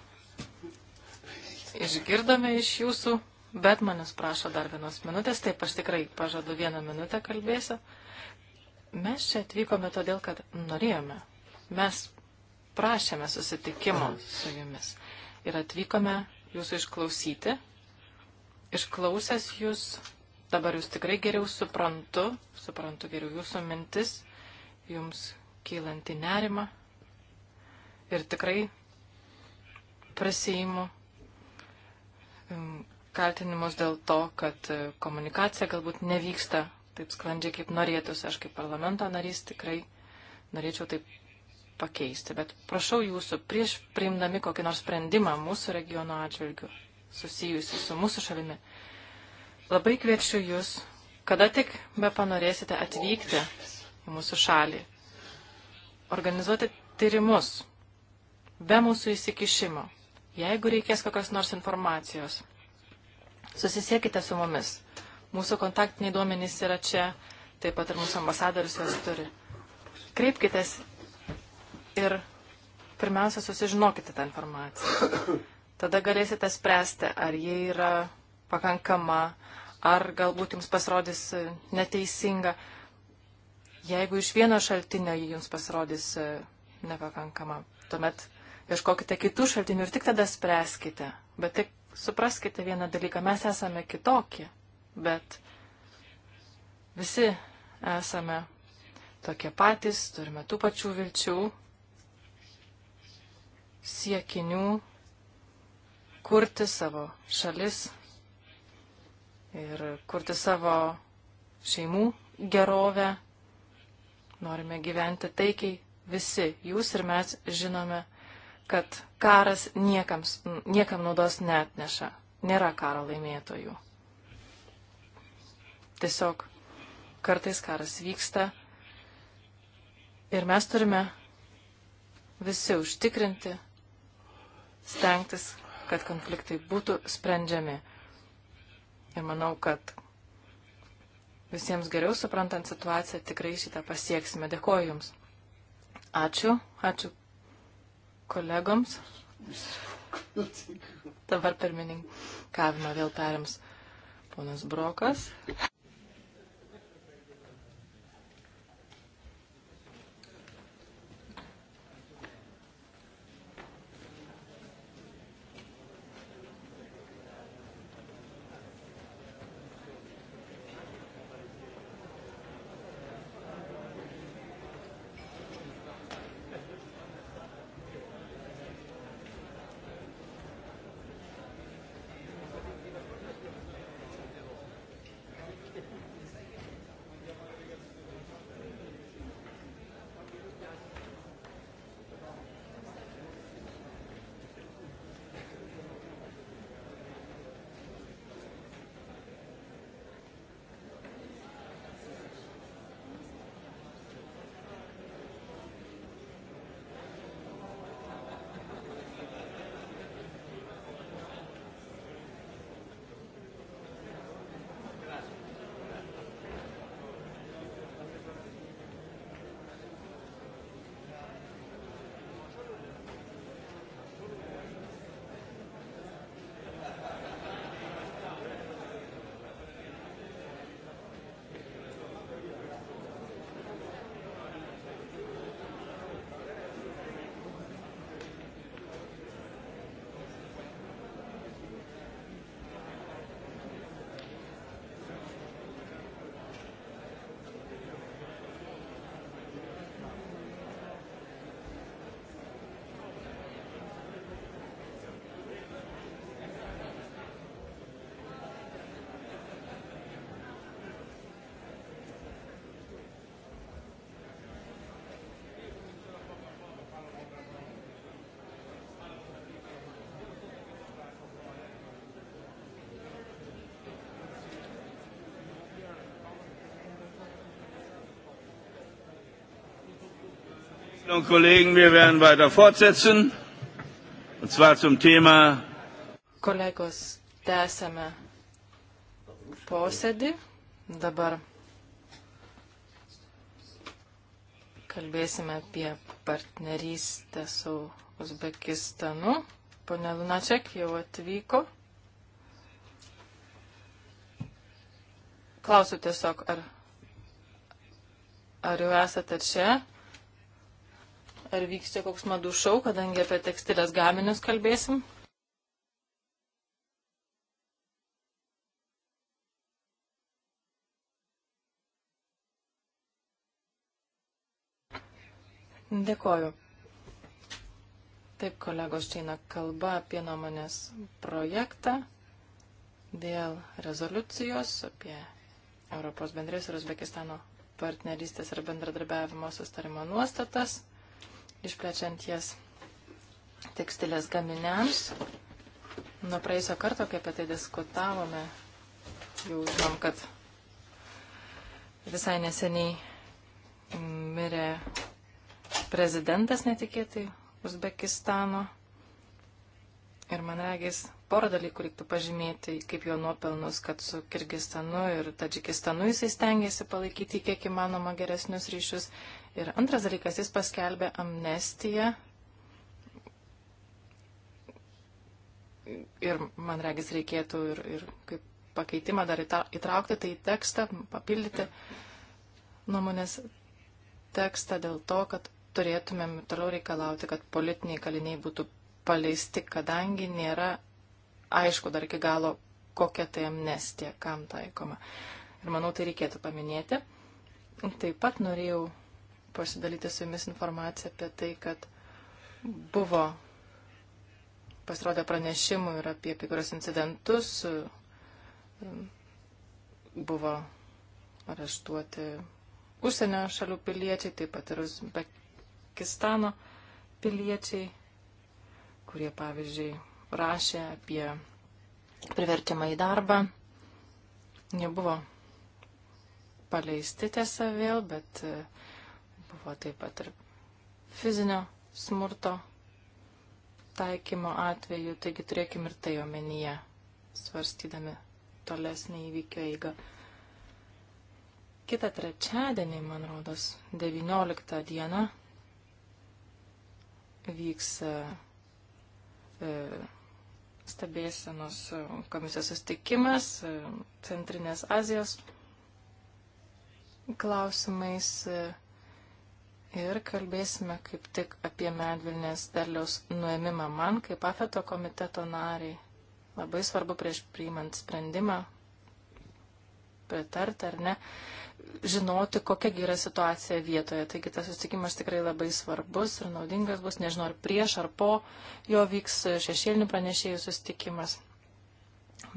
išgirdome iš jūsų, bet manęs prašo dar vienos minutės, taip aš tikrai pažadu vieną minutę kalbėsiu. Mes čia atvykome todėl, kad norėjome. Mes prašėme susitikimo su jumis ir atvykome jūsų išklausyti. Išklausęs jūs, dabar jūs tikrai geriau suprantu, suprantu geriau jūsų mintis, jums kylanti nerima ir tikrai prisijimu Um, kaltinimus dėl to, kad uh, komunikacija galbūt nevyksta taip sklandžiai, kaip norėtųsi. Aš kaip parlamento narys tikrai norėčiau taip pakeisti. Bet prašau jūsų, prieš priimdami kokį nors sprendimą mūsų regiono atžvilgių, susijusi su mūsų šalimi, labai kviečiu jūs, kada tik be panorėsite atvykti į mūsų šalį, organizuoti tyrimus be mūsų įsikišimo, Jeigu reikės kokios nors informacijos, susisiekite su mumis. Mūsų kontaktiniai duomenys yra čia, taip pat ir mūsų ambasadorius juos turi. Kreipkitės ir pirmiausia susižinokite tą informaciją. Tada galėsite spręsti, ar jie yra pakankama, ar galbūt jums pasirodys neteisinga. Jeigu iš vieno šaltinio jums pasirodys nepakankama, tuomet ieškokite kitų šaltinių ir tik tada spręskite. Bet tik supraskite vieną dalyką, mes esame kitokie, bet visi esame tokie patys, turime tų pačių vilčių, siekinių, kurti savo šalis ir kurti savo šeimų gerovę. Norime gyventi taikiai visi, jūs ir mes žinome kad karas niekams, niekam naudos netneša. Nėra karo laimėtojų. Tiesiog kartais karas vyksta ir mes turime visi užtikrinti, stengtis, kad konfliktai būtų sprendžiami. Ir manau, kad visiems geriau suprantant situaciją, tikrai šitą pasieksime. Dėkoju Jums. Ačiū, ačiū kolegoms. Dabar pirmininkavimą vėl perims ponas Brokas. Kolleginnen und Kollegen, wir werden weiter fortsetzen. Und zwar zum Thema. Kolegos, tęsame posėdį. Dabar kalbėsime apie partnerystę su Uzbekistanu. Pone Lunaček jau atvyko. Klausiu tiesiog, ar, ar jau esate čia? ar vyks čia koks madų šau, kadangi apie tekstilės gaminius kalbėsim. Dėkoju. Taip, kolegos, čia eina kalba apie nuomonės projektą dėl rezoliucijos apie Europos bendrės ir Uzbekistano partnerystės ir bendradarbiavimo sustarimo nuostatas išplečiant jas tekstilės gaminiams. Nuo praėjusio karto, kai apie tai diskutavome, jau žinom, kad visai neseniai mirė prezidentas netikėtai Uzbekistano. Ir man regis, porą dalykų reiktų pažymėti, kaip jo nuopelnus, kad su Kirgistanu ir Tadžikistanu jisai stengiasi palaikyti kiek įmanoma geresnius ryšius. Ir antras dalykas, jis paskelbė amnestiją. Ir man regis reikėtų ir, ir kaip pakeitimą dar įtraukti tai į tekstą, papildyti nuomonės tekstą dėl to, kad turėtumėm toliau reikalauti, kad politiniai kaliniai būtų paleisti, kadangi nėra aišku dar iki galo, kokia tai amnestija, kam taikoma. Ir manau, tai reikėtų paminėti. Taip pat norėjau pasidalyti su jumis informaciją apie tai, kad buvo pasirodę pranešimų ir apie kai kurios incidentus, buvo areštuoti užsienio šalių piliečiai, taip pat ir Uzbekistano piliečiai, kurie, pavyzdžiui, rašė apie priverčiamą į darbą. Nebuvo paleisti tiesa vėl, bet uh, buvo taip pat ir fizinio smurto taikymo atveju, taigi turėkim ir tai omenyje, svarstydami tolesnį įvykio eigą. Kita trečiadienį, man rodos, 19 dieną vyks e, e, stebėsenos komisijos sustikimas e, Centrinės Azijos klausimais. E, ir kalbėsime kaip tik apie medvilnės derliaus nuėmimą. Man, kaip afeto komiteto nariai, labai svarbu prieš priimant sprendimą, pritarti ar ne, žinoti, kokia yra situacija vietoje. Taigi tas susitikimas tikrai labai svarbus ir naudingas bus, nežinau, ar prieš ar po jo vyks šešėlinių pranešėjų susitikimas.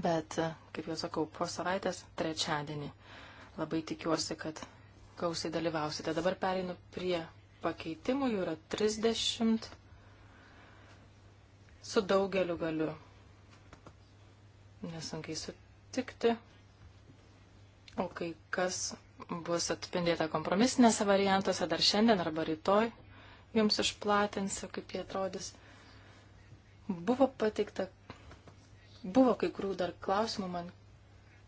Bet, kaip jau sakau, po savaitės trečiadienį. Labai tikiuosi, kad gausiai dalyvausite. Dabar pereinu prie pakeitimų, jų yra 30. Su daugeliu galiu nesunkiai sutikti. O kai kas bus atspindėta kompromisinėse variantuose dar šiandien arba rytoj, jums išplatinsiu, kaip jie atrodys. Buvo pateikta, buvo kai kurių dar klausimų man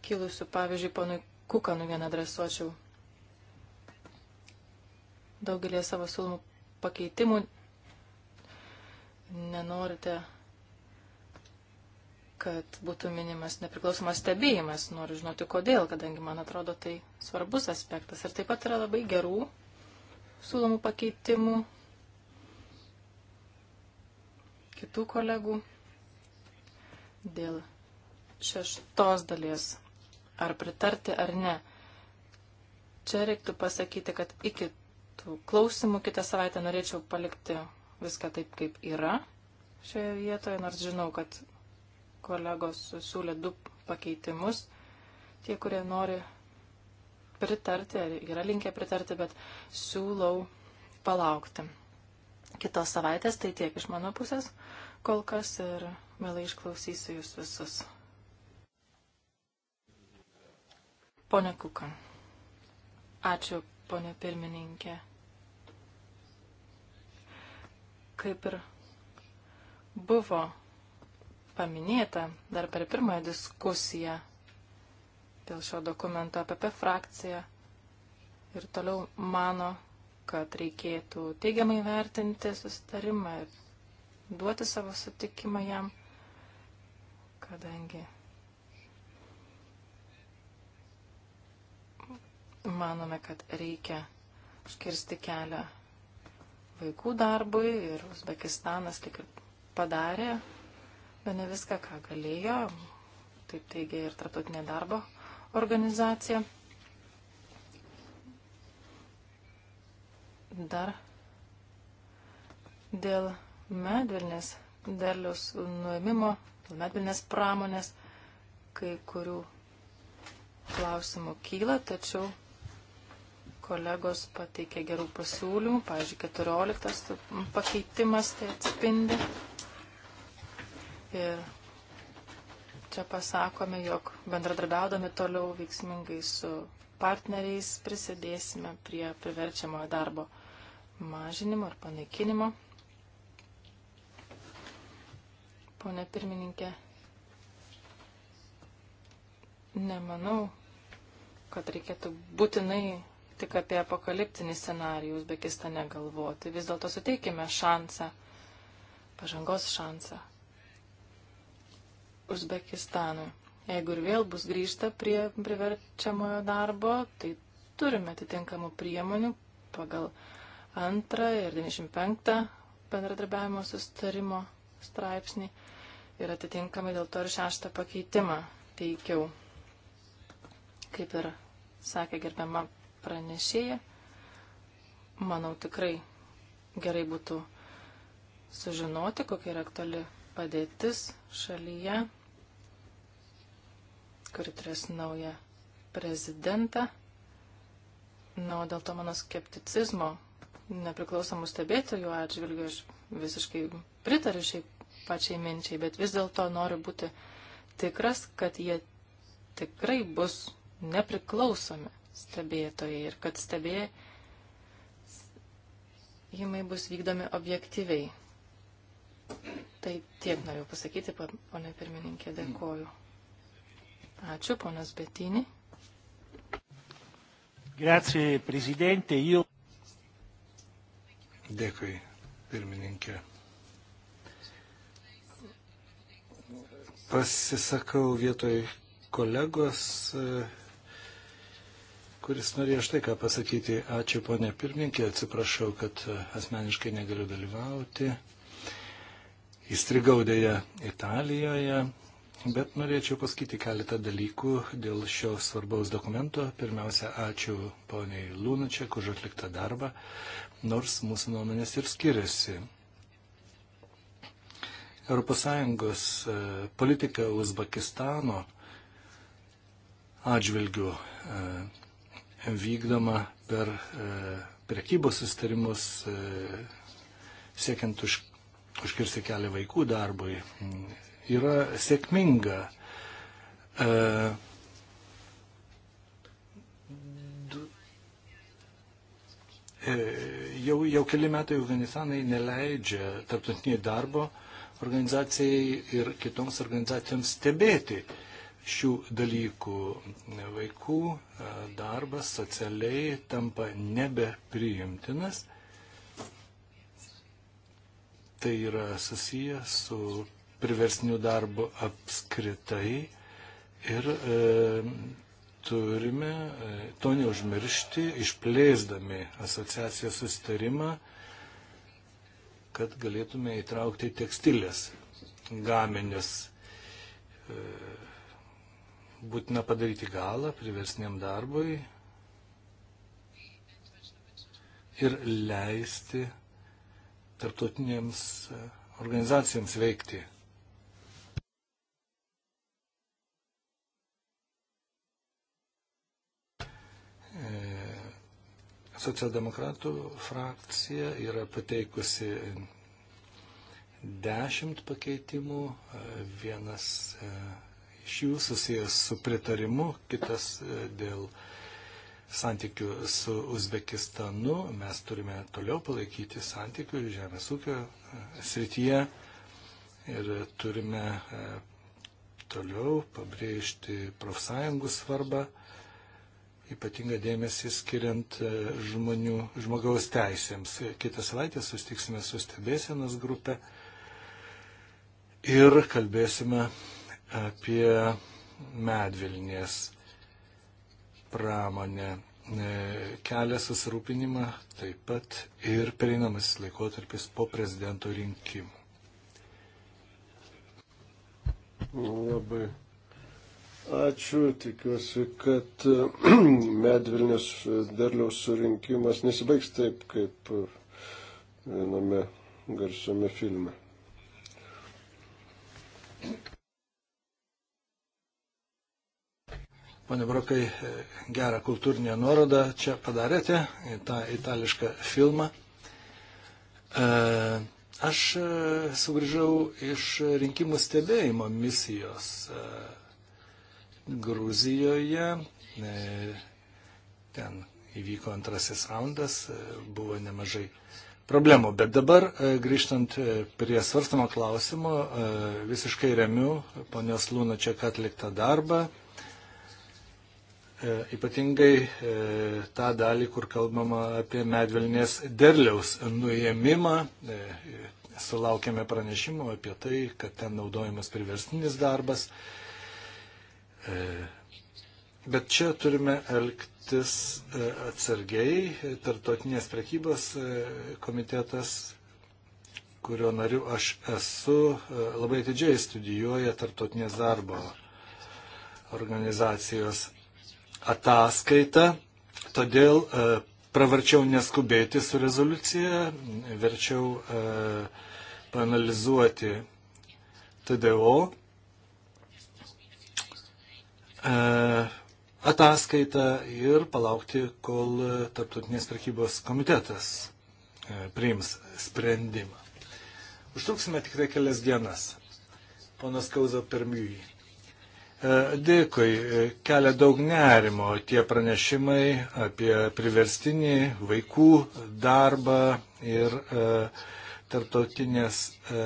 kilusių, pavyzdžiui, ponui Kukanui vieną adresuočiau daugelį savo siūlomų pakeitimų nenorite, kad būtų minimas nepriklausomas stebėjimas. Noriu žinoti, kodėl, kadangi man atrodo tai svarbus aspektas. Ir taip pat yra labai gerų siūlomų pakeitimų kitų kolegų dėl šeštos dalies. Ar pritarti ar ne. Čia reiktų pasakyti, kad iki tų klausimų kitą savaitę norėčiau palikti viską taip, kaip yra šioje vietoje, nors žinau, kad kolegos siūlė du pakeitimus. Tie, kurie nori pritarti, ar yra linkę pritarti, bet siūlau palaukti kitos savaitės, tai tiek iš mano pusės kol kas ir mielai išklausysiu jūs visus. Pone Kuka, ačiū ponė pirmininkė. Kaip ir buvo paminėta dar per pirmąją diskusiją dėl šio dokumento APP frakcija ir toliau mano, kad reikėtų teigiamai vertinti susitarimą ir duoti savo sutikimą jam, kadangi manome, kad reikia užkirsti kelią vaikų darbui ir Uzbekistanas tik ir padarė, bet ne viską, ką galėjo, taip teigia ir Tartutinė darbo organizacija. Dar dėl medvilnės derlius nuėmimo, dėl medvilnės pramonės kai kurių klausimų kyla, tačiau kolegos pateikė gerų pasiūlymų, pavyzdžiui, 14 pakeitimas tai atspindi. Ir čia pasakome, jog bendradarbiaudami toliau veiksmingai su partneriais prisidėsime prie priverčiamojo darbo mažinimo ir panaikinimo. Pone pirmininkė, nemanau, kad reikėtų būtinai tik apie apokaliptinį scenarijų Uzbekistane galvoti. Vis dėlto suteikime šansą, pažangos šansą Uzbekistanui. Jeigu ir vėl bus grįžta prie priverčiamojo darbo, tai turime atitinkamų priemonių pagal antrą ir 95 bendradarbiavimo sustarimo straipsnį ir atitinkamai dėl to ir šeštą pakeitimą teikiau. Kaip ir sakė gerbiama pranešėja. Manau, tikrai gerai būtų sužinoti, kokia yra aktuali padėtis šalyje, kuri turės naują prezidentą. Na, o dėl to mano skepticizmo nepriklausomų stebėtojų atžvilgių aš visiškai pritariu šiai pačiai minčiai, bet vis dėlto noriu būti tikras, kad jie tikrai bus nepriklausomi stebėtojai ir kad stebėjimai bus vykdomi objektyviai. Tai tiek noriu pasakyti, ponė pirmininkė, dėkoju. Ačiū, ponas Betinį. Grazie, prezidentė, jau. Dėkui, pirmininkė. Pasisakau vietoj kolegos kuris norėjo štai ką pasakyti. Ačiū, ponė pirmininkė, atsiprašau, kad e, asmeniškai negaliu dalyvauti. Įstrigau dėja Italijoje, bet norėčiau pasakyti keletą dalykų dėl šio svarbaus dokumento. Pirmiausia, ačiū poniai Lūnačiak už atliktą darbą, nors mūsų nuomonės ir skiriasi. ES e, politika Uzbekistano atžvilgių e, vykdoma per e, prekybos sustarimus, e, siekiant už, užkirsti kelią vaikų darbui, yra sėkminga. 2. E, jau, jau keli metai Afganistanai neleidžia tarptautiniai darbo organizacijai ir kitoms organizacijoms stebėti, šių dalykų. Vaikų e, darbas socialiai tampa nebepriimtinas. Tai yra susijęs su priversniu darbu apskritai ir e, turime e, to neužmiršti, išplėsdami asociacijos sustarimą, kad galėtume įtraukti tekstilės gaminius. E, būtina padaryti galą priversniam darbui ir leisti tarptautinėms e, organizacijoms veikti. E, socialdemokratų frakcija yra pateikusi dešimt pakeitimų, e, vienas iš jų susijęs su pritarimu, kitas e, dėl santykių su Uzbekistanu. Mes turime toliau palaikyti santykių žemės ūkio e, srityje ir turime e, toliau pabrėžti profsąjungų svarbą, ypatingą dėmesį skiriant žmonių, žmogaus teisėms. Kitą savaitę sustiksime su stebėsienos grupė ir kalbėsime apie medvilnės pramonę. E, kelia susirūpinimą taip pat ir pereinamasis laikotarpis po prezidento rinkimų. Labai Ačiū, tikiuosi, kad e, medvilnės e, derliaus surinkimas nesibaigs taip, kaip viename garsiame filme. Pane Brokai, gerą kultūrinę nuorodą čia padarėte į tą itališką filmą. E, aš e, sugrįžau iš rinkimų stebėjimo misijos e, Gruzijoje. Ten įvyko antrasis raundas, buvo nemažai problemų. Bet dabar, grįžtant prie svarstamo klausimo, visiškai remiu ponios Lūnačiak atliktą darbą. E, ypatingai e, tą dalį, kur kalbama apie medvilnės derliaus nuėmimą. E, sulaukėme pranešimų apie tai, kad ten naudojamas priverstinis darbas. Bet čia turime elgtis atsargiai. Tartotinės prekybos komitetas, kurio nariu aš esu, labai atidžiai studijuoja tartotinės darbo organizacijos ataskaitą, todėl e, pravarčiau neskubėti su rezoliucija, verčiau e, panalizuoti TDO e, ataskaitą ir palaukti, kol Tarptautinės prekybos komitetas priims sprendimą. Užtruksime tik tai kelias dienas. Ponas Kauzo Permiui. E, dėkui, e, kelia daug nerimo tie pranešimai apie priverstinį vaikų darbą ir e, tarptautinės e,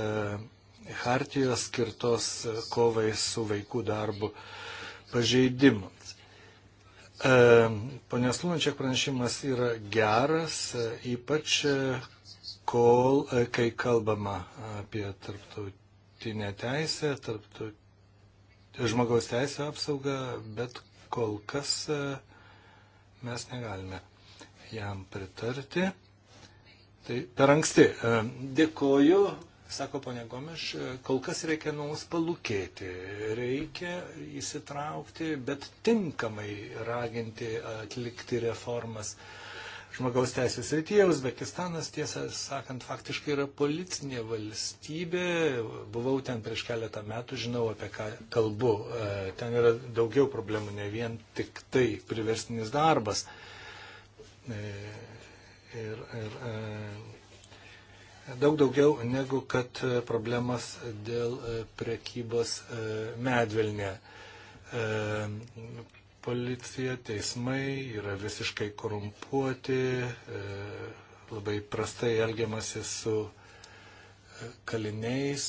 hartijos skirtos kovai su vaikų darbu pažeidimams. E, Ponės Lunačiak pranešimas yra geras, e, ypač kol, kai kalbama apie tarptautinę teisę, tarptautinę žmogaus teisų apsaugą, bet kol kas e, mes negalime jam pritarti. Tai per anksti. E, dėkoju, sako ponė Gomeš, e, kol kas reikia mums palūkėti, reikia įsitraukti, bet tinkamai raginti atlikti reformas žmogaus teisės rytyje. Uzbekistanas, tiesą sakant, faktiškai yra policinė valstybė. Buvau ten prieš keletą metų, žinau apie ką kalbu. E, ten yra daugiau problemų, ne vien tik tai priverstinis darbas. E, ir, ir, e, daug daugiau negu kad problemas dėl prekybos medvilnė policija, teismai yra visiškai korumpuoti, e, labai prastai elgiamasi su e, kaliniais,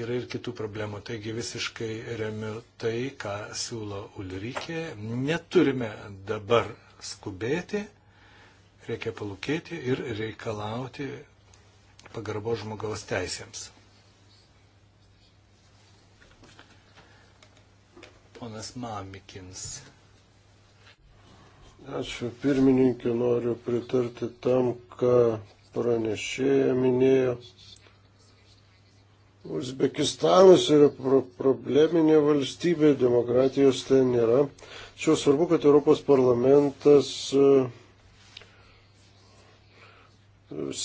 yra ir kitų problemų. Taigi visiškai remiu tai, ką siūlo Ulrikė. Neturime dabar skubėti, reikia palūkėti ir reikalauti pagarbo žmogaus teisėms. Ponas Mamikins. Ačiū pirmininkė, noriu pritarti tam, ką pranešėja minėjo. Uzbekistanas yra pro probleminė valstybė, demokratijos ten nėra. Čia svarbu, kad Europos parlamentas e,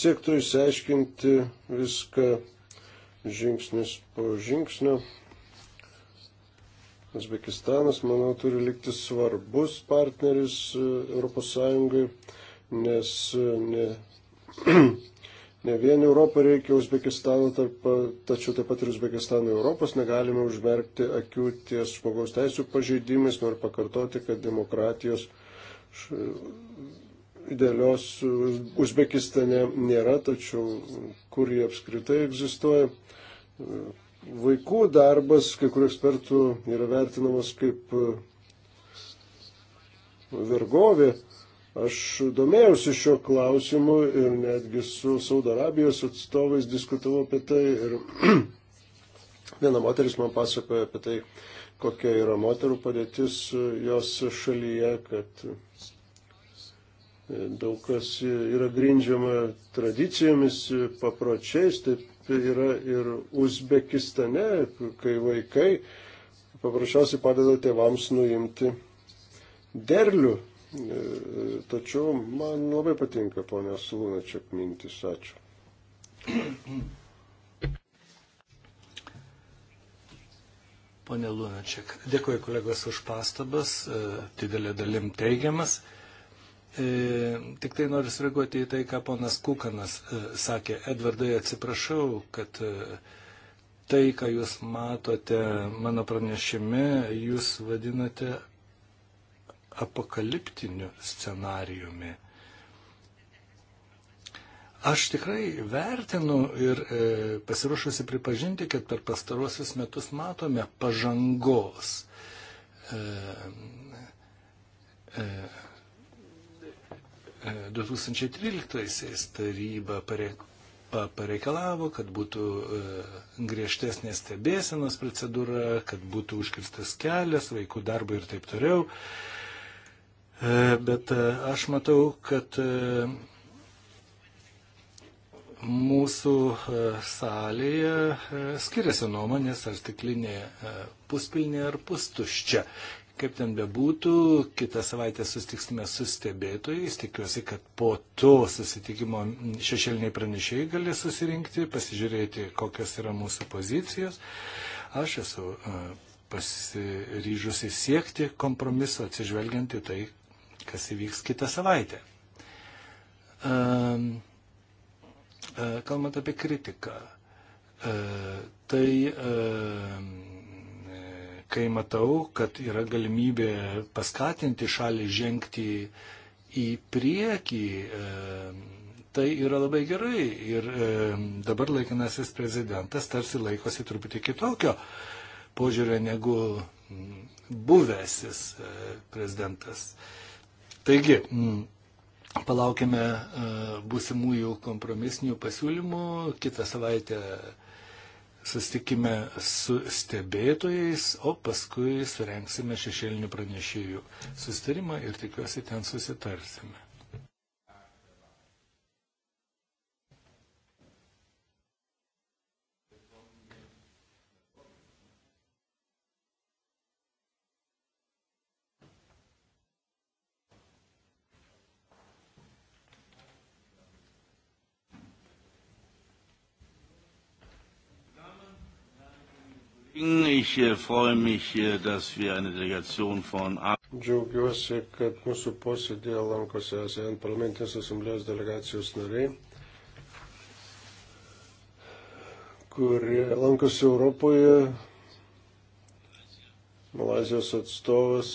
siektų išsiaiškinti viską žingsnis po žingsnio. Uzbekistanas, manau, turi likti svarbus partneris ES, nes e, ne, ne vien Europą reikia Uzbekistano, tarp, tačiau taip pat ir Uzbekistano Europos negalime užmerkti akių ties žmogaus teisų pažeidimais. Noriu pakartoti, kad demokratijos š, idealios Uzbekistane nėra, tačiau kur jie apskritai egzistuoja Vaikų darbas, kai kurių ekspertų, yra vertinamas kaip e, vergovė. Aš domėjausi šio klausimu ir netgi su Saudarabijos atstovais diskutavau apie tai. Ir viena moteris man pasakoja apie tai, kokia yra moterų padėtis e, jos šalyje, kad e, daug kas yra grindžiama tradicijomis, papročiais, taip tai yra ir Uzbekistane, kai vaikai paprasčiausiai padeda tėvams nuimti derlių. E, tačiau man labai patinka ponios Lunačiak mintis. Ačiū. Pone Lunačiak, dėkuoju kolegos už pastabas, e, didelė dalim teigiamas. E, tik tai noriu sureaguoti į tai, ką ponas Kukanas e, sakė. Edvardai, atsiprašau, kad e, tai, ką jūs matote mano pranešime, jūs vadinate apokaliptiniu scenariumi. Aš tikrai vertinu ir e, pasiruošusi pripažinti, kad per pastaruosius metus matome pažangos. E, e, 2013 e, taryba pareikalavo, kad būtų e, griežtesnė stebėsenos procedūra, kad būtų užkirstas kelias vaikų darbui ir taip toliau. E, bet aš matau, kad mūsų salėje skiriasi nuomonės, ar stiklinė puspilnė ar pustuščia. Kaip ten bebūtų, kitą savaitę sustiksime su stebėtojais. Tikiuosi, kad po to susitikimo šešėliniai pranešėjai galės susirinkti, pasižiūrėti, kokios yra mūsų pozicijos. Aš esu e, pasiryžusi siekti kompromiso atsižvelgiant į tai, kas įvyks kitą savaitę. E, e, kalbant apie kritiką, tai kai matau, kad yra galimybė paskatinti šalį žengti į priekį, e, tai yra labai gerai. Ir e, dabar laikinasis prezidentas tarsi laikosi truputį kitokio požiūrio negu mm, buvęsis e, prezidentas. Taigi, mm, palaukime būsimųjų kompromisinių pasiūlymų. Kitą savaitę susitikime su stebėtojais, o paskui surenksime šešėlinių pranešėjų sustarimą ir tikiuosi ten susitarsime. Ich äh, freue mich, äh, dass wir eine Delegation von Džiaugiuosi, kad mūsų posėdėje lankosi ASEAN parlamentinės asamblėjos delegacijos nariai, kurie lankosi Europoje. Malazijos atstovas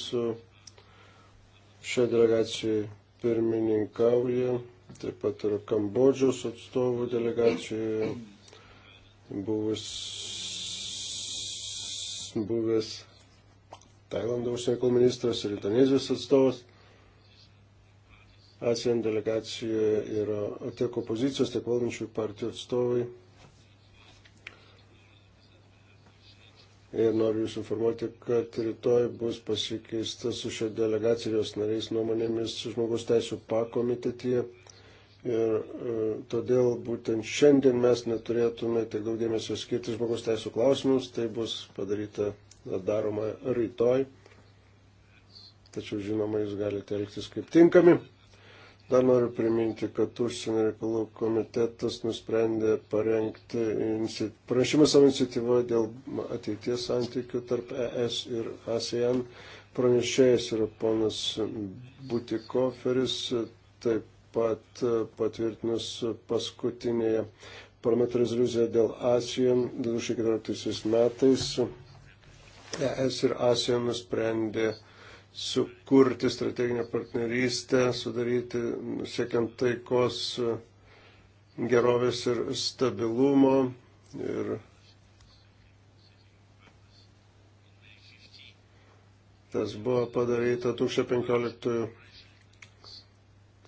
šią delegaciją pirmininkauja, taip pat yra Kambodžos atstovų delegacijoje buvus buvęs Tailando užsienio reikalų ministras ir Indonezijos atstovas. ASEAN delegacijoje yra tiek opozicijos, tiek valdančių partijų atstovai. Ir noriu Jūs informuoti, kad rytoj bus pasikeista su šia delegacijos nariais nuomonėmis žmogus teisų pakomitetyje. Ir e, todėl būtent šiandien mes neturėtume tiek daug dėmesio skirti žmogaus teisų klausimus, tai bus padaryta daroma rytoj. Tačiau, žinoma, jūs galite elgtis kaip tinkami. Dar noriu priminti, kad užsienio reikalų komitetas nusprendė parengti pranešimą savo iniciatyvą dėl ateities santykių tarp ES ir ASEAN. Pranešėjas yra ponas Butikoferis, taip pat patvirtinus paskutinėje parlamento rezoliuciją dėl ASEAN 2014 metais. ES ir ASEAN nusprendė sukurti strateginę partnerystę, sudaryti siekiant taikos gerovės ir stabilumo. Ir tas buvo padaryta 2015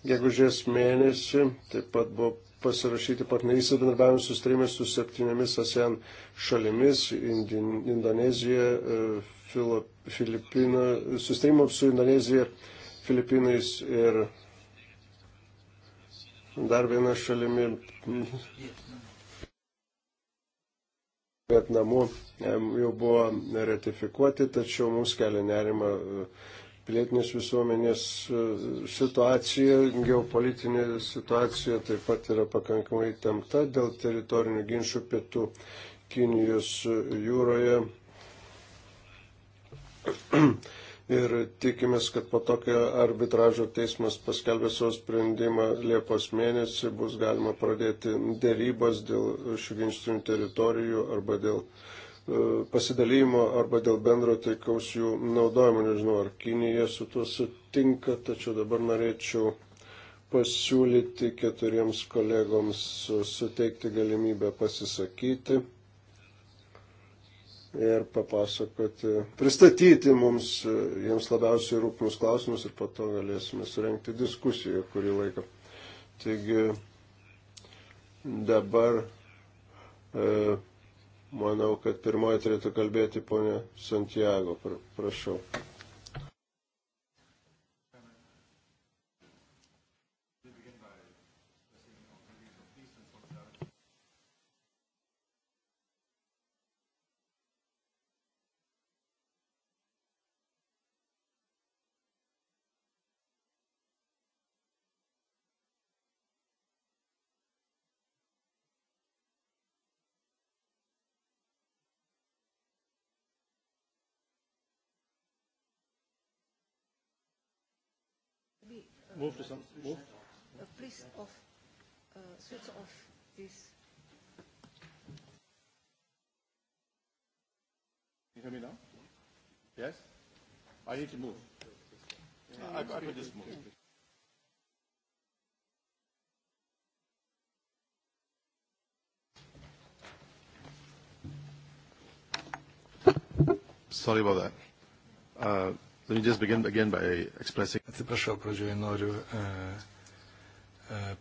gegužės mėnesį taip pat buvo pasirašyti partnerystės bendradarbiavimo sustarimai su septynėmis ASEAN šalimis - Indonezija, e, Filo, Filipina, sustarimą su Indonezija, Filipinais ir dar viena šalimi Vietnamu jau buvo ratifikuoti, tačiau mums kelia nerima uh, e, pilietinės visuomenės e, situacija, geopolitinė situacija taip pat yra pakankamai tamta dėl teritorinių ginčių pietų Kinijos jūroje. Ir tikimės, kad po tokio arbitražo teismas paskelbė savo sprendimą Liepos mėnesį, bus galima pradėti dėrybas dėl šių ginčių teritorijų arba dėl uh, pasidalymo arba dėl bendro taikaus jų naudojimo. Nežinau, ar Kinija su tuo sutinka, tačiau dabar norėčiau pasiūlyti keturiems kolegoms suteikti galimybę pasisakyti ir papasakoti, pristatyti mums jiems labiausiai rūpimus klausimus ir po to galėsime surenkti diskusiją kurį laiką. Taigi dabar e, Manau, kad pirmoji turėtų kalbėti ponė Santiago. Prašau. move to some. Move. Uh, please off. Uh, switch off this. You hear me now? Yes. I need to move. Yeah, I, I could just move. Yeah. Sorry about that. Uh, Atsiprašau, pradžioje noriu e, e,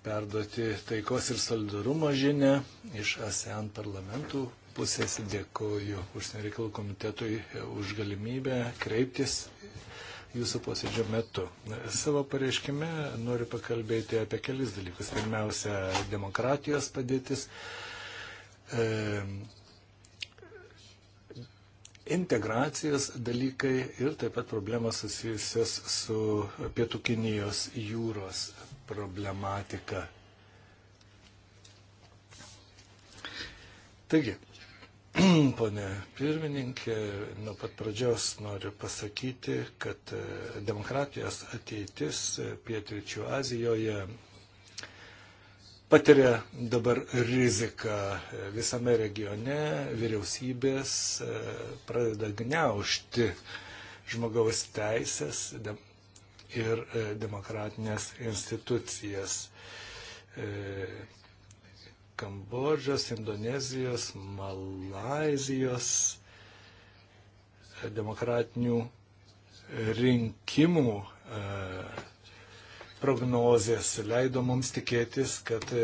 perduoti taikos ir solidarumo žinę iš ASEAN parlamentų pusės. Dėkoju užsienio reikalų komitetui e, už galimybę kreiptis jūsų posėdžio metu. E, savo pareiškime noriu pakalbėti apie kelis dalykus. Pirmiausia, demokratijos padėtis, e, integracijos dalykai ir taip pat problemas susijusios su Pietų Kinijos jūros problematika. Taigi, Pone pirmininkė, nuo pat pradžios noriu pasakyti, kad e, demokratijos ateitis Pietričių Azijoje patiria dabar riziką visame regione, vyriausybės e, pradeda gniaužti žmogaus teisės ir e, demokratinės institucijas. E, Kambodžos, Indonezijos, Malazijos demokratinių rinkimų prognozės leido mums tikėtis, kad e,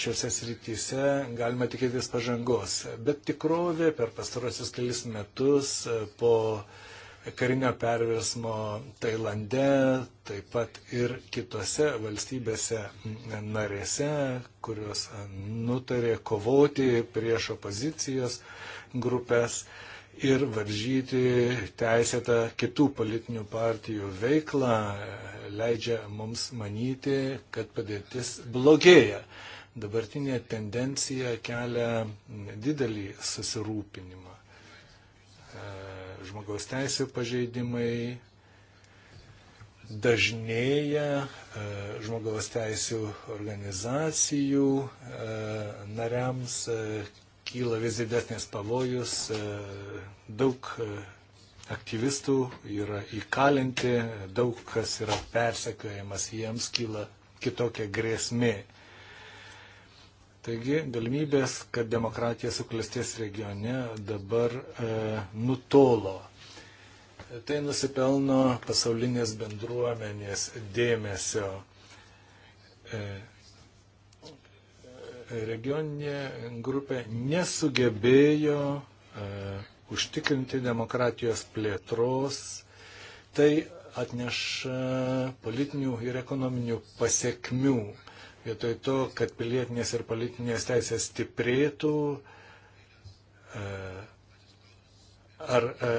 šiuose srityse galima tikėtis pažangos. Bet tikrovė per pastarosius kelis metus e, po karinio perversmo Tailande, taip pat ir kitose valstybėse narėse, kurios e, nutarė kovoti prieš opozicijos grupės, ir varžyti teisėtą kitų politinių partijų veiklą leidžia mums manyti, kad padėtis blogėja. Dabartinė tendencija kelia didelį susirūpinimą. E, žmogaus teisų pažeidimai dažnėja e, žmogaus teisų organizacijų e, nariams kyla vis didesnės pavojus, e, daug e, aktyvistų yra įkalinti, daug kas yra persekiojamas, jiems kyla kitokia grėsmė. Taigi galimybės, kad demokratija suklestės regione dabar e, nutolo. Tai nusipelno pasaulinės bendruomenės dėmesio. E, regioninė grupė nesugebėjo e, užtikrinti demokratijos plėtros. Tai atneša politinių ir ekonominių pasiekmių. Vietoj to, kad pilietinės ir politinės teisės stiprėtų, e, ar e,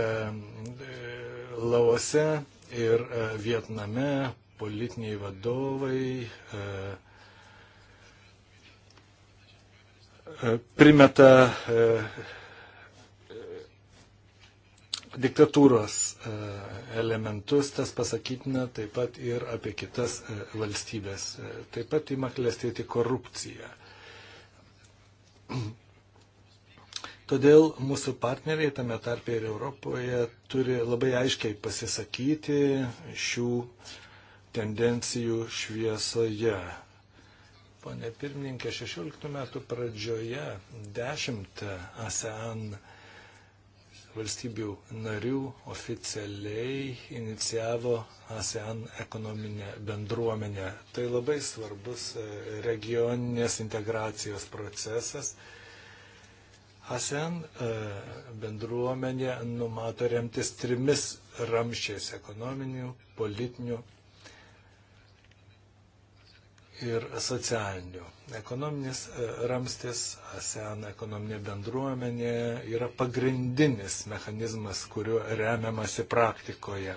Laose ir e, Vietname politiniai vadovai e, E, primeta e, diktatūros e, elementus, tas pasakytina taip pat ir apie kitas valstybės. Taip pat ima klestėti korupcija. Todėl mūsų partneriai tame tarpe ir Europoje turi labai aiškiai pasisakyti šių tendencijų šviesoje. Pone pirmininkė, 16 metų pradžioje 10 ASEAN valstybių narių oficialiai inicijavo ASEAN ekonominę bendruomenę. Tai labai svarbus e, regioninės integracijos procesas. ASEAN e, bendruomenė numato remtis trimis ramščiais - ekonominių, politinių ir socialinių. Ekonominis e, ramstis, ASEAN ekonominė bendruomenė yra pagrindinis mechanizmas, kuriuo remiamasi praktikoje.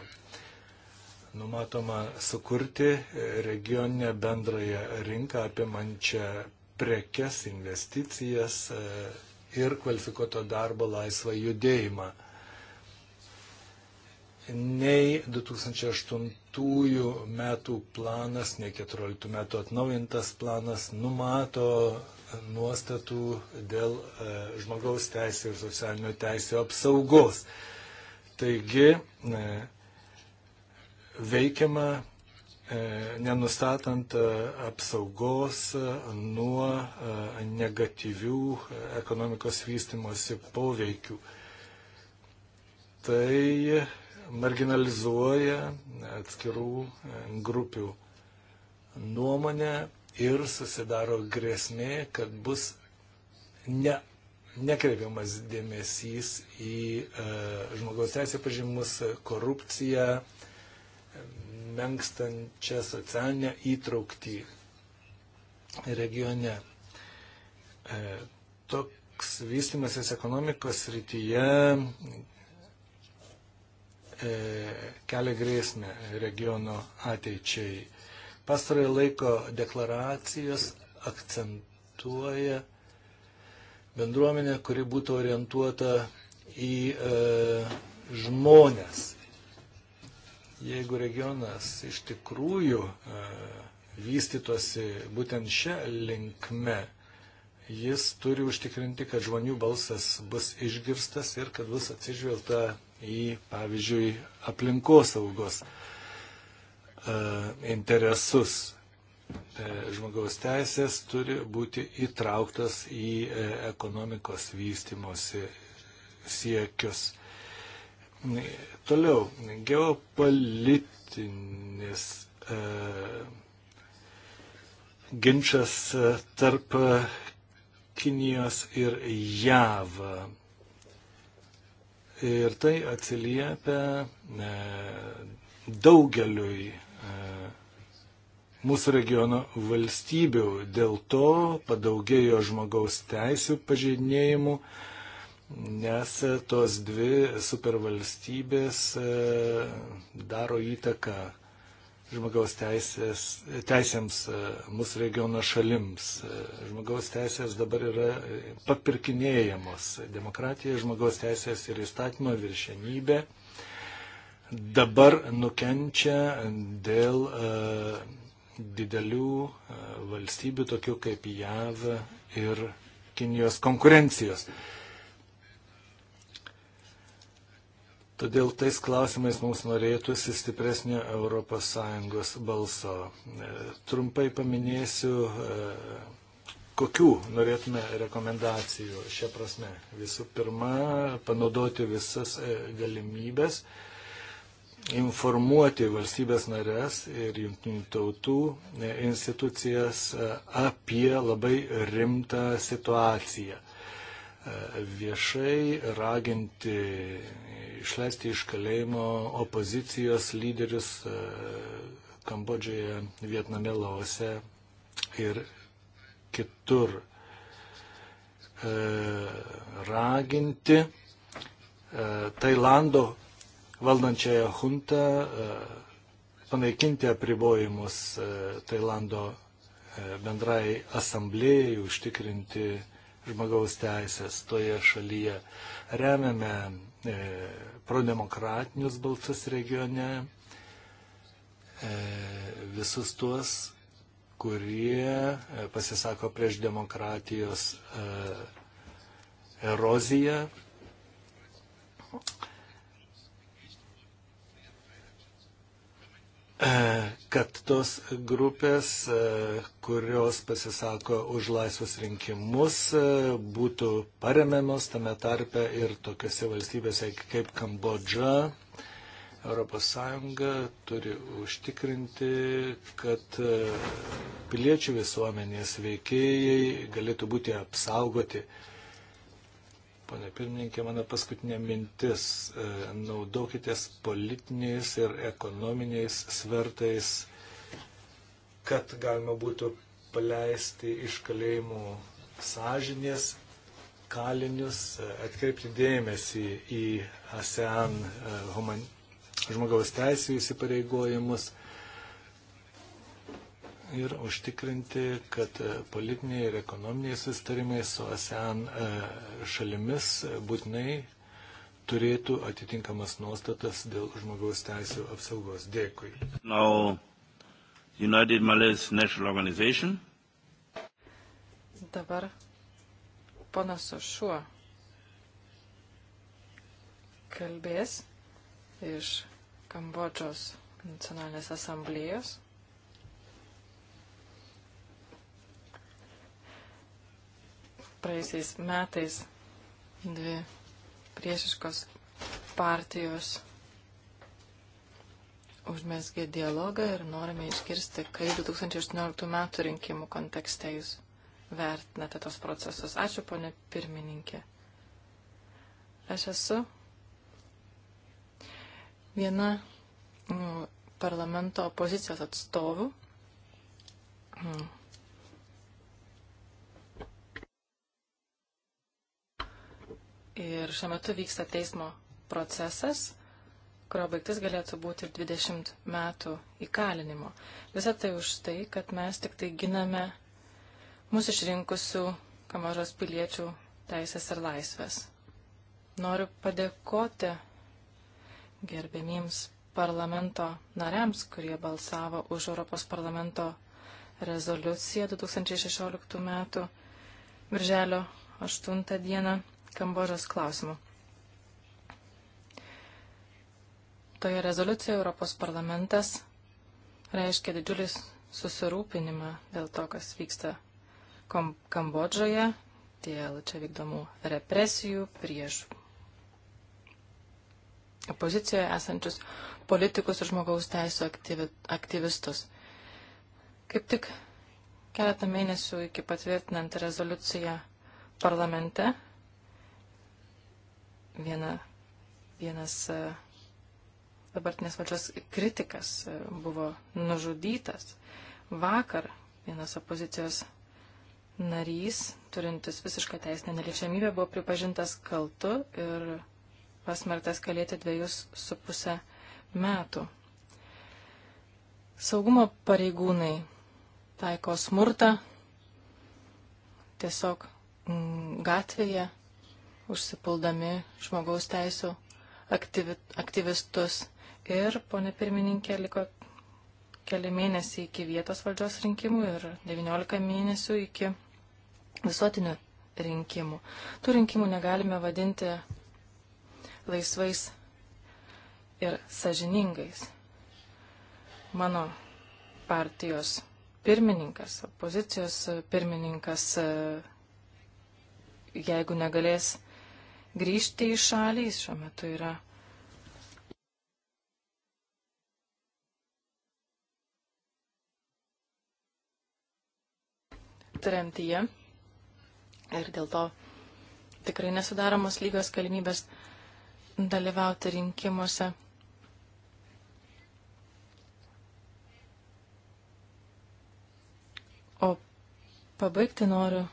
Numatoma sukurti e, regioninę bendrąją rinką apimančią prekes, investicijas e, ir kvalifikuoto darbo laisvą judėjimą nei 2008 metų planas, nei 2014 metų atnaujintas planas numato nuostatų dėl e, žmogaus teisų ir socialinių teisų apsaugos. Taigi e, veikiama e, nenustatant apsaugos nuo negatyvių ekonomikos vystimosi poveikių. Tai marginalizuoja atskirų e, grupių nuomonę ir susidaro grėsmė, kad bus ne, nekreipiamas dėmesys į e, žmogaus teisė pažymus, korupciją, menkstančią socialinę įtraukti regione. E, toks vystimasis ekonomikos rytyje E, kelia grėsmę regiono ateičiai. Pastarojo laiko deklaracijos akcentuoja bendruomenę, kuri būtų orientuota į e, žmonės. Jeigu regionas iš tikrųjų e, vystytosi būtent šią linkme, jis turi užtikrinti, kad žmonių balsas bus išgirstas ir kad bus atsižvelgta į, pavyzdžiui, aplinkosaugos e, interesus. E, žmogaus teisės turi būti įtrauktas į e, ekonomikos vystimosi siekius. Toliau, geopolitinis ginčas tarp Kinijos ir JAV Ir tai atsiliepia e, daugeliui e, mūsų regiono valstybių. Dėl to padaugėjo žmogaus teisų pažeidinėjimų, nes tos dvi supervalstybės e, daro įtaką žmogaus teisės, teisėms e, mūsų regiono šalims. E, žmogaus teisės dabar yra papirkinėjamos. Demokratija, žmogaus teisės ir įstatymo viršenybė dabar nukenčia dėl uh, didelių uh, valstybių, tokių kaip JAV ir Kinijos konkurencijos. Uh, Todėl tais klausimais mums norėtųsi stipresnio ES balso. E, trumpai paminėsiu, e, kokių norėtume rekomendacijų šią prasme. Visų pirma, panaudoti visas e, galimybės, informuoti valstybės narės ir jungtinių tautų institucijas apie labai rimtą situaciją viešai raginti išleisti iš kalėjimo opozicijos lyderius e, Kambodžioje, Vietname, Laose ir kitur e, raginti e, Tailando valdančiąją huntą panaikinti apribojimus Tailando bendrai asamblėjai, užtikrinti žmogaus teisės toje šalyje. Remiame prodemokratinius balsus regione, e, visus tuos, kurie e, pasisako prieš demokratijos e, eroziją. E, kad tos grupės, e, kurios pasisako už laisvus rinkimus, e, būtų paremiamos tame tarpe ir tokiuose valstybėse kaip Kambodža, ES turi užtikrinti, kad piliečių visuomenės veikėjai galėtų būti apsaugoti Pone pirmininkė, mano paskutinė mintis. E, naudokitės politiniais ir ekonominiais svertais, kad galima būtų paleisti iš kalėjimų sąžinės kalinius, e, atkreipti dėmesį į ASEAN e, human, žmogaus teisų įsipareigojimus ir užtikrinti, kad politiniai ir ekonominiai sustarimai su ASEAN e, šalimis būtinai turėtų atitinkamas nuostatas dėl žmogaus teisų apsaugos. Dėkui. Now, United Malays National Organization. Dabar ponas Ošuo kalbės iš Kambodžos nacionalinės asamblėjos. praeisiais metais dvi priešiškos partijos užmesgė dialogą ir norime išgirsti, kaip 2018 metų rinkimų kontekste jūs vertinate tos procesus. Ačiū, ponė pirmininkė. Aš esu viena mm, parlamento opozicijos atstovų mm. Ir šiuo metu vyksta teismo procesas, kurio baigtis galėtų būti ir 20 metų įkalinimo. Visą tai už tai, kad mes tik tai giname mūsų išrinkusių Kamaros piliečių teisės ir laisvės. Noriu padėkoti gerbėmiems parlamento nariams, kurie balsavo už Europos parlamento rezoliuciją 2016 metų, virželio 8 dieną Kambožos klausimu. Toje rezoliucijoje Europos parlamentas reiškia didžiulis susirūpinimą dėl to, kas vyksta Kom Kambodžoje, dėl čia vykdomų represijų prieš opozicijoje esančius politikus ir žmogaus teisų aktyvi, aktyvistus. Kaip tik keletą mėnesių iki patvirtinant rezoliuciją parlamente viena, vienas e, dabartinės valdžios kritikas e, buvo nužudytas. Vakar vienas opozicijos narys, turintis visišką teisinę neliečiamybę, buvo pripažintas kaltu ir pasmertas kalėti dviejus su pusę metų. Saugumo pareigūnai taiko smurtą tiesiog mm, gatvėje užsipuldami žmogaus teisų aktyvi, aktyvistus. Ir, ponė pirmininkė, liko keli mėnesiai iki vietos valdžios rinkimų ir 19 mėnesių iki visuotinių rinkimų. Tų rinkimų negalime vadinti laisvais ir sažiningais. Mano partijos pirmininkas, opozicijos pirmininkas, jeigu negalės grįžti į šalį, jis šiuo metu yra tremtyje ir dėl to tikrai nesudaromos lygos galimybės dalyvauti rinkimuose. O pabaigti noriu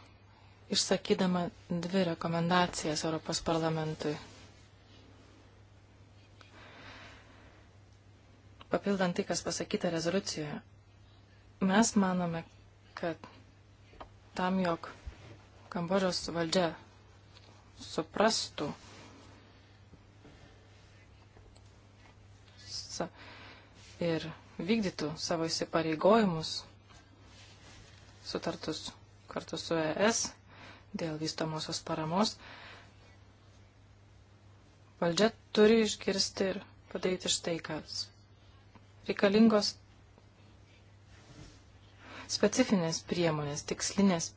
išsakydama dvi rekomendacijas Europos parlamentui. Papildant tai, kas pasakyta rezoliucijoje, mes manome, kad tam, jog Kambodžos valdžia suprastų ir vykdytų savo įsipareigojimus sutartus kartu su ES dėl vystamosios paramos. Valdžia turi išgirsti ir padaryti štai kas. Reikalingos specifinės priemonės, tikslinės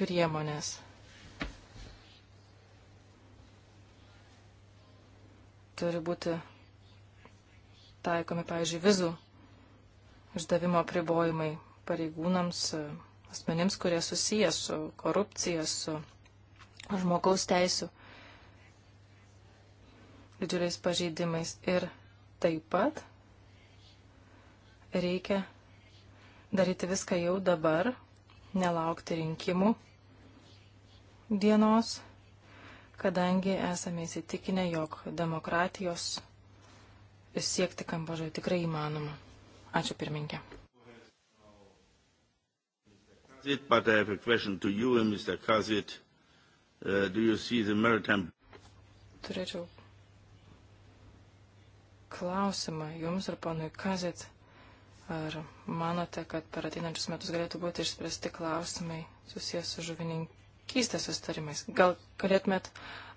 priemonės. Turi būti taikomi, pavyzdžiui, vizų išdavimo apribojimai pareigūnams, asmenims, kurie susiję su korupcija, su žmogaus teisų didžiuliais pažeidimais. Ir taip pat reikia daryti viską jau dabar, nelaukti rinkimų dienos, kadangi esame įsitikinę, jog demokratijos siekti kambažai tikrai įmanoma. Ačiū pirminkė it, but I have a question to you, Mr. Kazit. Uh, do you see the maritime... Turėčiau klausimą jums ir panui Kazit. Ar manote, kad per ateinančius metus galėtų būti išspręsti klausimai susijęs su žuvininkystės sustarimais? Gal galėtumėt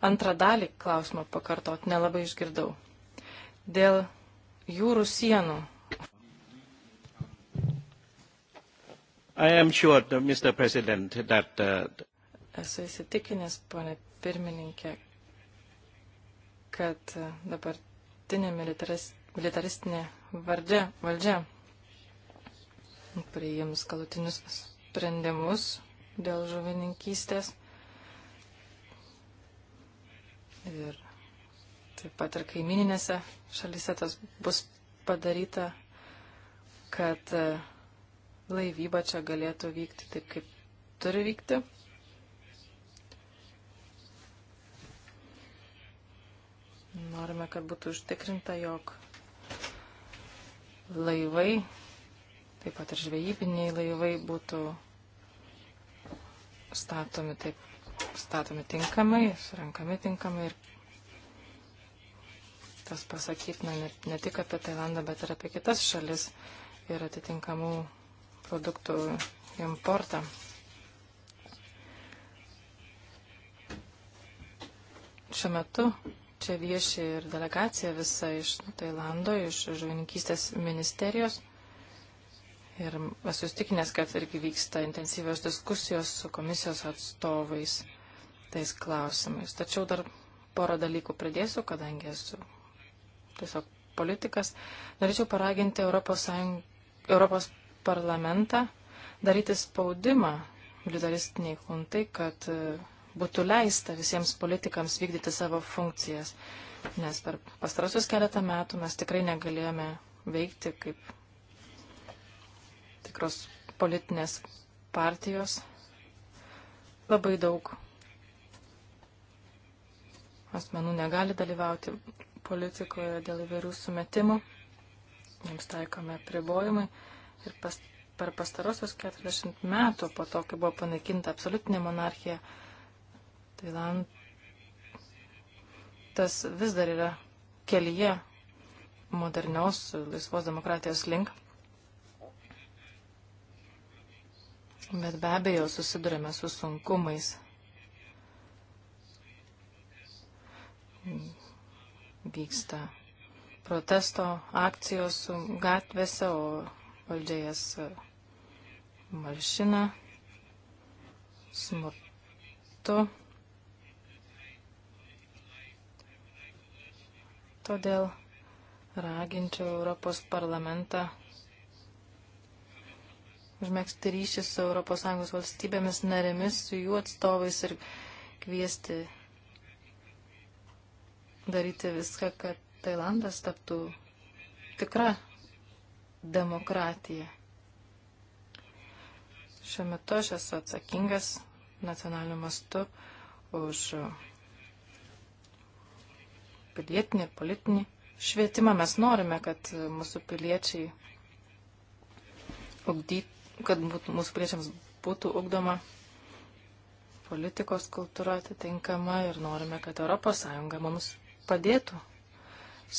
antrą dalį klausimą pakartot, nelabai išgirdau. Dėl jūrų sienų I am sure, uh, Mr. President, that... Uh, Esu įsitikinęs, ponė pirmininkė, kad uh, dabartinė militaris, militaristinė valdžia, valdžia priims galutinius sprendimus dėl žuvininkystės. Ir taip pat ir kaimininėse šalyse tas bus padaryta, kad uh, laivyba čia galėtų vykti taip, kaip turi vykti. Norime, kad būtų užtikrinta, jog laivai, taip pat ir žvejybiniai laivai būtų statomi taip, statomi tinkamai, surinkami tinkamai ir tas pasakytina ne, ne tik apie Tailandą, bet ir apie kitas šalis ir atitinkamų produktų importą. Šiuo metu čia vieši ir delegacija visa iš nu, Tailando, iš žuvininkystės ministerijos. Ir esu stikinęs, kad irgi vyksta intensyvios diskusijos su komisijos atstovais tais klausimais. Tačiau dar porą dalykų pridėsiu, kadangi esu tiesiog politikas. Norėčiau paraginti Europos, Sąjung... Europos parlamentą daryti spaudimą militaristiniai huntai, kad e, būtų leista visiems politikams vykdyti savo funkcijas. Nes per pastarosius keletą metų mes tikrai negalėjome veikti kaip tikros politinės partijos. Labai daug asmenų negali dalyvauti politikoje dėl įvairių sumetimų, jiems taikome pribojimai. Ir pas, per pastarosius 40 metų po to, kai buvo panaikinta absoliutinė monarchija, Tailandas vis dar yra kelyje modernios laisvos demokratijos link. Bet be abejo susidurėme su sunkumais. Vyksta protesto akcijos gatvėse, o valdžia jas malšina smurtu. Todėl raginčiau Europos parlamentą užmėgsti ryšį su ES valstybėmis narėmis, su jų atstovais ir kviesti daryti viską, kad Tailandas taptų tikra demokratiją. Šiuo metu aš esu atsakingas nacionaliniu mastu už pilietinį ir politinį švietimą. Mes norime, kad mūsų piliečiai ugdyt, kad būtų, mūsų piliečiams būtų ugdoma politikos kultūra atitinkama ir norime, kad ES mums padėtų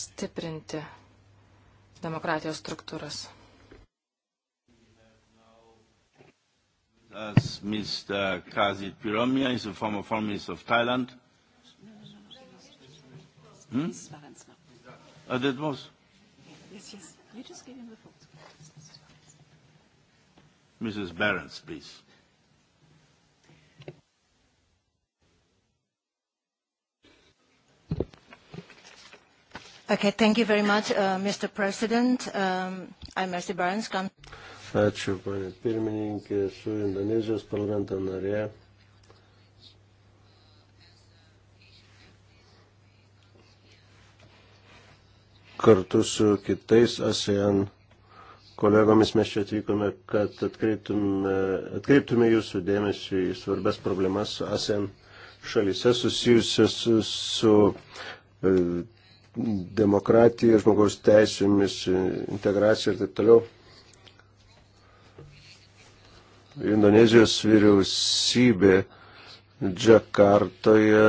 stiprinti demokratijos struktūras. As Mr. Kazit Piromia is a former foreign minister of Thailand. Hmm? Uh, that was. Yes, yes. You just gave him the floor. Mrs. Barents, please. Okay, thank you very much, uh, Mr. President. Um, I'm Mercy Barnes. Come. Ačiū, panė pirmininkė, esu Indonezijos parlamento narė. Kartu su kitais ASEAN kolegomis mes čia atvykome, kad atkreiptume, atkreiptume jūsų dėmesį į svarbes problemas ASEAN šalyse susijusias su, su demokratija, žmogaus teisėmis, integracija ir taip toliau. Indonezijos vyriausybė Džakartoje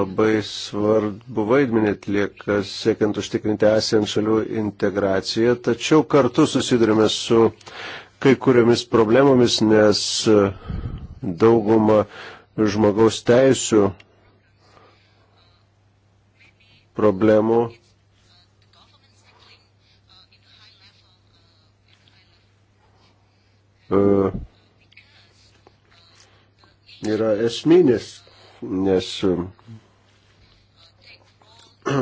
labai svarbu vaidmenį atlieka, siekiant užtikrinti ASEAN šalių integraciją, tačiau kartu susidurime su kai kuriomis problemomis, nes dauguma žmogaus teisų problemų. E, yra esminis, nes e,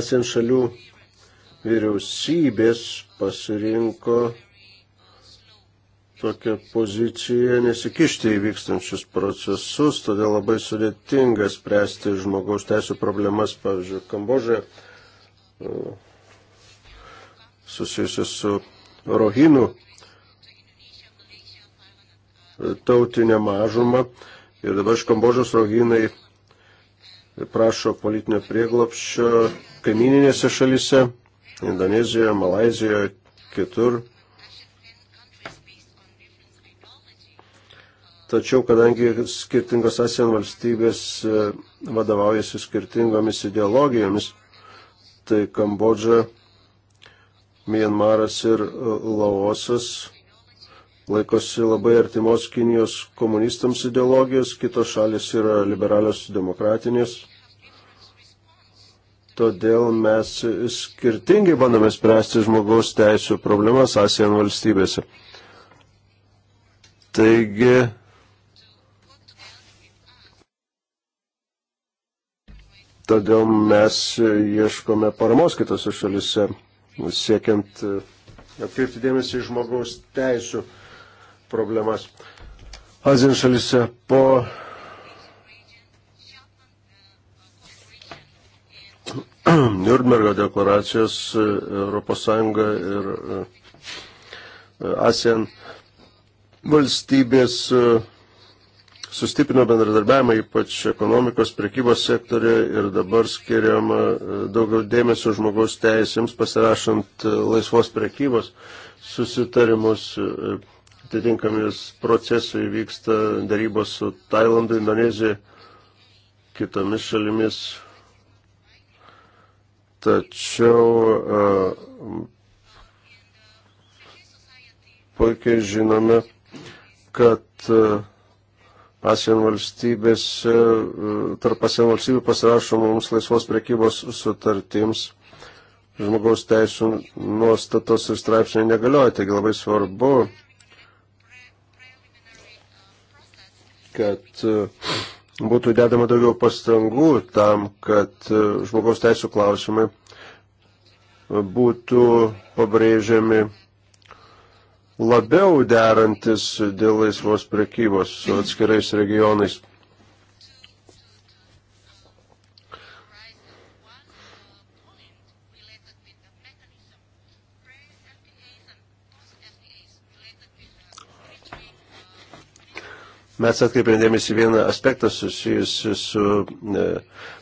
ASEAN šalių vyriausybės pasirinko tokią poziciją nesikišti į vykstančius procesus, todėl labai sudėtinga spręsti žmogaus teisų problemas, pavyzdžiui, Kambožė e, susijusios su Rohinų tautinė mažuma ir dabar iš Kambožos Rohinai prašo politinio prieglopščio kaimininėse šalise, Indonezijoje, Malazijoje, kitur. Tačiau, kadangi skirtingos ASEAN valstybės e, vadovaujasi skirtingomis ideologijomis, tai Kambodža, Mienmaras ir e, Laosas laikosi labai artimos Kinijos komunistams ideologijos, kitos šalis yra liberalios demokratinės. Todėl mes skirtingai bandome spręsti žmogaus teisų problemas ASEAN valstybėse. Taigi Todėl mes ieškome paramos kitose šalise, siekiant e, atkreipti dėmesį į žmogaus teisų problemas. Azijos šalise po Nürnbergo deklaracijos ES ir e, e, ASEAN valstybės uh, sustiprino bendradarbiavimą, ypač ekonomikos prekybos sektorė ir dabar skiriama e, daugiau dėmesio žmogaus teisėms, pasirašant e, laisvos prekybos susitarimus. E, Atitinkamis procesai vyksta darybos su Tailandu, Indonezija, kitomis šalimis. Tačiau puikiai žinome, kad pasienio valstybės, e, tarp pasienio valstybių pasirašomoms laisvos prekybos sutartims žmogaus teisų nuostatos ir straipsniai negalioja. Taigi labai svarbu, kad e, būtų dedama daugiau pastangų tam, kad e, žmogaus teisų klausimai būtų pabrėžiami labiau derantis dėl laisvos prekybos su atskirais regionais. Mes atkreipėm dėmesį vieną aspektą susijusi su e,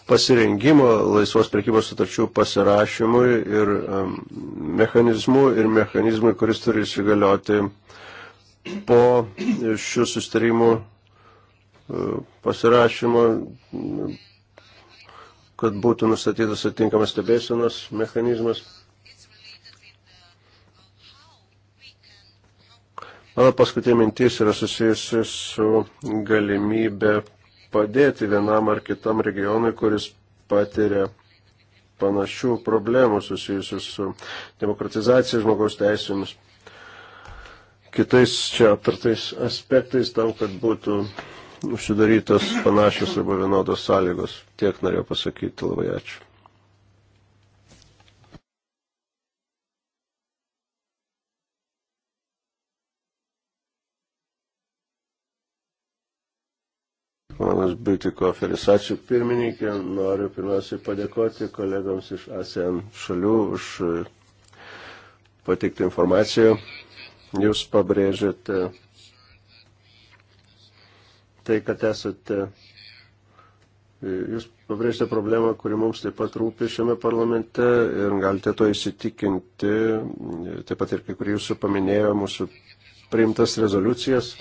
pasirengimo laisvos prekybos sutarčių pasirašymui ir mechanizmų ir mechanizmui, kuris turi įsigalioti po šių sustarimų e, pasirašymo, kad būtų nustatytas atinkamas stebėsenos mechanizmas. Mano paskutinė mintis yra susijusi su galimybė padėti vienam ar kitam regionui, kuris patiria panašių problemų susijusių su demokratizacija žmogaus teisėmis. Kitais čia aptartais aspektais tam, kad būtų užsidarytos panašios arba vienodos sąlygos. Tiek norėjau pasakyti. Labai ačiū. ponas Bitikoferis. Ačiū pirmininkė, noriu pirmiausiai padėkoti kolegams iš ASEAN šalių už pateiktą informaciją. Jūs pabrėžėte tai, kad esate, jūs pabrėžėte problemą, kuri mums taip pat rūpi šiame parlamente ir galite to įsitikinti, taip pat ir kai kurie jūsų paminėjo mūsų priimtas rezoliucijas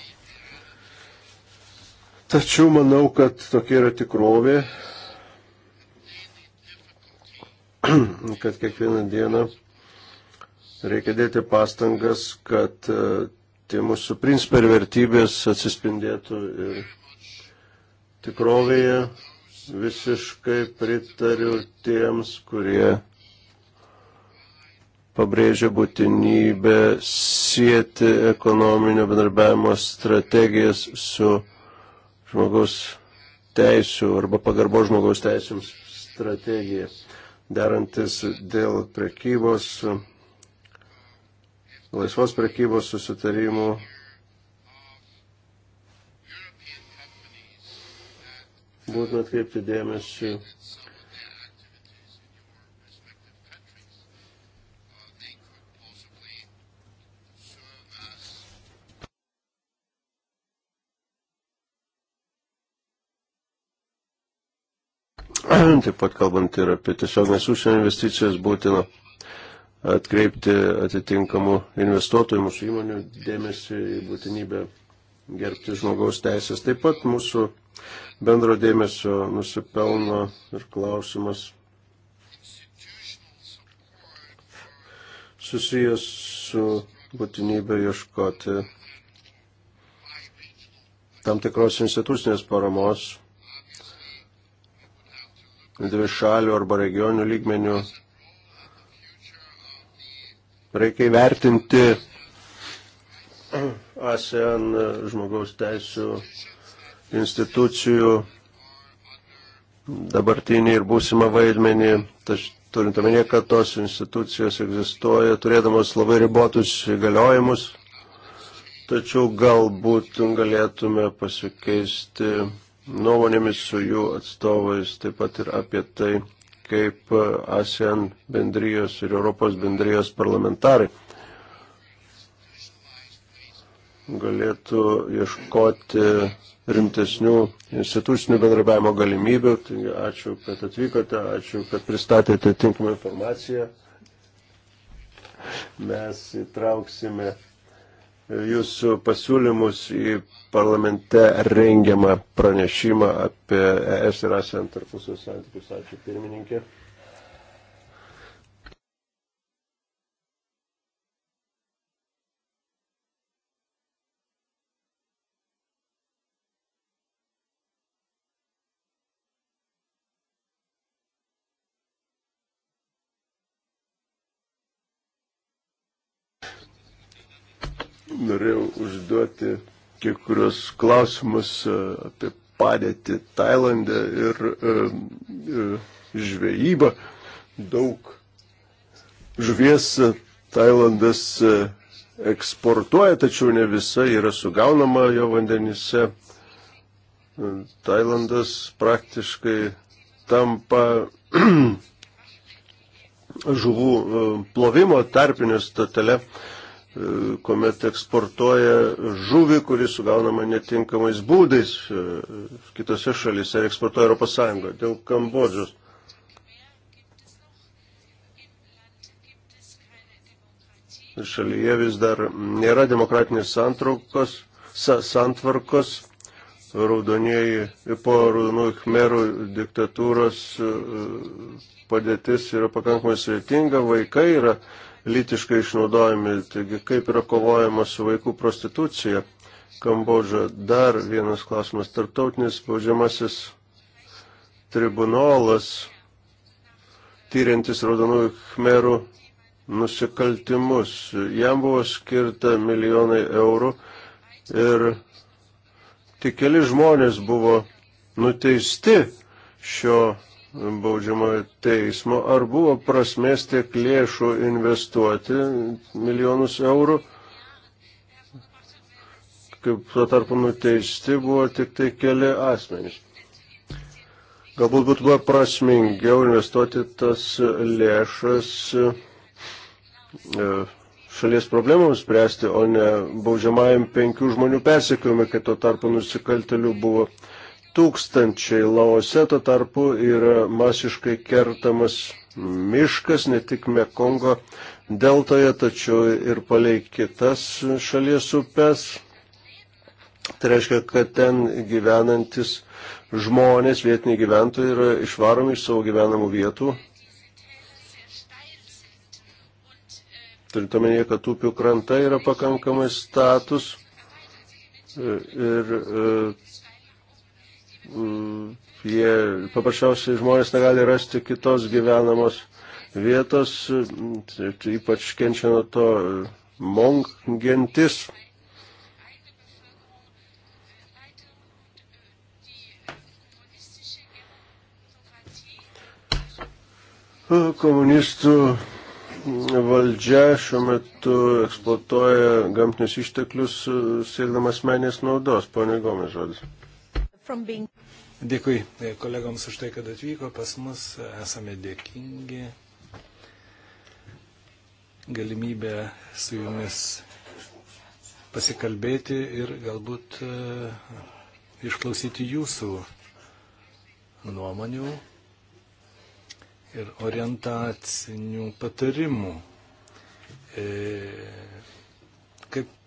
Tačiau manau, kad tokia yra tikrovė, kad kiekvieną dieną reikia dėti pastangas, kad e, tie mūsų principai ir vertybės atsispindėtų ir tikrovėje. Visiškai pritariu tiems, kurie pabrėžia būtinybę sieti ekonominio bendarbiavimo strategijas su žmogaus teisų arba pagarbo žmogaus teisėms strategija. Darantis dėl prekybos, laisvos prekybos susitarimų būtina atkreipti dėmesį taip pat kalbant ir apie tiesioginės užsienio investicijas, būtina atkreipti atitinkamų investuotojų, mūsų įmonių dėmesį į būtinybę gerbti žmogaus teisės. Taip pat mūsų bendro dėmesio nusipelno ir klausimas susijęs su būtinybė ieškoti tam tikros institucinės paramos dvi šalių arba regionių lygmenių. Reikia įvertinti ASEAN žmogaus teisų institucijų dabartinį ir būsimą vaidmenį, tačiau turint omenyje, kad tos institucijos egzistuoja, turėdamos labai ribotus įgaliojimus, tačiau galbūt galėtume pasikeisti nuomonėmis su jų atstovais, taip pat ir apie tai, kaip ASEAN bendrijos ir Europos bendrijos parlamentarai galėtų ieškoti rimtesnių institucinių bendrabiavimo galimybių. Taigi, ačiū, kad atvykote, ačiū, kad pristatėte tinkamą informaciją. Mes įtrauksime jūsų pasiūlymus į parlamente rengiamą pranešimą apie ES ir ASEAN tarpusio santykius. Ačiū pirmininkė. užduoti kai kurios klausimus e, apie padėtį Tailandė ir e, e, žvejybą. Daug žuvies Tailandas e, eksportuoja, tačiau ne visa yra sugaunama jo vandenyse. E, Tailandas praktiškai tampa žuvų plovimo tarpinio stotele. E, kuomet eksportuoja žuvį, kuris sugaunama netinkamais būdais e, kitose šalyse ir eksportuoja Europos Sąjungą dėl Kambodžos. Šalyje vis dar nėra demokratinės santraukos, sa, santvarkos, raudonieji po raudonųjų khmerų diktatūros e, padėtis yra pakankamai sveitinga, vaikai yra lytiškai išnaudojami. Taigi, kaip yra kovojama su vaikų prostitucija Kambodža. Dar vienas klausimas. Tarptautinis baudžiamasis tribunolas, tyriantis raudonųjų khmerų nusikaltimus. Jam buvo skirta milijonai eurų ir tik keli žmonės buvo nuteisti šio baudžiamojo teismo, ar buvo prasmės tiek lėšų investuoti milijonus eurų, kaip tuo tarpu nuteisti buvo tik tai keli asmenys. Galbūt būtų buvo prasmingiau investuoti tas lėšas e, šalies problemams spręsti, o ne baudžiamajam penkių žmonių persekiojimui, kai tuo tarpu nusikaltelių buvo tūkstančiai laose, tuo tarpu yra masiškai kertamas miškas, ne tik Mekongo deltoje, tačiau ir palei kitas šalies upes. Tai reiškia, kad ten gyvenantis žmonės, vietiniai gyventojai yra išvaromi iš savo gyvenamų vietų. Turint omenyje, kad upių krantai yra pakankamai status ir, ir Mm, jie paprasčiausiai žmonės negali rasti kitos gyvenamos vietos, mm, ypač kenčia nuo to mm, mong gentis. Komunistų valdžia šiuo metu eksploatuoja gamtinius išteklius siekdamas menės naudos, ponė Gomes žodis being... Dėkui e, kolegoms už tai, kad atvyko pas mus. Esame dėkingi galimybę su jumis pasikalbėti ir galbūt e, išklausyti jūsų nuomonių ir orientacinių patarimų. E, kaip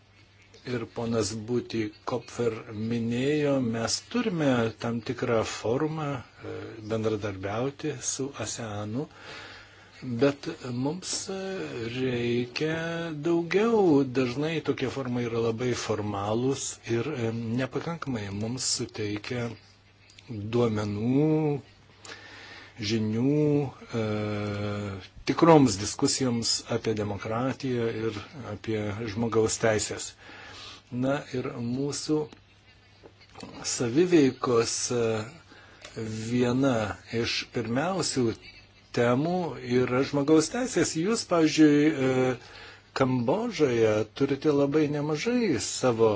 ir ponas Būti Kopfer minėjo, mes turime tam tikrą formą e, bendradarbiauti su ASEANu, bet mums e, reikia daugiau. Dažnai tokie formai yra labai formalūs ir e, nepakankamai mums suteikia duomenų, žinių e, tikroms diskusijoms apie demokratiją ir apie žmogaus teisės. Na ir mūsų saviveikos e, viena iš pirmiausių temų yra žmogaus teisės. Jūs, pavyzdžiui, e, Kambodžoje turite labai nemažai savo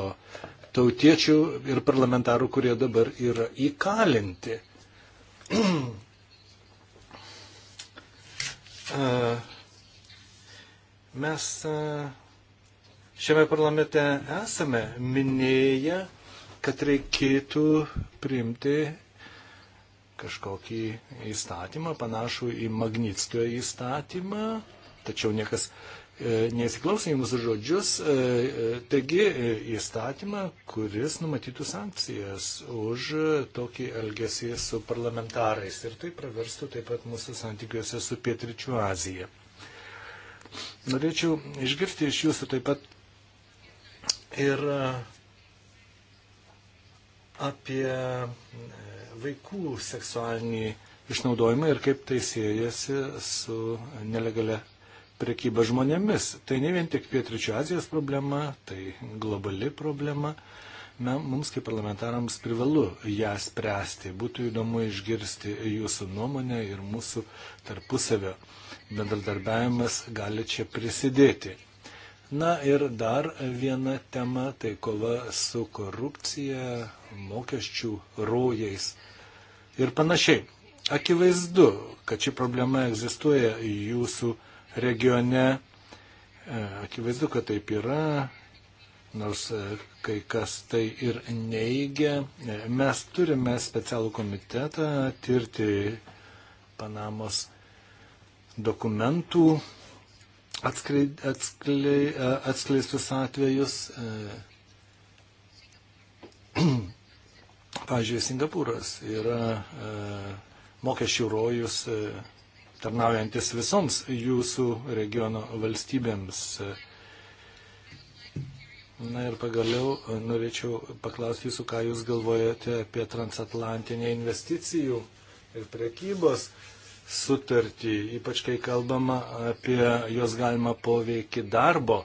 tautiečių ir parlamentarų, kurie dabar yra įkalinti. E, mes Šiame parlamente esame minėję, kad reikėtų priimti kažkokį įstatymą, panašų į Magnitskio įstatymą, tačiau niekas e, nesiklausė į mūsų žodžius, e, e, taigi e, įstatymą, kuris numatytų sankcijas už tokį elgesį su parlamentarais ir tai praverstų taip pat mūsų santykiuose su Pietričių Azija. Norėčiau išgirsti iš jūsų taip pat ir e, apie e, vaikų seksualinį išnaudojimą ir kaip tai siejasi su nelegale prekyba žmonėmis. Tai ne vien tik Pietričio Azijos problema, tai globali problema. Mums kaip parlamentarams privalu ją spręsti. Būtų įdomu išgirsti jūsų nuomonę ir mūsų tarpusavio bendradarbiavimas gali čia prisidėti. Na ir dar viena tema - tai kova su korupcija, mokesčių rojais ir panašiai. Akivaizdu, kad ši problema egzistuoja jūsų regione. E, akivaizdu, kad taip yra, nors e, kai kas tai ir neigia. E, mes turime specialų komitetą tirti Panamos dokumentų atskleid, atskleid, atskleistus atvejus. E, pavyzdžiui, Singapūras yra e, mokesčių rojus e, tarnaujantis visoms jūsų regiono valstybėms. Na ir pagaliau norėčiau paklausti jūsų, ką jūs galvojate apie transatlantinę investicijų ir prekybos sutartį, ypač kai kalbama apie jos galimą poveikį darbo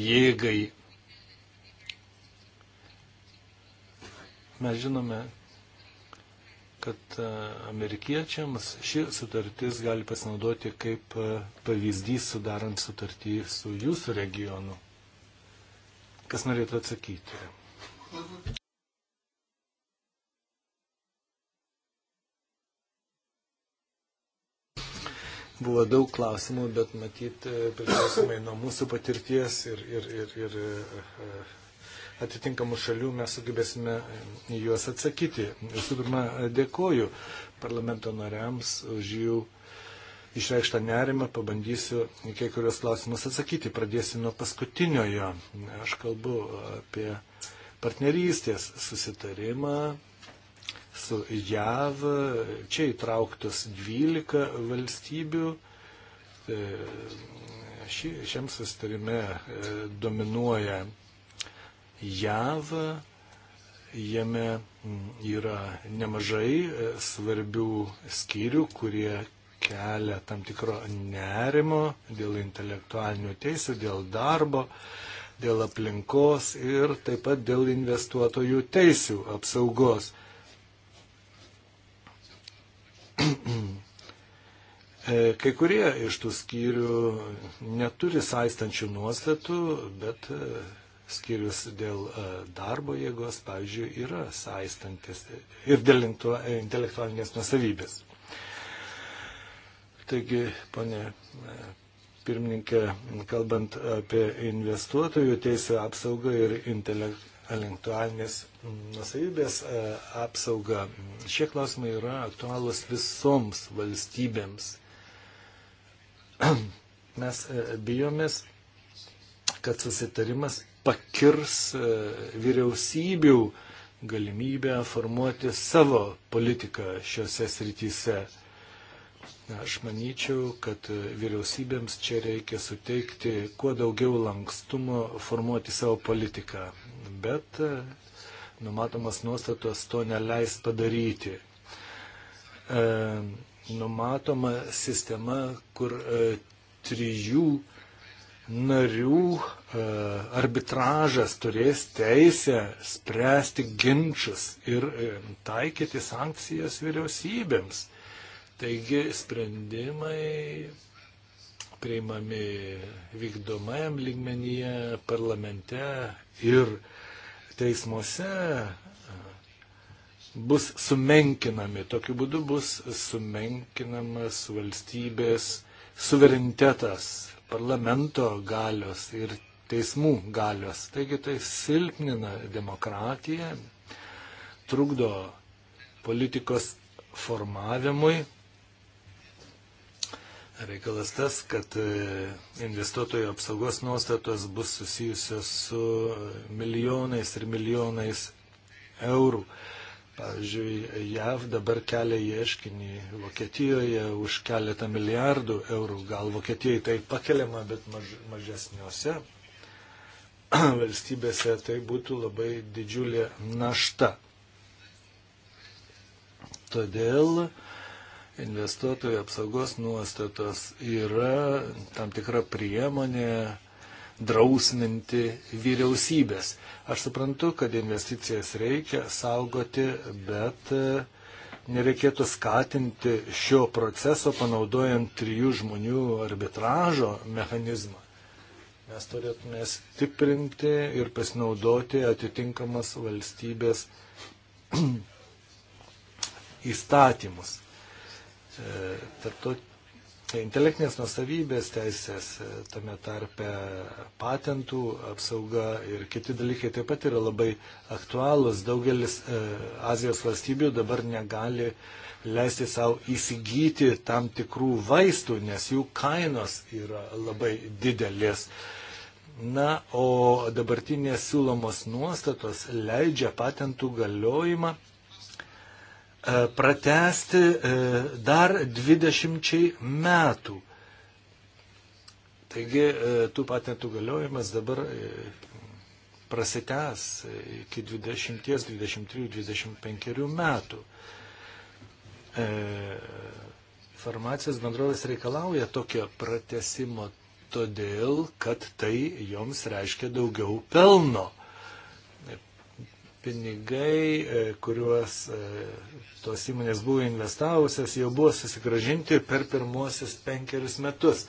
jėgai. Mes žinome, kad e, amerikiečiams ši sutartis gali pasinaudoti kaip e, pavyzdys sudarant sutartį su jūsų regionu. Kas norėtų atsakyti? Buvo daug klausimų, bet matyt, e, priklausomai nuo mūsų patirties ir, ir, ir, ir e, e, atitinkamų šalių mes sugebėsime į juos atsakyti. Visų pirma, dėkoju parlamento nariams už jų išreikštą nerimą, pabandysiu į kai kurios klausimus atsakyti. Pradėsiu nuo paskutiniojo. Aš kalbu apie partnerystės susitarimą su JAV, čia įtrauktos 12 valstybių. E, ši, šiam sustarime e, dominuoja JAV, jame yra nemažai e, svarbių skyrių, kurie kelia tam tikro nerimo dėl intelektualinių teisų, dėl darbo, dėl aplinkos ir taip pat dėl investuotojų teisų apsaugos. E, kai kurie iš tų skyrių neturi saistančių nuostatų, bet e, skyrius dėl e, darbo jėgos, pavyzdžiui, yra saistantis ir dėl intelektualinės nusavybės. Taigi, ponė pirmininkė, kalbant apie investuotojų teisę apsaugą ir intelektualinės nusavybės e, apsaugą. Šie klausimai yra aktualūs visoms valstybėms. Mes e, bijomės, kad susitarimas pakirs e, vyriausybių galimybę formuoti savo politiką šiuose srityse. Aš manyčiau, kad vyriausybėms čia reikia suteikti kuo daugiau lankstumo formuoti savo politiką. Bet numatomas nuostatos to neleis padaryti. E, numatoma sistema, kur e, trijų narių e, arbitražas turės teisę spręsti ginčius ir e, taikyti sankcijas vyriausybėms. Taigi sprendimai priimami vykdomajam lygmenyje, parlamente ir e, teismuose e, bus sumenkinami, tokiu būdu bus sumenkinamas valstybės suverenitetas, parlamento galios ir teismų galios. Taigi tai silpnina demokratiją, trukdo politikos formavimui reikalas tas, kad e, investuotojų apsaugos nuostatos bus susijusios su e, milijonais ir milijonais eurų. Pavyzdžiui, JAV dabar kelia ieškinį Vokietijoje už keletą milijardų eurų. Gal Vokietijai tai pakeliama, bet maž, mažesniuose valstybėse tai būtų labai didžiulė našta. Todėl uh, investuotojų apsaugos nuostatos yra tam tikra priemonė drausminti vyriausybės. Aš suprantu, kad investicijas reikia saugoti, bet e, nereikėtų skatinti šio proceso panaudojant trijų žmonių arbitražo mechanizmą. Mes turėtume stiprinti ir pasinaudoti atitinkamas valstybės įstatymus tarptaut, intelektinės nusavybės teisės, e, tame tarpe patentų apsauga ir kiti dalykai taip pat yra labai aktualūs. Daugelis e, Azijos valstybių dabar negali leisti savo įsigyti tam tikrų vaistų, nes jų kainos yra labai didelės. Na, o dabartinės siūlomos nuostatos leidžia patentų galiojimą E, pratesti e, dar 20 metų. Taigi e, tų patentų galiojimas dabar prasitęs iki 20, 23, 25 metų. Farmacijos bendrovės reikalauja tokio pratesimo todėl, kad tai joms reiškia daugiau pelno pinigai, e, kuriuos e, tos įmonės buvo investavusios, jau buvo susigražinti per pirmosius penkerius metus.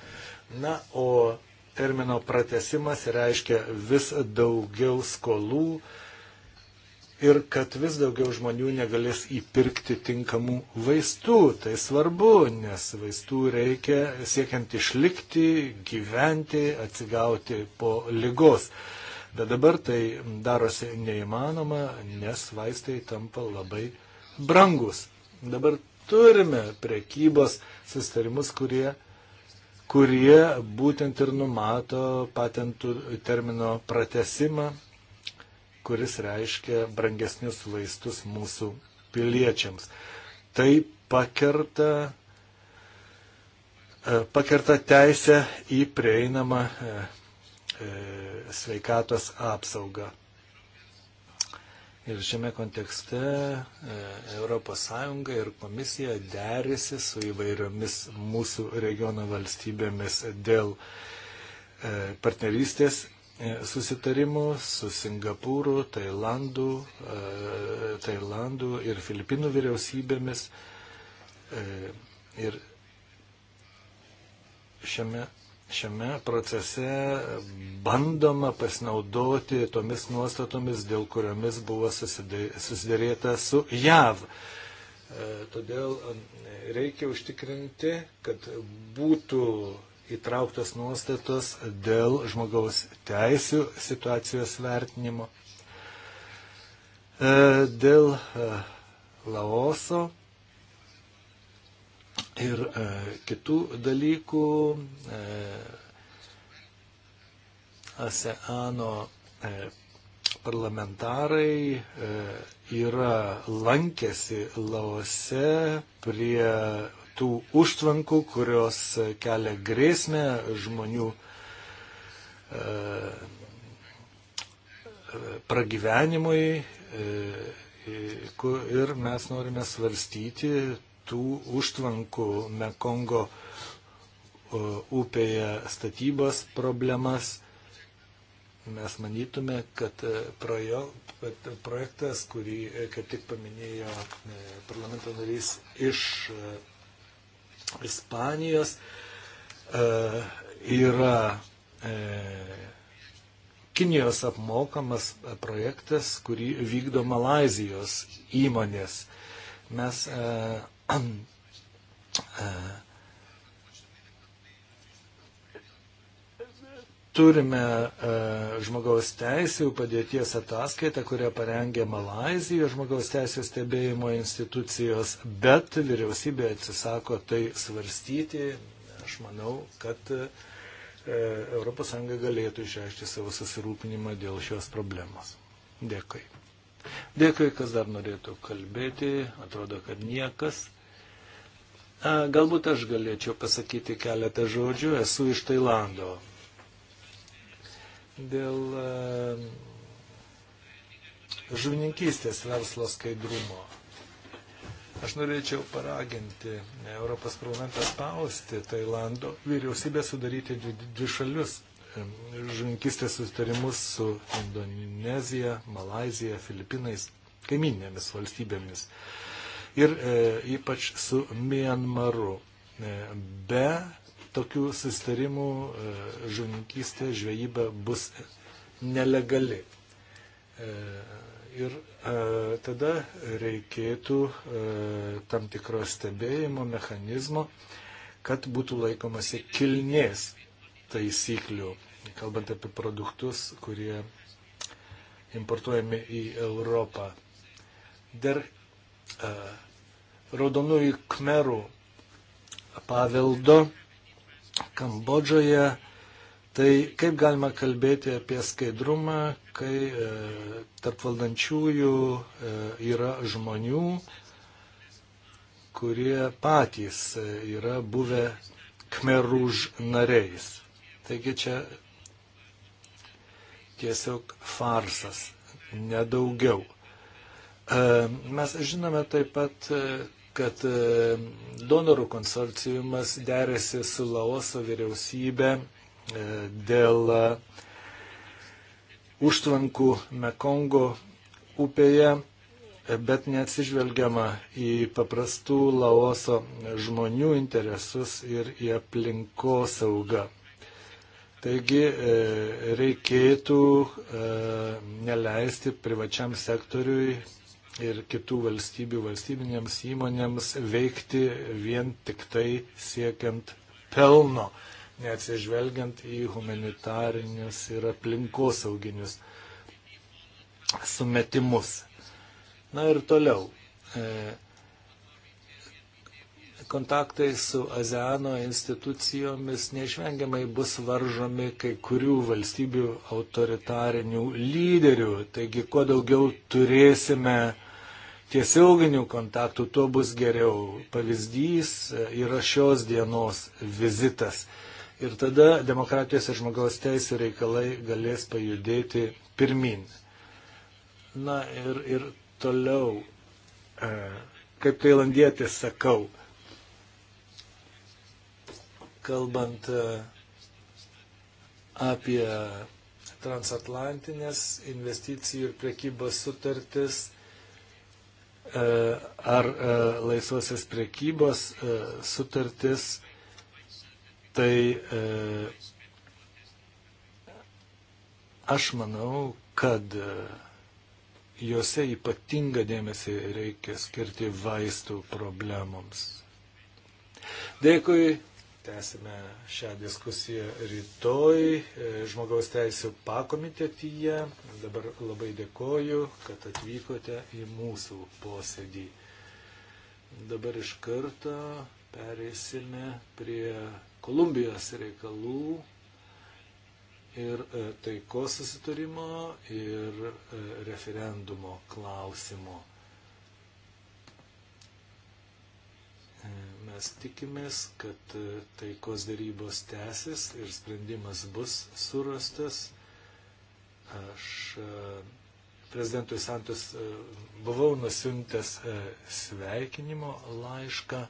Na, o termino pratesimas reiškia vis daugiau skolų ir kad vis daugiau žmonių negalės įpirkti tinkamų vaistų. Tai svarbu, nes vaistų reikia siekiant išlikti, gyventi, atsigauti po lygos. Bet dabar tai darosi neįmanoma, nes vaistai tampa labai brangus. Dabar turime prekybos sustarimus, kurie, kurie būtent ir numato patentų termino pratesimą, kuris reiškia brangesnius vaistus mūsų piliečiams. Tai pakerta e, pakerta teisę į prieinamą e, E, sveikatos apsaugą. Ir šiame kontekste ES ir komisija derisi su įvairiomis mūsų regiono valstybėmis dėl e, partnerystės e, susitarimų su Singapūru, Tailandu, Tailandu ir Filipinų vyriausybėmis. Ir šiame šiame procese bandoma pasinaudoti tomis nuostatomis, dėl kuriomis buvo susidėrėta su JAV. E, todėl reikia užtikrinti, kad būtų įtrauktos nuostatos dėl žmogaus teisų situacijos vertinimo. E, dėl e, Laoso ir e, kitų dalykų. E, ASEANO e, parlamentarai e, yra lankėsi Laose prie tų užtvankų, kurios kelia grėsmę žmonių e, pragyvenimui. E, ir mes norime svarstyti tų užtvankų Mekongo upėje statybos problemas. Mes manytume, kad, e, projo, kad projektas, kurį e, kaip tik paminėjo e, parlamento narys iš Ispanijos, yra Kinijos apmokamas projektas, kurį vykdo Malazijos įmonės. Mes Turime e, žmogaus teisėjų padėties ataskaitą, kurią parengė Malazijos žmogaus teisės stebėjimo institucijos, bet vyriausybė atsisako tai svarstyti. Aš manau, kad ES galėtų išreikšti savo susirūpinimą dėl šios problemos. Dėkui. Dėkui, kas dar norėtų kalbėti. Atrodo, kad niekas. Galbūt aš galėčiau pasakyti keletą žodžių, esu iš Tailando. Dėl žuvininkystės verslo skaidrumo. Aš norėčiau paraginti Europos parlamentą spausti Tailando vyriausybę sudaryti dvišalius žuvininkystės sustarimus su Indonezija, Malazija, Filipinais, kaiminėmis valstybėmis. Uh, ir e, ypač su Mianmaru. E, be tokių sustarimų e, žuvininkystė, žvejyba bus nelegali. E, ir e, tada reikėtų e, tam tikro stebėjimo mechanizmo, kad būtų laikomasi kilnės taisyklių, kalbant apie produktus, kurie importuojami į Europą. Dar E, raudonųjų kmerų paveldo Kambodžoje, tai kaip galima kalbėti apie skaidrumą, kai e, tarp valdančiųjų e, yra žmonių, kurie patys e, yra buvę kmerūž nariais. Taigi čia tiesiog farsas, nedaugiau. E, mes žinome taip pat, e, kad e, donorų konsorcijumas derėsi su Laoso vyriausybė dėl užtvankų Mekongo upėje, bet neatsižvelgiama į paprastų Laoso žmonių interesus ir į aplinkosaugą. Taigi reikėtų neleisti privačiam sektoriui ir kitų valstybių valstybinėms įmonėms veikti vien tik tai siekiant pelno, neatsižvelgiant į humanitarinius ir aplinkosauginius sumetimus. Na ir toliau. E, kontaktai su ASEANO institucijomis neišvengiamai bus varžomi kai kurių valstybių autoritarinių lyderių. Taigi, kuo daugiau turėsime tiesioginių kontaktų, tuo bus geriau. Pavyzdys e, yra šios dienos vizitas. Ir tada demokratijos ir žmogaus teisų reikalai galės pajudėti pirmin. Na ir, ir toliau, e, kaip tailandietis sakau, kalbant e, apie transatlantinės investicijų ir prekybos sutartis, E, ar e, laisvosios priekybos e, sutartis, tai aš manau, kad juose ypatinga dėmesį reikia skirti vaistų problemoms. Dėkui Tęsime šią diskusiją rytoj e, žmogaus teisų pakomitetyje. Dabar labai dėkoju, kad atvykote į mūsų posėdį. Dabar iš karto pereisime prie Kolumbijos reikalų ir e, taikos susitarimo ir e, referendumo klausimo. Mes tikimės, kad e, taikos darybos tęsis ir sprendimas bus surastas. Aš e, prezidentui Santus e, buvau nusiuntęs sveikinimo laišką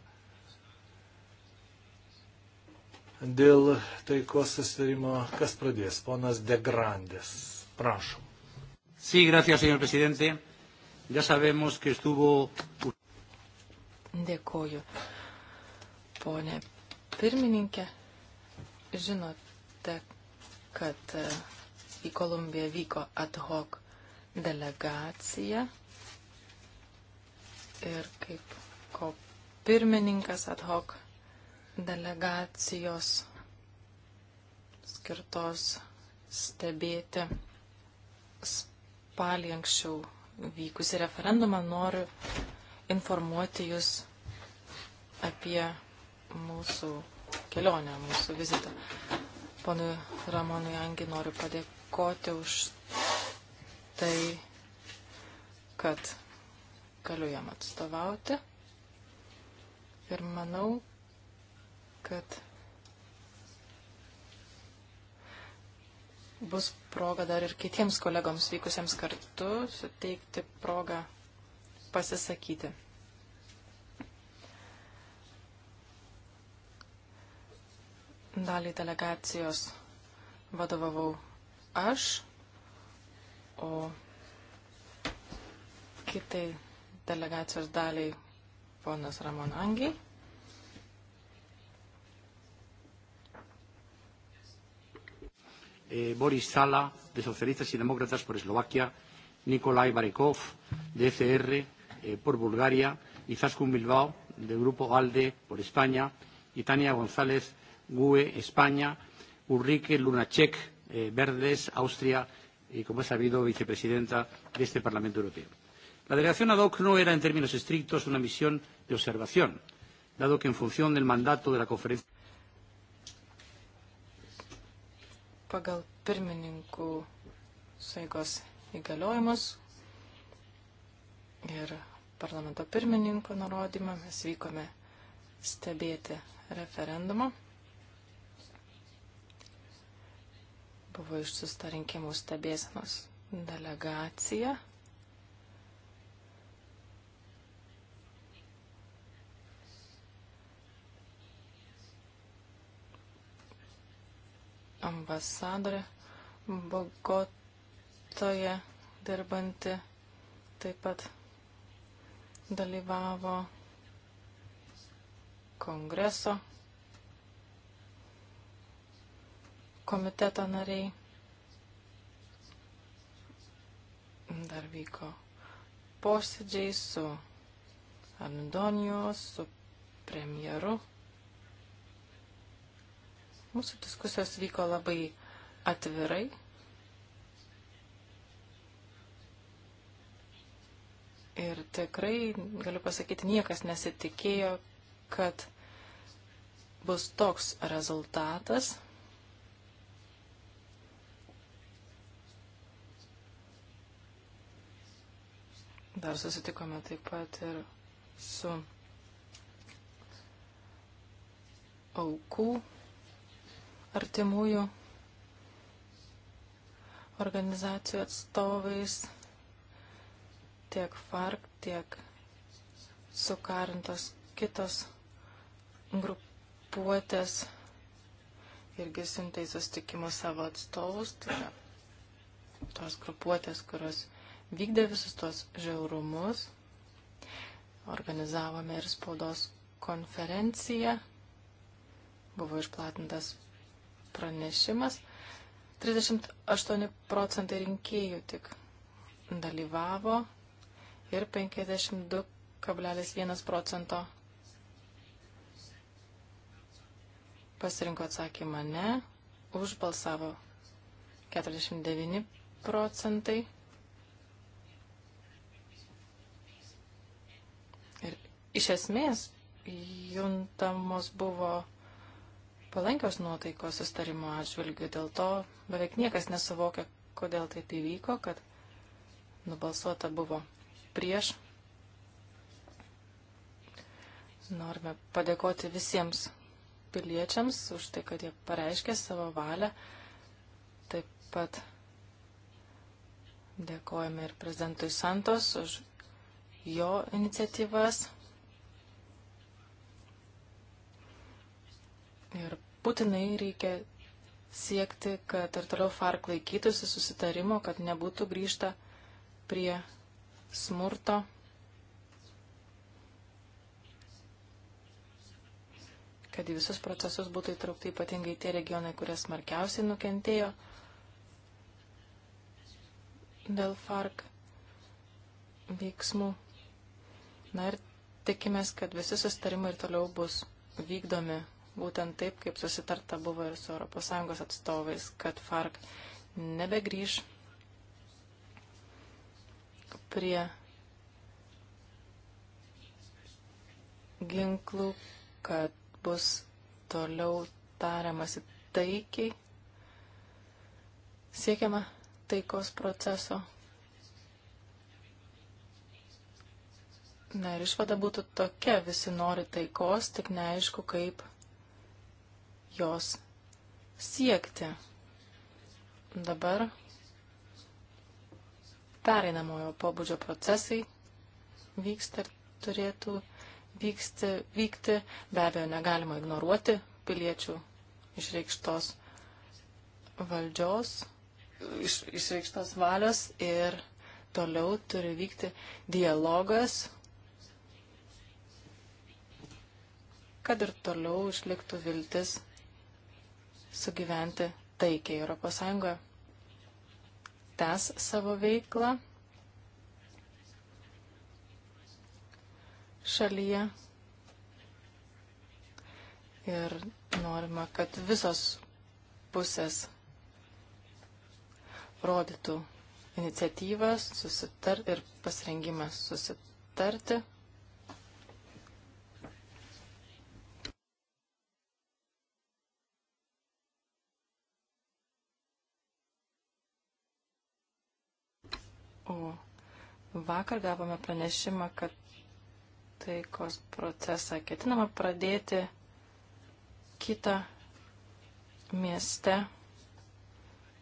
dėl taikos susitarimo. Kas pradės? Ponas Degrandės. Prašom. Sí, gracias, señor presidente. Ya sabemos que estuvo. Dėkoju ponė pirmininkė. Žinote, kad e, į Kolumbiją vyko ad hoc delegacija ir kaip ko pirmininkas ad hoc delegacijos skirtos stebėti spalį anksčiau vykusi referendumą, noriu informuoti Jūs apie mūsų kelionę, mūsų vizitą. Ponui Ramonui Angi noriu padėkoti už tai, kad galiu jam atstovauti. Ir manau, kad bus proga dar ir kitiems kolegoms vykusiems kartu suteikti progą pasisakyti. Dalį delegacijos vadovavau aš, o kitai delegacijos daliai ponas Ramon Angiai. eh, Boris Zala, de Socialistas y Demócratas por Eslovaquia, Nikolai Barekov, de ECR eh, por Bulgaria, Izaskun Bilbao, del Grupo ALDE por España, y Tania González GUE, España, Ulrike Lunacek, eh, Verdes, Austria y, como es sabido, vicepresidenta de este Parlamento Europeo. La delegación ad hoc no era, en términos estrictos, una misión de observación, dado que en función del mandato de la conferencia. Pagal pirmininkų saigos įgaliojimus ir parlamento pirmininko nurodymą mes vykome stebėti referendumą. buvo išsiusta rinkimų stebėsenos delegacija. Ambasadorė Bogotoje dirbanti taip pat dalyvavo kongreso komiteto nariai. Dar vyko posėdžiai su Anudonijos, su premjeru. Mūsų diskusijos vyko labai atvirai. Ir tikrai, galiu pasakyti, niekas nesitikėjo, kad bus toks rezultatas Dar susitikome taip pat ir su aukų artimųjų organizacijų atstovais tiek FARC, tiek sukarintos kitos grupuotės irgi siuntai sustikimo savo atstovus, tai yra tos grupuotės, kurios vykdė visus tuos žiaurumus. Organizavome ir spaudos konferenciją. Buvo išplatintas pranešimas. 38 procentai rinkėjų tik dalyvavo ir 52,1 procento pasirinko atsakymą ne, už balsavo 49 procentai iš esmės juntamos buvo palankios nuotaikos sustarimo atžvilgių. Dėl to beveik niekas nesuvokia, kodėl taip įvyko, kad nubalsuota buvo prieš. Norime padėkoti visiems piliečiams už tai, kad jie pareiškė savo valią. Taip pat dėkojame ir prezidentui Santos už jo iniciatyvas. Ir būtinai reikia siekti, kad ir toliau FARC laikytųsi susitarimo, kad nebūtų grįžta prie smurto. kad į visus procesus būtų įtraukti ypatingai tie regionai, kurie smarkiausiai nukentėjo dėl FARC veiksmų. Na ir tikimės, kad visi sustarimai ir toliau bus vykdomi būtent taip, kaip susitarta buvo ir su ES atstovais, kad FARC nebegrįž prie ginklų, kad bus toliau tariamasi taikiai, siekiama taikos proceso. Na ir išvada būtų tokia, visi nori taikos, tik neaišku, kaip jos siekti. Dabar pereinamojo pobūdžio procesai vyksta ir turėtų vyksti, vykti. Be abejo, negalima ignoruoti piliečių išreikštos valdžios, iš, išreikštos valios ir toliau turi vykti dialogas, kad ir toliau išliktų viltis sugyventi taikiai. ES tęs savo veiklą šalyje ir norima, kad visos pusės rodytų iniciatyvas susitar ir pasirengimas susitarti O vakar gavome pranešimą, kad taikos procesą ketinama pradėti kitą mieste.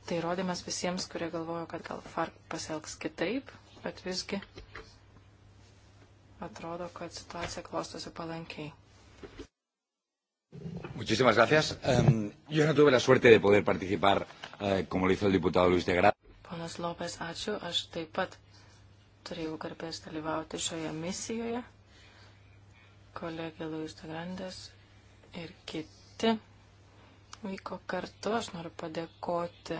Tai rodymas visiems, kurie galvojo, kad gal FARC pasielgs kitaip, bet visgi atrodo, kad situacija klostosi palankiai. Muchísimas gracias. Um, yo no tuve la suerte de poder participar, uh, como lo hizo el diputado Luis de Gra Ponas Lopes, ačiū. Aš taip pat turėjau garbės dalyvauti šioje misijoje. Kolegė Luis Grandes ir kiti vyko kartu. Aš noriu padėkoti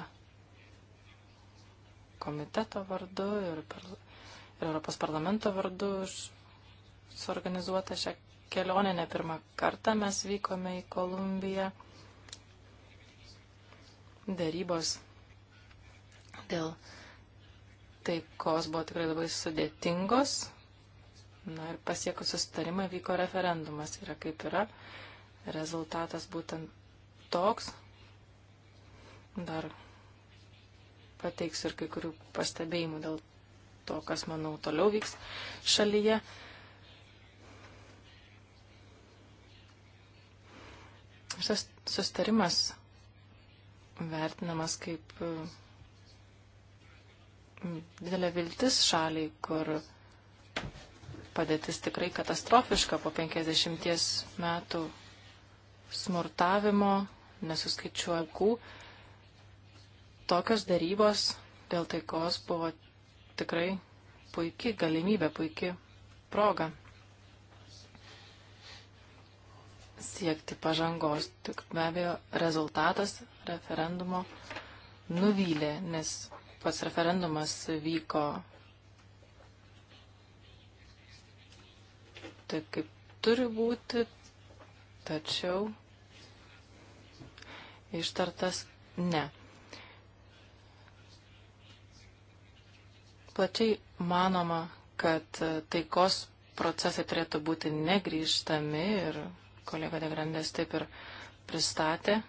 komiteto vardu ir, per, ir Europos parlamento vardu už suorganizuotą šią kelionę. Ne pirmą kartą mes vykome į Kolumbiją. Darybos dėl taikos buvo tikrai labai sudėtingos. Na ir pasiekus sustarimą vyko referendumas. Yra kaip yra. Rezultatas būtent toks. Dar pateiksiu ir kai kurių pastebėjimų dėl to, kas, manau, toliau vyks šalyje. Šis sustarimas vertinamas kaip didelė viltis šaliai, kur padėtis tikrai katastrofiška po 50 metų smurtavimo, nesuskaičiuokų. Tokios darybos dėl taikos buvo tikrai puikiai galimybė, puikiai proga siekti pažangos. Tik be abejo rezultatas referendumo nuvylė, nes pats referendumas vyko taip, kaip turi būti, tačiau ištartas ne. Plačiai manoma, kad taikos procesai turėtų būti negrįžtami ir kolega De Grandes taip ir pristatė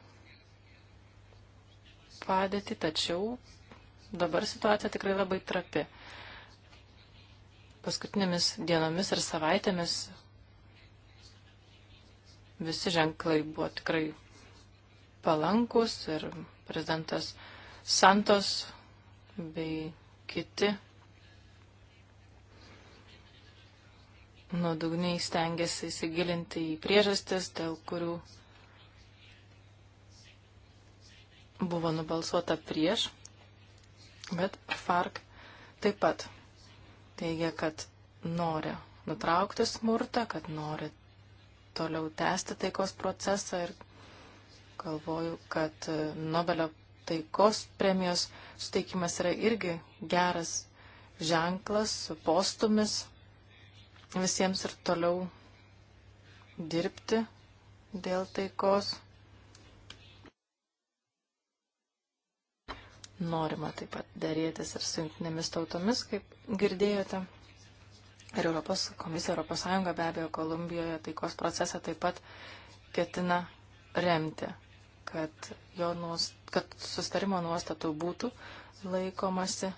padėtį, tačiau dabar situacija tikrai labai trapi. Paskutinėmis dienomis ir savaitėmis visi ženklai buvo tikrai palankus ir prezidentas Santos bei kiti nuodugniai stengiasi įsigilinti į priežastis, dėl kurių buvo nubalsuota prieš Bet FARC taip pat teigia, kad nori nutraukti smurtą, kad nori toliau tęsti taikos procesą ir galvoju, kad Nobelio taikos premijos suteikimas yra irgi geras ženklas, postumis visiems ir toliau dirbti dėl taikos. norima taip pat dėrėtis ir su jungtinėmis tautomis, kaip girdėjote. Ir Europos komisija, Europos Sąjunga be abejo Kolumbijoje taikos procesą taip pat ketina remti, kad, jo nuost, kad sustarimo nuostatų būtų laikomasi,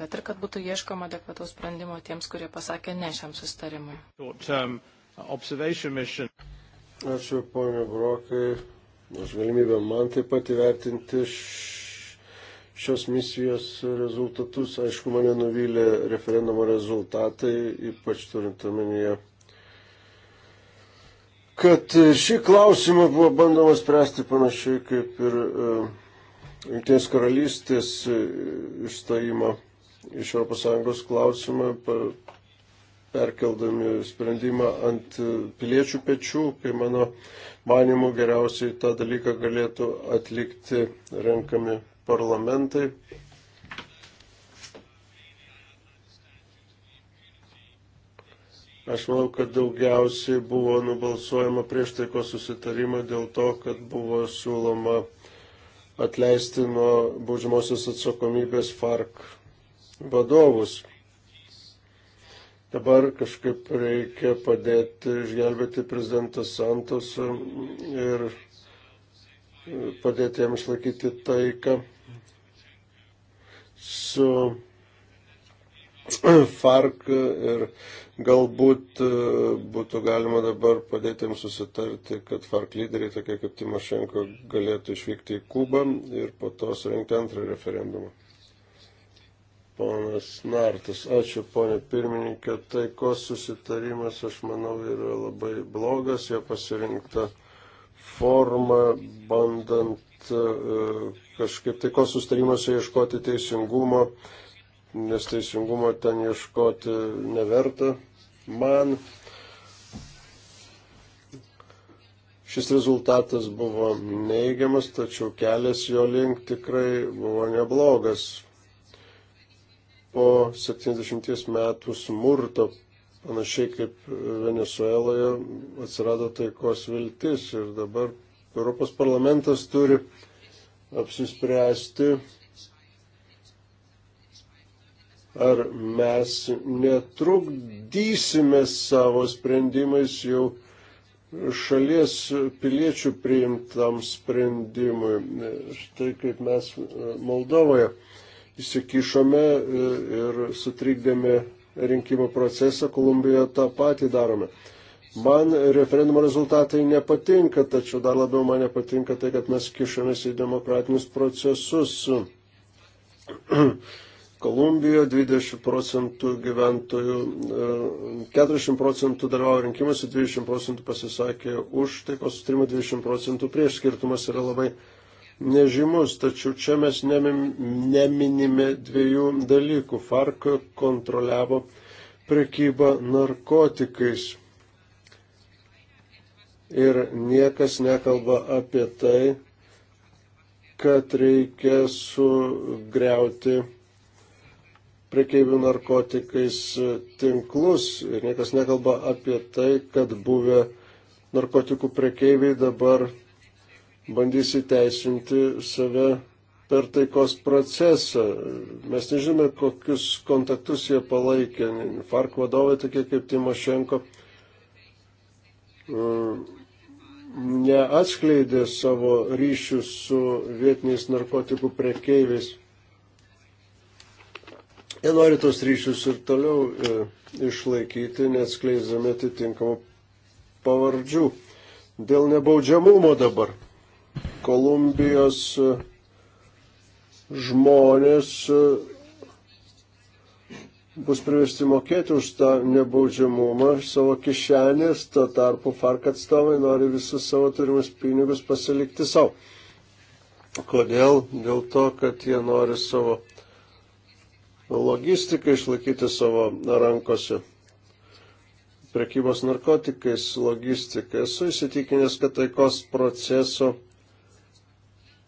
bet ir kad būtų ieškoma adekvataus sprendimo tiems, kurie pasakė ne šiam sustarimui. Ačiū, ponia Brokai už galimybę man taip pat įvertinti šios misijos rezultatus. Aišku, mane nuvylė referendumo rezultatai, ypač turint omenyje kad šį klausimą buvo bandoma spręsti panašiai kaip ir e, Junktinės karalystės e, išstojimo iš ES klausimą perkeldami sprendimą ant piliečių pečių, kai mano manimų geriausiai tą dalyką galėtų atlikti renkami parlamentai. Aš manau, kad daugiausiai buvo nubalsuojama prieš taiko susitarimą dėl to, kad buvo siūloma atleisti nuo baudžiamosios atsakomybės FARC vadovus. Dabar kažkaip reikia padėti išgelbėti prezidentą Santosą ir padėti jam išlaikyti taiką su FARC ir galbūt e, būtų galima dabar padėti jam susitarti, kad FARC lyderiai, tokie kaip Timošenko, galėtų išvykti į Kubą ir po to surinkti antrą referendumą. Ponas Nartas, ačiū ponė pirmininkė, taikos susitarimas, aš manau, yra labai blogas, jo pasirinkta forma, bandant e, kažkaip taikos susitarimuose ieškoti teisingumo, nes teisingumo ten ieškoti neverta. Man Šis rezultatas buvo neigiamas, tačiau kelias jo link tikrai buvo neblogas po 70 metų smurto, panašiai kaip Venezueloje, atsirado taikos viltis ir dabar Europos parlamentas turi apsispręsti, ar mes netrukdysime savo sprendimais jau šalies piliečių priimtam sprendimui. Štai kaip mes Moldovoje įsikišome e, ir sutrikdėme rinkimo procesą, Kolumbijoje tą patį darome. Man referendumo rezultatai nepatinka, tačiau dar labiau man nepatinka tai, kad mes kišamės į demokratinius procesus. Kolumbijoje 20 procentų gyventojų, 40 e, procentų dalyvavo rinkimuose, 20 procentų pasisakė už taikos sutrimą, 20 procentų prieš skirtumas yra labai nežymus, tačiau čia mes neminime dviejų dalykų. FARC kontroliavo prekybą narkotikais. Ir niekas nekalba apie tai, kad reikia sugriauti priekeivių narkotikais tinklus. Ir niekas nekalba apie tai, kad buvę narkotikų priekeiviai dabar bandys įteisinti save per taikos procesą. Mes nežinome, kokius kontaktus jie palaikė. FARC vadovai tokie kaip Timošenko mm, neatskleidė savo ryšių su vietiniais narkotikų prekeiviais. Jie nori tos ryšius ir toliau e, išlaikyti, neatskleisdami atitinkamų pavardžių. Dėl nebaudžiamumo dabar. Kolumbijos e, žmonės e, bus priversti mokėti už tą nebaudžiamumą savo kišenės, tuo tarpu FARC atstovai nori visus savo turimus pinigus pasilikti savo. Kodėl? Dėl to, kad jie nori savo logistiką išlaikyti savo rankose. Prekybos narkotikais logistika. Esu įsitikinęs, kad taikos proceso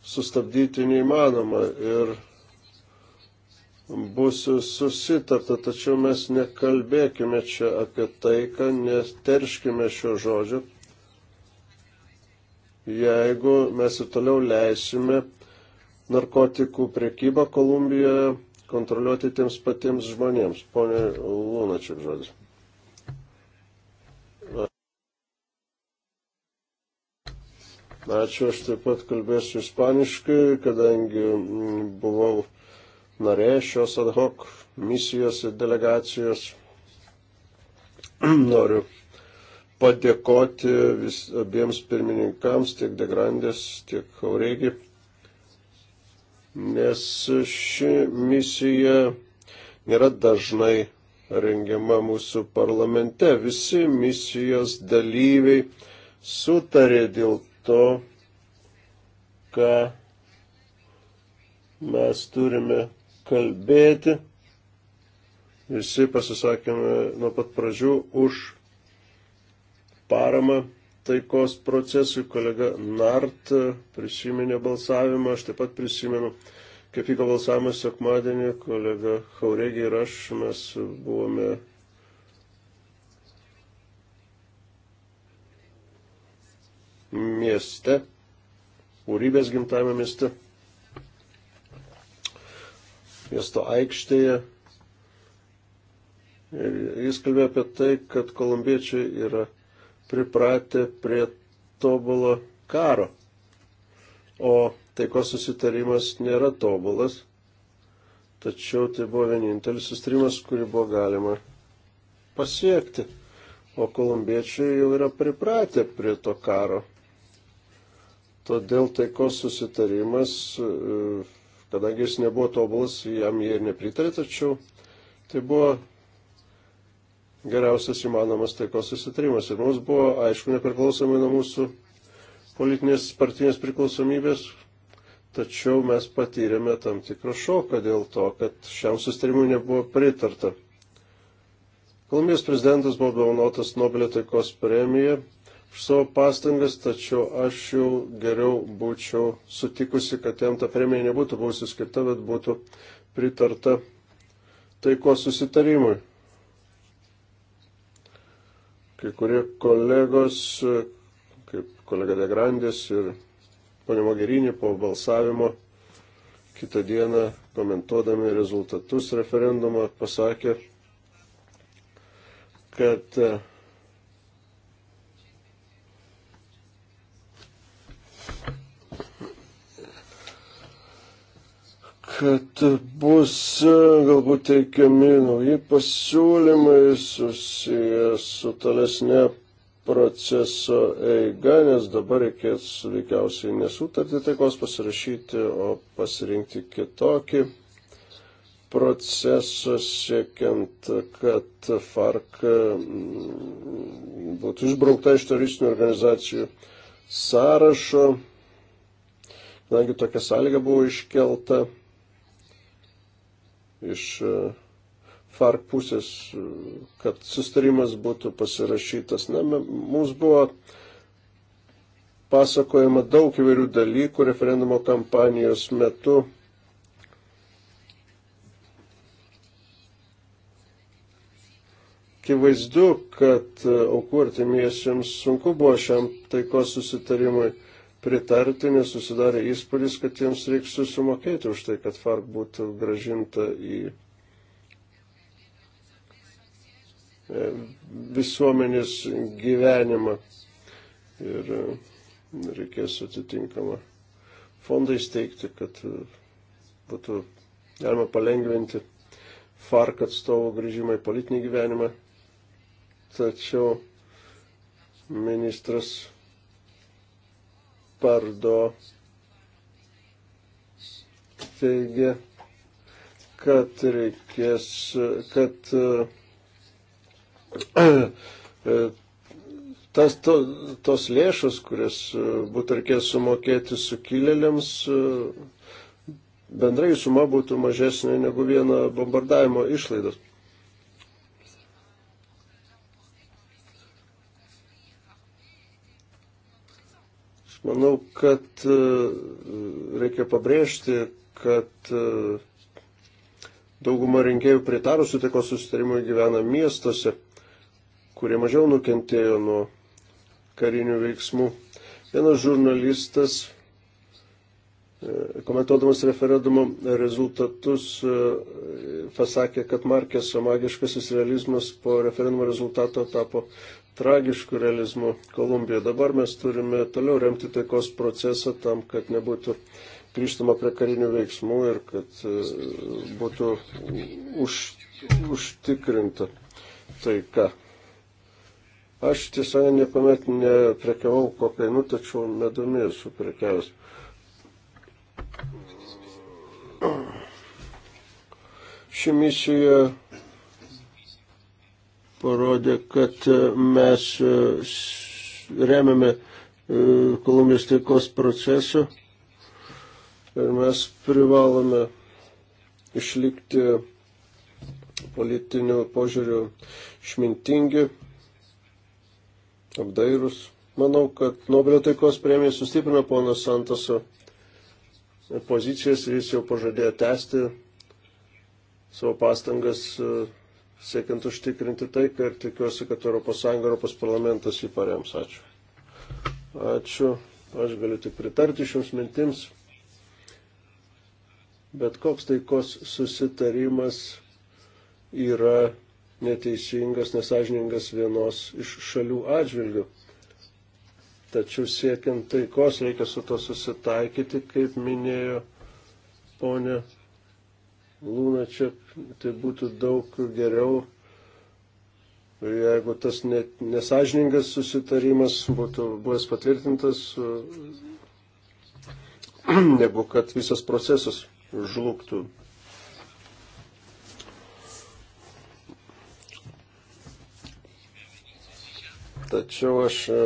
sustabdyti neįmanoma ir bus susitarta, tačiau mes nekalbėkime čia apie taiką, neterškime šio žodžio, jeigu mes ir toliau leisime narkotikų priekybą Kolumbijoje kontroliuoti tiems patiems žmonėms. Pone Lūnačiak žodis. Ačiū, aš taip pat kalbėsiu ispaniškai, kadangi mm, buvau narė šios ad hoc misijos ir delegacijos. Noriu padėkoti vis, abiems pirmininkams, tiek Degrandės, tiek Auregi, nes ši misija nėra dažnai rengiama mūsų parlamente. Visi misijos dalyviai sutarė dėl to, ką mes turime kalbėti. Visi pasisakėme nuo pat pradžių už paramą taikos procesui. Kolega Nart prisiminė balsavimą, aš taip pat prisimenu, kaip vyko balsavimas sekmadienį, kolega Hauregė ir aš mes buvome mieste, Urybės gimtajame mieste, miesto aikštėje. Ir jis kalbėjo apie tai, kad kolumbiečiai yra pripratę prie tobulo karo, o taikos susitarimas nėra tobulas, tačiau tai buvo vienintelis susitarimas, kurį buvo galima pasiekti. O kolumbiečiai jau yra pripratę prie to karo. Todėl taikos susitarimas, e, kadangi jis nebuvo tobulas, jam jie ir nepritarė, tačiau tai buvo geriausias įmanomas taikos susitarimas. Ir mums buvo, aišku, nepriklausomai nuo mūsų politinės partinės priklausomybės, tačiau mes patyrėme tam tikrą šoką dėl to, kad šiam susitarimui nebuvo pritarta. Kolumbijos prezidentas buvo apdovanotas Nobelio taikos premija savo pastangas, tačiau aš jau geriau būčiau sutikusi, kad jam ta premija nebūtų buvusi skirta, bet būtų pritarta taiko susitarimui. Kai kurie kolegos, kaip kolega Degrandės ir ponė Mogerinė po balsavimo kitą dieną komentuodami rezultatus referendumo pasakė, kad kad bus e, galbūt teikiami nauji pasiūlymai susiję su tolesnė proceso eiga, nes dabar reikės veikiausiai nesutartį taikos pasirašyti, o pasirinkti kitokį procesą siekiant, kad FARC mm, būtų išbraukta iš turistinių organizacijų sąrašo, kadangi tokia sąlyga buvo iškelta iš e, FARC pusės, e, kad sustarimas būtų pasirašytas. Na, mums buvo pasakojama daug įvairių dalykų referendumo kampanijos metu. Kivaizdu, kad e, aukų artimiesiems sunku buvo šiam taikos susitarimui pritarti, nes susidarė įspūdis, kad jiems reiks susimokėti už tai, kad FARC būtų gražinta į e, visuomenės gyvenimą ir e, reikės atitinkamą fondą įsteigti, kad e, būtų galima palengventi FARC atstovų grįžimą į politinį gyvenimą. Tačiau ministras Pardo teigia, kad reikės, kad e, e, tas, to, tos lėšos, kurias e, būtų reikės sumokėti sukilėliams, bendrai suma būtų mažesnė negu viena bombardavimo išlaidos. Manau, kad e, reikia pabrėžti, kad e, dauguma rinkėjų pritarusių taikos susitarimui gyvena miestuose, kurie mažiau nukentėjo nuo karinių veiksmų. Vienas žurnalistas, e, komentuodamas referendumo rezultatus, pasakė, kad Markeso magiškasis realizmas po referendumo rezultato tapo tragišku realizmu Kolumbijoje. Dabar mes turime toliau remti taikos procesą tam, kad nebūtų grįžtama prie karinių veiksmų ir kad e, būtų už, užtikrinta taika. Aš tiesą nepamet neprekiavau kokainu, tačiau medumi esu prekiavęs. Ši misija parodė, kad e, mes e, remiame e, Kolumbijos taikos procesą ir mes privalome išlikti politiniu požiūriu išmintingi, apdairūs. Manau, kad Nobelio taikos premija sustiprina pono Santoso pozicijas ir jis jau pažadėjo tęsti savo pastangas siekiant užtikrinti taiką ir tikiuosi, kad ES Europos parlamentas jį parems. Ačiū. Ačiū. Aš galiu tik pritarti šioms mintims. Bet koks taikos susitarimas yra neteisingas, nesažiningas vienos iš šalių atžvilgių. Tačiau siekiant taikos reikia su to susitaikyti, kaip minėjo ponė Lūnačiak, tai būtų daug geriau, jeigu tas net nesažiningas susitarimas būtų buvęs patvirtintas, negu kad visas procesas žlugtų. Tačiau aš e,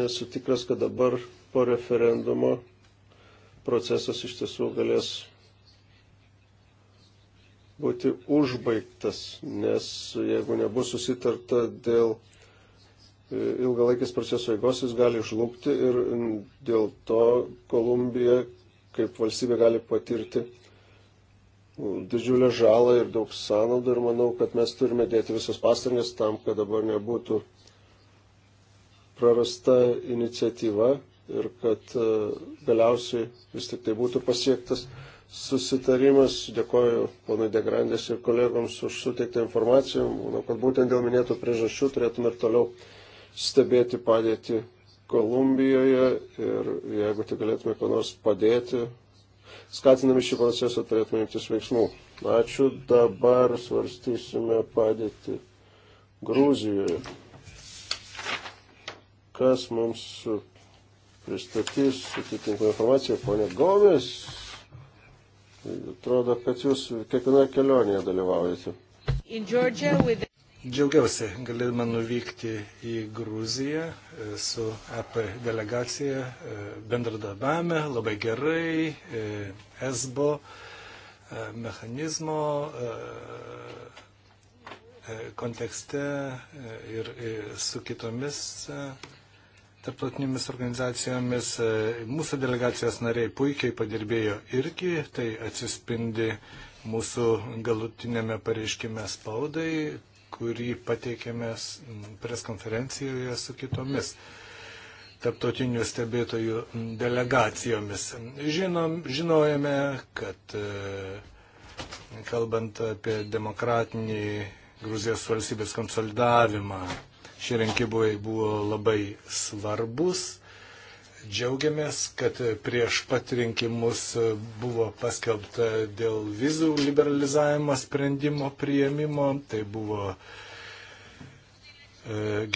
nesu tikras, kad dabar po referendumo procesas iš tiesų galės būti užbaigtas, nes jeigu nebus susitarta dėl e, ilgalaikės proceso eigos, jis gali žlugti ir dėl to Kolumbija kaip valstybė gali patirti didžiulę žalą ir daug sąnaudų ir manau, kad mes turime dėti visas pastangas tam, kad dabar nebūtų prarasta iniciatyva ir kad e, galiausiai vis tik tai būtų pasiektas susitarimas. Dėkoju ponui Degrandės ir kolegoms už suteiktą informaciją. Manau, kad būtent dėl minėtų priežasčių turėtume ir toliau stebėti padėtį Kolumbijoje ir jeigu tik galėtume ko nors padėti, skatinami šį procesą turėtume imtis veiksmų. Ačiū. Dabar svarstysime padėtį Gruzijoje. Kas mums pristatys atitinkamą informaciją, ponė Gomes. Atrodo, kad jūs kiekvienoje kelionėje dalyvaujate. With... Džiaugiausi, galėjome nuvykti į Gruziją e, su EP delegacija, e, bendradabame labai gerai, ESBO e, mechanizmo kontekste ir su kitomis tarptautinėmis organizacijomis. E, mūsų delegacijos nariai puikiai padirbėjo irgi, tai atsispindi mūsų galutinėme pareiškime spaudai, kurį pateikėme preskonferencijoje su kitomis tarptautinių stebėtojų delegacijomis. Žinom, žinojame, kad e, kalbant apie demokratinį Gruzijos valstybės konsolidavimą, Šie rinkimai buvo labai svarbus. Džiaugiamės, kad prieš pat rinkimus buvo paskelbta dėl vizų liberalizavimo sprendimo prieimimo. Tai buvo e,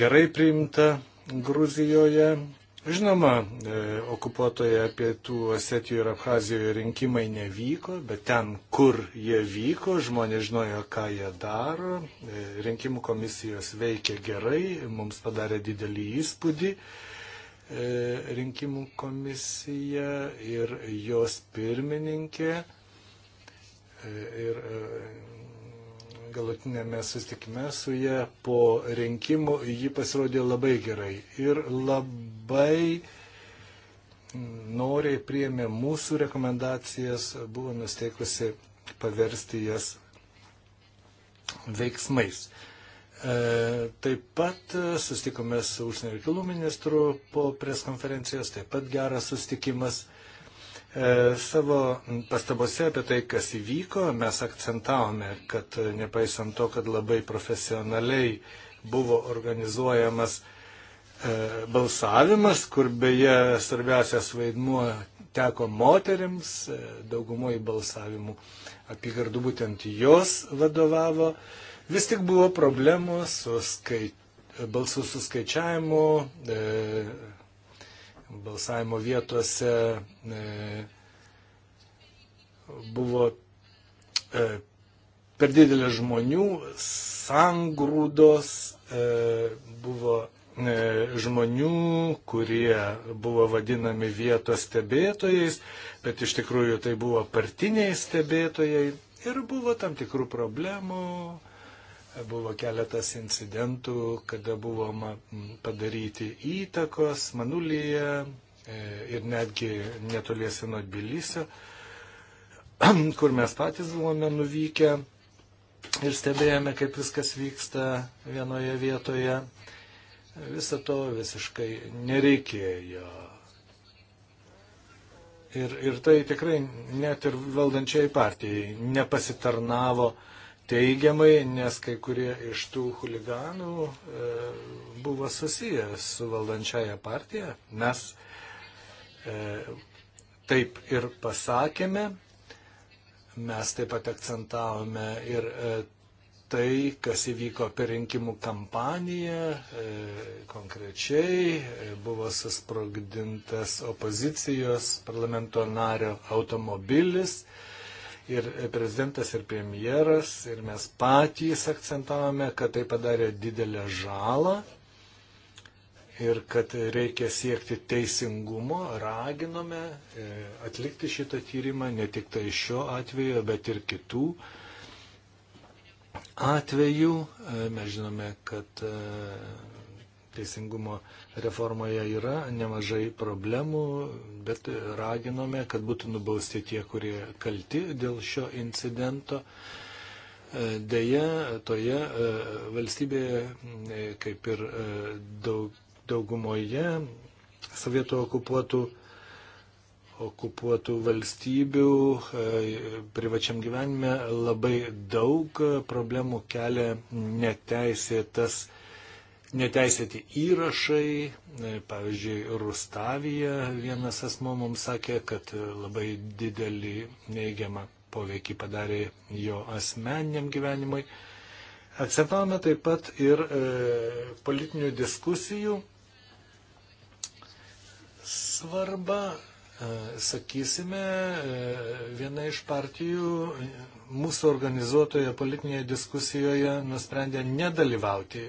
gerai priimta Gruzijoje Žinoma, e, okupuotoje pietų Osetijoje ir Abhazijoje rinkimai nevyko, bet ten, kur jie vyko, žmonės žinojo, ką jie daro. E, rinkimų komisijos veikė gerai, mums padarė didelį įspūdį e, rinkimų komisija ir jos pirmininkė. Ir galutinėme sustikime su jie po rinkimų ji pasirodė labai gerai ir labai noriai priėmė mūsų rekomendacijas, buvo nusteikusi paversti jas veiksmais. E, taip pat e, sustikome su užsienio reikalų ministru po preskonferencijos, taip pat geras sustikimas. E, savo pastabose apie tai, kas įvyko, mes akcentavome, kad nepaisant to, kad labai profesionaliai buvo organizuojamas e, balsavimas, kur beje svarbiausias vaidmuo teko moteriams, e, daugumoji balsavimų apygardų būtent jos vadovavo. Vis tik buvo problemų su skait, balsų suskaičiavimu, balsavimo vietose e, buvo e, per didelė žmonių, sangrūdos, e, buvo žmonių, kurie buvo vadinami vietos stebėtojais, bet iš tikrųjų tai buvo partiniai stebėtojai ir buvo tam tikrų problemų Buvo keletas incidentų, kada buvo padaryti įtakos Manulyje e, ir netgi netoliese nuo Tbilisio, kur mes patys buvome nuvykę ir stebėjome, kaip viskas vyksta vienoje vietoje. Viso to visiškai nereikėjo. Ir, ir tai tikrai net ir valdančiai partijai nepasitarnavo uh, teigiamai, nes kai kurie iš tų huliganų e, buvo susiję su valdančiaja partija. Mes e, taip ir pasakėme, mes taip pat akcentavome ir e, tai, kas įvyko per rinkimų kampaniją, e, konkrečiai e, buvo susprogdintas opozicijos parlamento nario automobilis, ir prezidentas, ir premjeras, ir mes patys akcentavome, kad tai padarė didelę žalą ir kad reikia siekti teisingumo, raginome e, atlikti šitą tyrimą ne tik tai šio atveju, bet ir kitų atvejų. E, mes žinome, kad e, teisingumo reformoje yra nemažai problemų, bet raginome, kad būtų nubausti tie, kurie kalti dėl šio incidento. Deja, toje e, valstybėje, e, kaip ir e, daug, daugumoje sovietų okupuotų, okupuotų valstybių, privačiam gyvenime labai daug problemų kelia neteisėtas tas neteisėti įrašai. E, pavyzdžiui, Rustavija vienas asmo mums sakė, kad labai didelį neigiamą poveikį padarė jo asmeniniam gyvenimui. Akcentavome taip pat ir e, politinių diskusijų svarbą. E, sakysime, e, viena iš partijų mūsų organizuotoje politinėje diskusijoje nusprendė nedalyvauti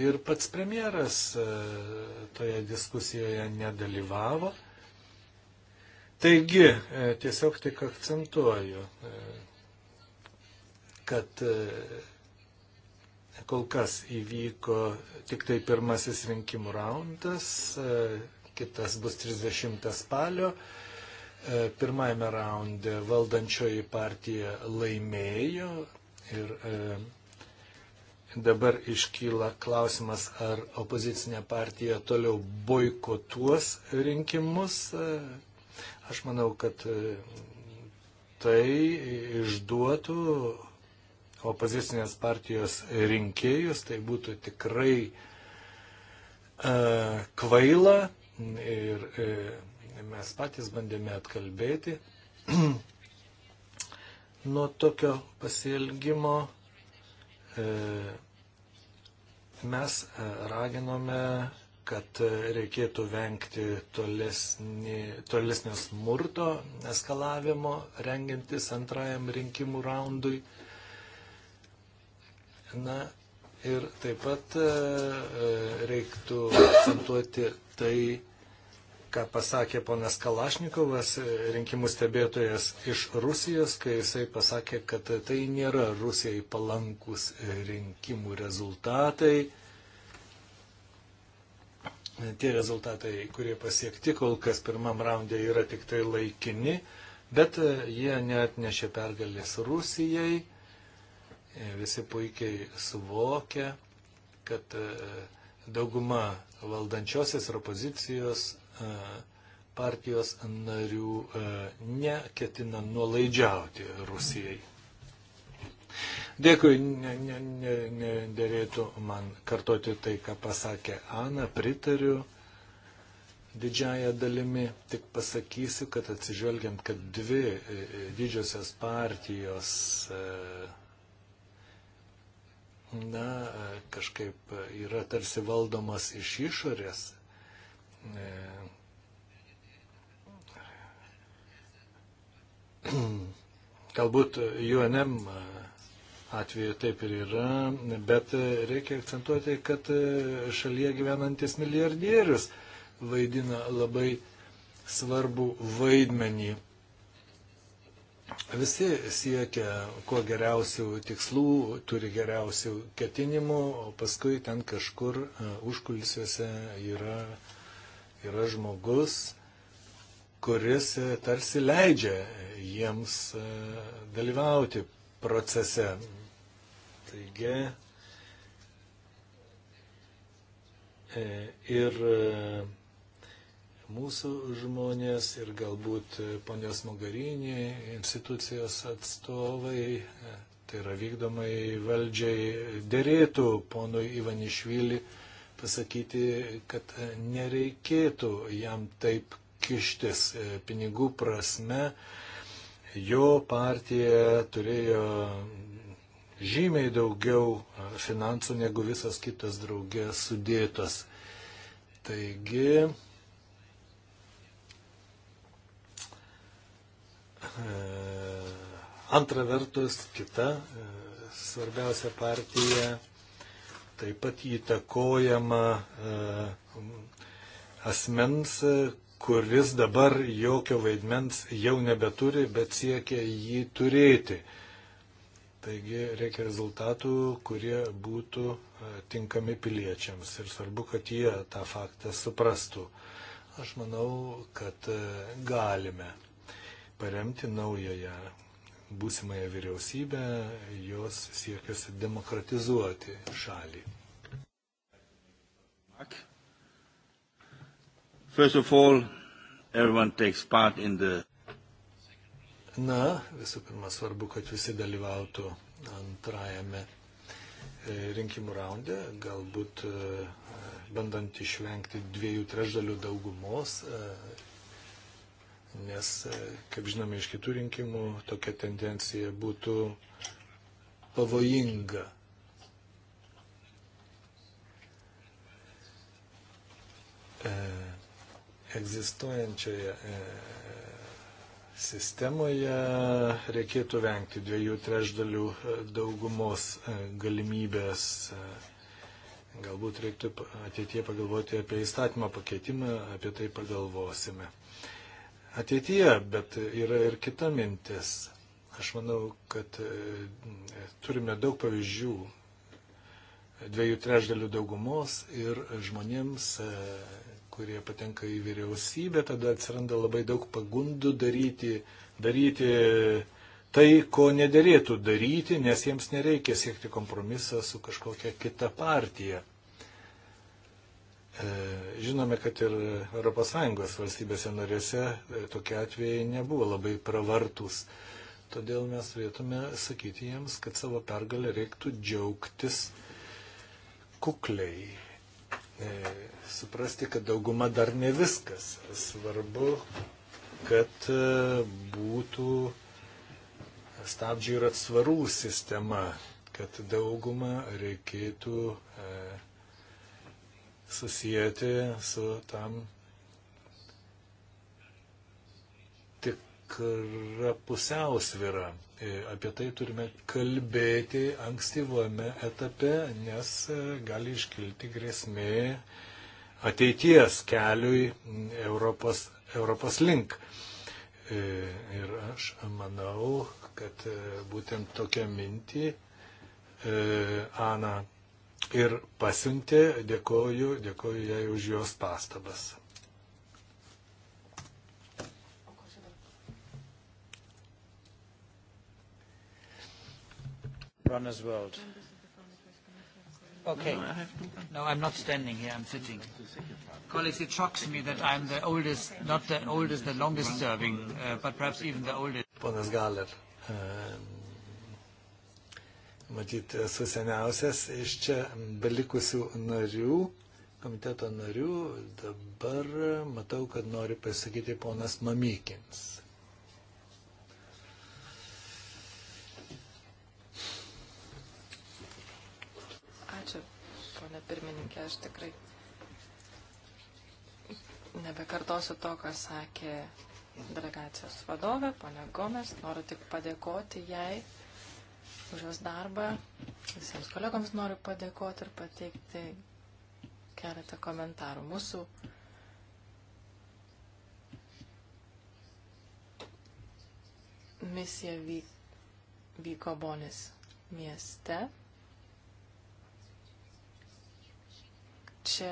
Ir pats premjeras e, toje diskusijoje nedalyvavo. Taigi, e, tiesiog tik akcentuoju, e, kad kol kas įvyko tik tai pirmasis rinkimų raundas, kitas bus 30 spalio. Pirmajame raunde valdančioji partija laimėjo ir Dabar iškyla klausimas, ar opozicinė partija toliau boikotuos rinkimus. Aš manau, kad tai išduotų opozicinės partijos rinkėjus, tai būtų tikrai uh, kvaila ir uh, mes patys bandėme atkalbėti nuo tokio pasielgimo E, mes e, raginome, kad reikėtų vengti tolesnį, tolesnio smurto eskalavimo, rengiantis antrajam rinkimų raundui. Na ir taip pat e, reiktų akcentuoti tai, ką pasakė ponas Kalašnikovas, rinkimų stebėtojas iš Rusijos, kai jisai pasakė, kad tai nėra Rusijai palankus rinkimų rezultatai. Tie rezultatai, kurie pasiekti kol kas pirmam raundė, yra tik tai laikini, bet jie neatnešė pergalės Rusijai. Visi puikiai suvokia, kad e, dauguma valdančiosios ir opozicijos E, partijos narių e, neketina nuolaidžiauti Rusijai. Dėkui, nedėrėtų ne, ne, ne man kartoti tai, ką pasakė Ana, pritariu didžiają dalimi, tik pasakysiu, kad atsižvelgiant, kad dvi e, didžiosios partijos na, kažkaip yra tarsi valdomas iš išorės, Galbūt UNM atveju taip ir yra, bet reikia akcentuoti, kad šalyje gyvenantis milijardierius vaidina labai svarbu vaidmenį. Visi siekia kuo geriausių tikslų, turi geriausių ketinimų, o paskui ten kažkur e, užkulisiuose yra, yra žmogus, kuris e, tarsi leidžia e, jiems e, dalyvauti procese. Taigi ir mūsų žmonės ir galbūt ponios Mogarinė institucijos atstovai, tai yra vykdomai valdžiai, dėrėtų ponui Ivanišvili pasakyti, kad nereikėtų jam taip kištis e, pinigų prasme. Jo partija turėjo žymiai daugiau e, finansų negu visas kitas draugės sudėtas. Taigi, e, antra vertus, kita svarbiausia partija taip pat įtakojama asmens, kuris dabar jokio vaidmens jau nebeturi, bet siekia jį turėti. Taigi reikia rezultatų, kurie būtų e, tinkami piliečiams ir svarbu, kad jie tą faktą suprastų. Aš manau, kad e, galime paremti naująją būsimąją vyriausybę, jos siekiasi demokratizuoti šalį. Ak. First of all, everyone takes part in the Na, visų pirma, svarbu, kad visi dalyvautų antrajame e, rinkimų raunde, galbūt e, bandant išvengti dviejų trešdalių daugumos, e, nes, kaip žinome, iš kitų rinkimų tokia tendencija būtų pavojinga. E, egzistuojančioje e, sistemoje reikėtų vengti dviejų trešdalių e, daugumos e, galimybės. Galbūt reiktų ateitie pagalvoti apie įstatymą pakeitimą, apie tai pagalvosime. Ateityje, bet yra ir kita mintis. Aš manau, kad turime daug pavyzdžių dviejų trešdalių daugumos ir žmonėms kurie patenka į vyriausybę, tada atsiranda labai daug pagundų daryti, daryti tai, ko nederėtų daryti, nes jiems nereikia siekti kompromisą su kažkokia kita partija. E, žinome, kad ir ES valstybėse narėse e, tokie atvejai nebuvo labai pravartus. Todėl mes turėtume sakyti jiems, kad savo pergalę reiktų džiaugtis kukliai. E, suprasti, kad dauguma dar ne viskas. Svarbu, kad e, būtų stabdžių ir atsvarų sistema, kad daugumą reikėtų e, susijęti su tam tikra pusiausvyrą. E, apie tai turime kalbėti ankstyvame etape, nes e, gali iškilti grėsmė ateities keliui Europos, Europos link. E, ir aš manau, kad būtent tokią mintį Ana ir pasiuntė. Dėkoju, dėkoju jai už jos pastabas. Runner's World. Okay. No, I have to... no, I'm not standing here. I'm sitting. Colleagues, it shocks me that I'm the oldest, not the oldest, the longest serving, uh, but perhaps even the oldest. Ponas Galer, um, matyt, esu seniausias iš čia belikusių narių, komiteto narių. Dabar matau, kad nori pasakyti ponas Mamykins. pirmininkė, aš tikrai nebekartosiu to, ką sakė delegacijos vadovė, ponia Gomes. Noriu tik padėkoti jai už jos darbą. Visiems kolegoms noriu padėkoti ir pateikti keletą komentarų. Mūsų misija vyko Bonis mieste. čia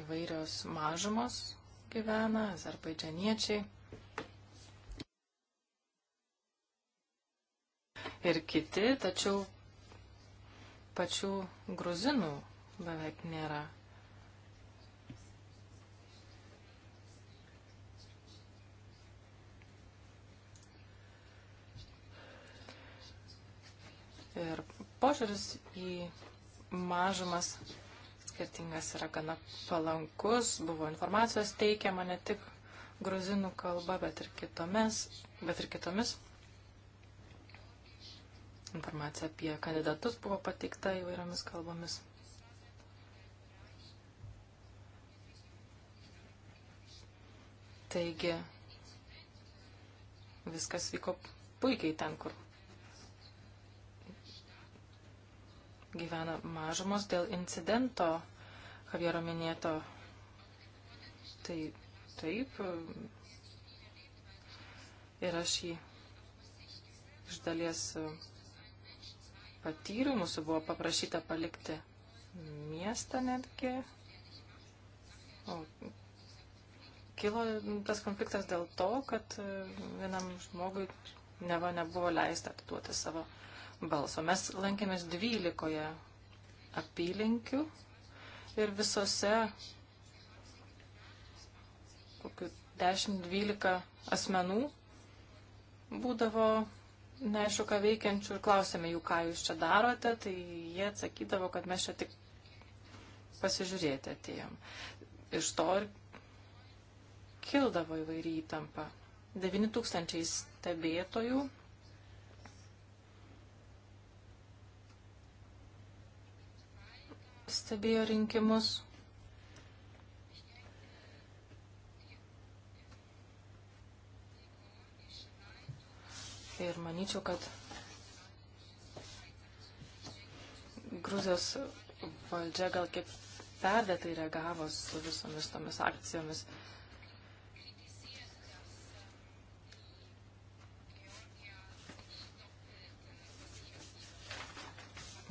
įvairios mažumos gyvena, azerbaidžianiečiai ir kiti, tačiau pačių gruzinų beveik nėra. Ir požiūris į mažumas skirtingas yra gana palankus, buvo informacijos teikiama ne tik gruzinų kalba, bet ir kitomis. Bet ir kitomis. Informacija apie kandidatus buvo pateikta įvairiomis kalbomis. Taigi, viskas vyko puikiai ten, kur gyvena mažumos dėl incidento, Javiero minėto. Tai taip. Ir aš jį iš dalies patyriau, mūsų buvo paprašyta palikti miestą netgi. O kilo tas konfliktas dėl to, kad vienam žmogui neva nebuvo leista atiduoti savo balso. Mes lankėmės 12 apylinkių ir visose kokiu 10-12 asmenų būdavo neaišku, ką veikiančių ir klausėme jų, ką jūs čia darote, tai jie atsakydavo, kad mes čia tik pasižiūrėti atėjom. Iš to ir kildavo įvairiai įtampa. 9000 stebėtojų stebėjo rinkimus. Ir manyčiau, kad Gruzijos valdžia gal kiek perdėtai reagavo su visomis tomis akcijomis.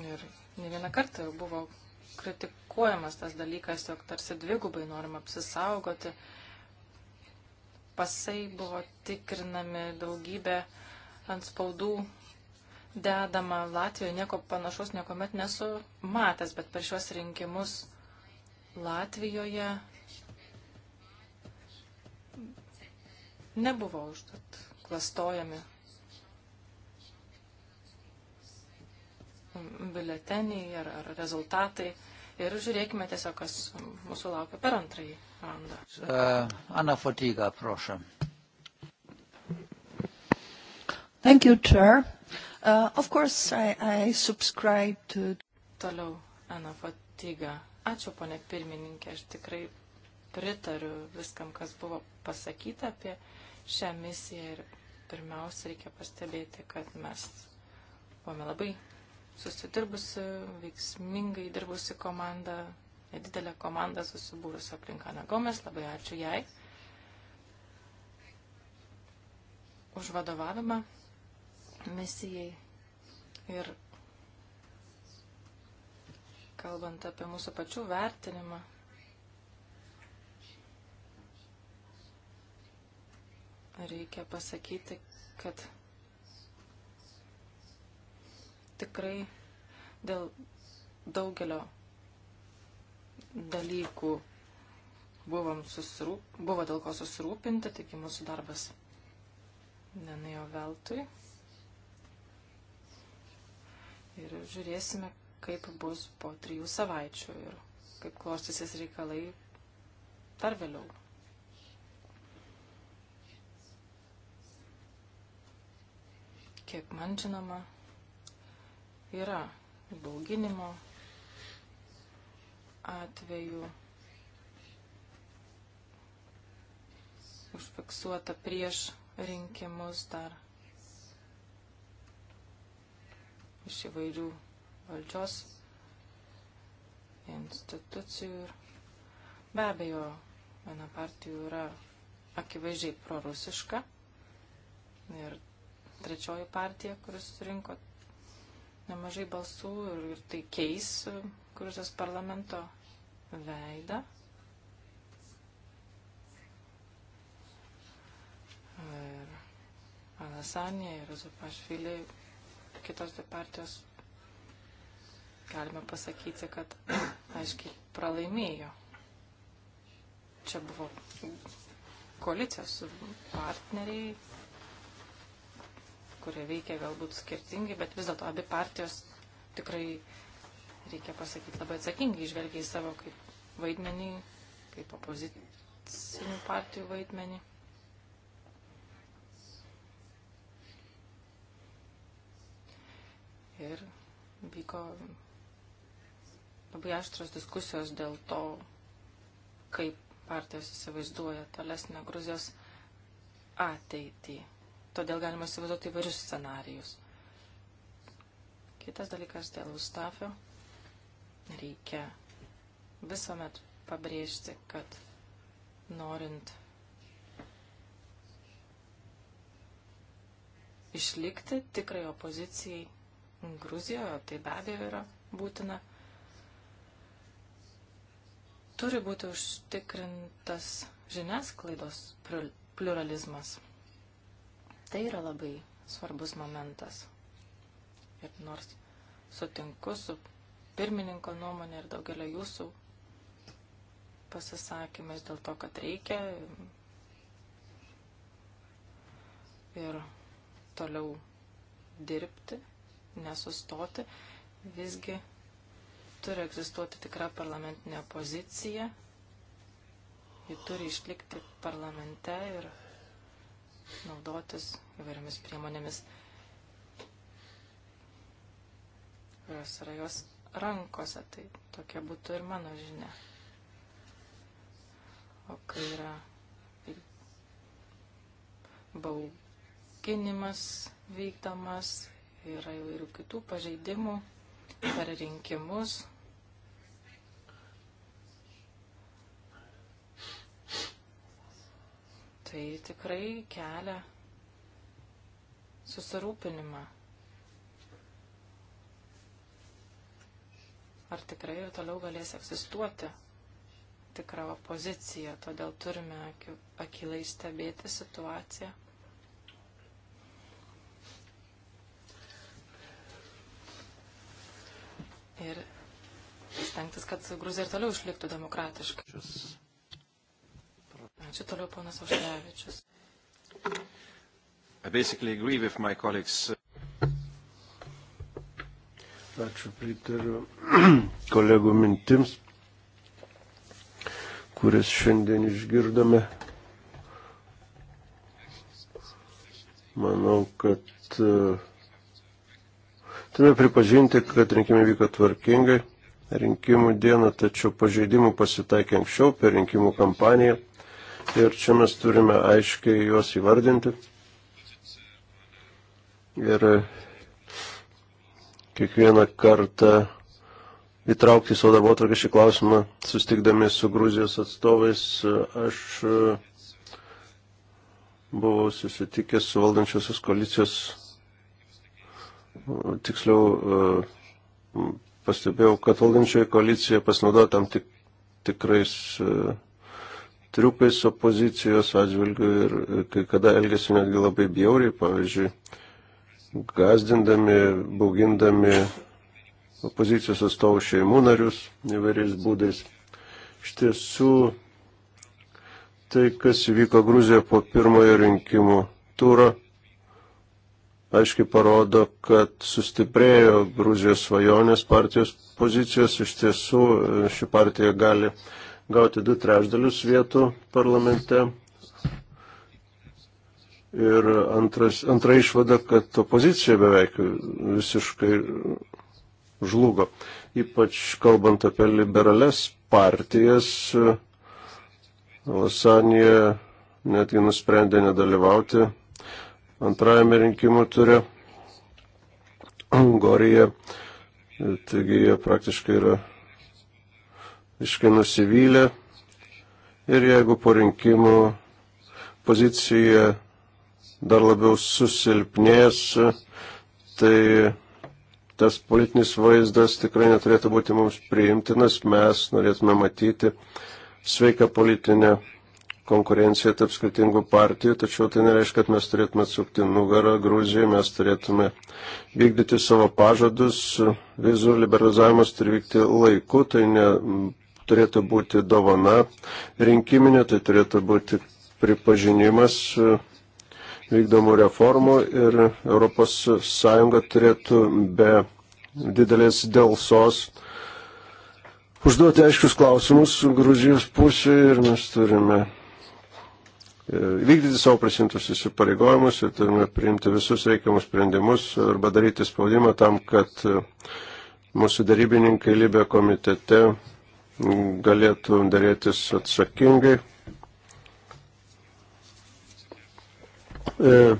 Ir ne vieną kartą buvo kritikuojamas tas dalykas, jog tarsi dvigubai norima apsisaugoti. Pasai buvo tikrinami daugybė ant spaudų dedama Latvijoje, nieko panašaus niekuomet nesu matęs, bet per šiuos rinkimus Latvijoje nebuvo užtat klastojami biuleteniai ar, ar rezultatai. Ir žiūrėkime tiesiog, kas mūsų laukia per antrąjį raundą. Uh, Ana Fotyga, prašom. Thank you, Chair. Uh, of course, I, I subscribe to... Toliau, Ana Fotyga. Ačiū, ponė pirmininkė, aš tikrai pritariu viskam, kas buvo pasakyta apie šią misiją ir pirmiausia reikia pastebėti, kad mes buvome labai susidirbusi, veiksmingai dirbusi komanda, nedidelė komanda susibūrusi aplink Ana Gomes. Labai ačiū jai už vadovavimą misijai. Ir kalbant apie mūsų pačių vertinimą, reikia pasakyti, kad tikrai dėl daugelio dalykų buvom susirūp... buvo dėl ko susirūpinti, taigi mūsų darbas nenuėjo veltui. Ir žiūrėsime, kaip bus po trijų savaičių ir kaip klostysis reikalai dar vėliau. Kiek man žinoma, yra bauginimo atveju užfiksuota prieš rinkimus dar iš įvairių valdžios institucijų ir be abejo viena partijų yra akivaizdžiai prorusiška ir trečioji partija, kuris surinko nemažai balsų ir, ir tai keis e, Gruzijos parlamento veidą. Ir Alasanė ir Zupašvili, kitos dvi partijos, galime pasakyti, kad aiškiai pralaimėjo. Čia buvo koalicijos partneriai, kurie veikia galbūt skirtingai, bet vis dėlto abi partijos tikrai, reikia pasakyti, labai atsakingai žvelgia į savo kaip vaidmenį, kaip opozicinių partijų vaidmenį. Ir vyko labai aštros diskusijos dėl to, kaip partijos įsivaizduoja tolesnę Gruzijos ateitį todėl galima įsivaizduoti įvairius scenarijus. Kitas dalykas dėl Ustafio. Reikia visuomet pabrėžti, kad norint išlikti tikrai opozicijai Gruzijoje, tai be abejo yra būtina, turi būti užtikrintas žiniasklaidos pluralizmas. Tai yra labai svarbus momentas. Ir nors sutinku su pirmininko nuomonė ir daugelio jūsų pasisakymais dėl to, kad reikia ir toliau dirbti, nesustoti, visgi turi egzistuoti tikra parlamentinė pozicija, ji turi išlikti parlamente ir naudotis įvairiomis priemonėmis, kurios yra jos rankose. Tai tokia būtų ir mano žinia. O kai yra bauginimas vykdomas, yra įvairių kitų pažeidimų per rinkimus, tai tikrai kelia susirūpinimą. Ar tikrai ir toliau galės egzistuoti tikra opozicija, todėl turime akilai stebėti situaciją. Ir stengtis, kad Gruzija ir toliau išliktų demokratiška. Just. Ačiū toliau, ponas Užlevičius. Uh, Ačiū pritariu kolegų mintims, kurias šiandien išgirdome. Manau, kad uh, turime pripažinti, kad rinkimai vyko tvarkingai rinkimų dieną, tačiau pažeidimų pasitaikė anksčiau per rinkimų kampaniją. Ir čia mes turime aiškiai juos įvardinti. Ir kiekvieną kartą įtraukti į savo darbo atvarkę šį klausimą, sustikdami su Gruzijos atstovais, aš buvau susitikęs su valdančiosios koalicijos, tiksliau pastebėjau, kad valdančioji koalicija pasinaudojo tam tik, tikrais triukais opozicijos atžvilgių ir kai kada elgesi netgi labai bjauriai, pavyzdžiui, gazdindami, baugindami opozicijos atstovų šeimų narius įvairiais būdais. Iš tiesų, tai, kas įvyko Gruzijoje po pirmojo rinkimų turo, aiškiai parodo, kad sustiprėjo Gruzijos svajonės partijos pozicijos. Iš tiesų, ši partija gali gauti du trešdalius vietų parlamente. Ir antras, antra išvada, kad opozicija beveik visiškai žlugo. Ypač kalbant apie liberales partijas, Lasanija netgi nusprendė nedalyvauti antrajame rinkimų ture. Gorija, taigi jie praktiškai yra iškai nusivylę ir jeigu po rinkimų pozicija dar labiau susilpnės, tai tas politinis vaizdas tikrai neturėtų būti mums priimtinas, mes norėtume matyti sveiką politinę konkurenciją tarp skirtingų partijų, tačiau tai nereiškia, kad mes turėtume atsukti nugarą Gruzijai, mes turėtume vykdyti savo pažadus, vizų liberalizavimas turi vykti laiku, tai ne turėtų būti dovana rinkiminė, tai turėtų būti pripažinimas e, vykdomų reformų ir ES turėtų be didelės dėlsos užduoti aiškius klausimus Gruzijos pusėje ir mes turime e, vykdyti savo prisimtus įsipareigojimus ir turime priimti visus reikiamus sprendimus arba daryti spaudimą tam, kad e, mūsų darybininkai Libė komitete galėtų dėrėtis atsakingai. E,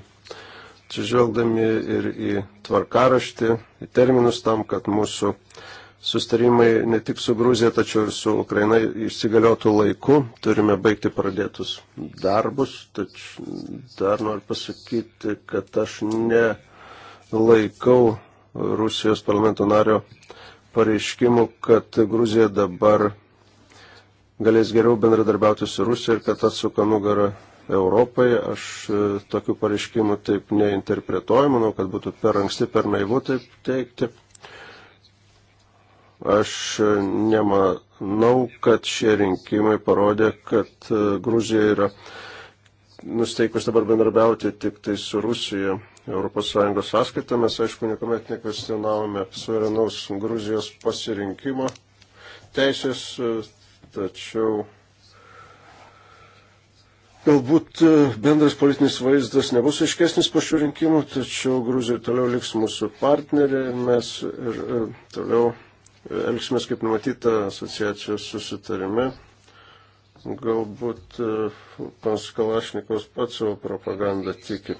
atsižvelgdami ir į tvarkaraštį, į terminus tam, kad mūsų sustarimai ne tik su Gruzija, tačiau ir su Ukraina įsigaliotų laiku. Turime baigti pradėtus darbus, tačiau dar noriu pasakyti, kad aš nelaikau Rusijos parlamento nario uh, pareiškimų, kad Gruzija dabar galės geriau bendradarbiauti su Rusija ir kad atsuka nugarą Europai. Aš e, tokių pareiškimų taip neinterpretuoju, manau, kad būtų per anksti, per naivu taip teikti. Aš e, nemanau, kad šie rinkimai parodė, kad e, Gruzija yra nusteikus dabar bendrabiauti tik tai su Rusija ES sąskaitą. Mes, aišku, niekuomet nekvestionavome suverenaus Gruzijos pasirinkimo teisės, tačiau galbūt e, bendras politinis vaizdas nebus aiškesnis po šių rinkimų, tačiau Gruzija toliau liks mūsų partnerė, mes ir, ir e, toliau e, elgsimės kaip numatyta asociacijos susitarime. Galbūt pans Kalašnikovas pats savo propagandą tiki.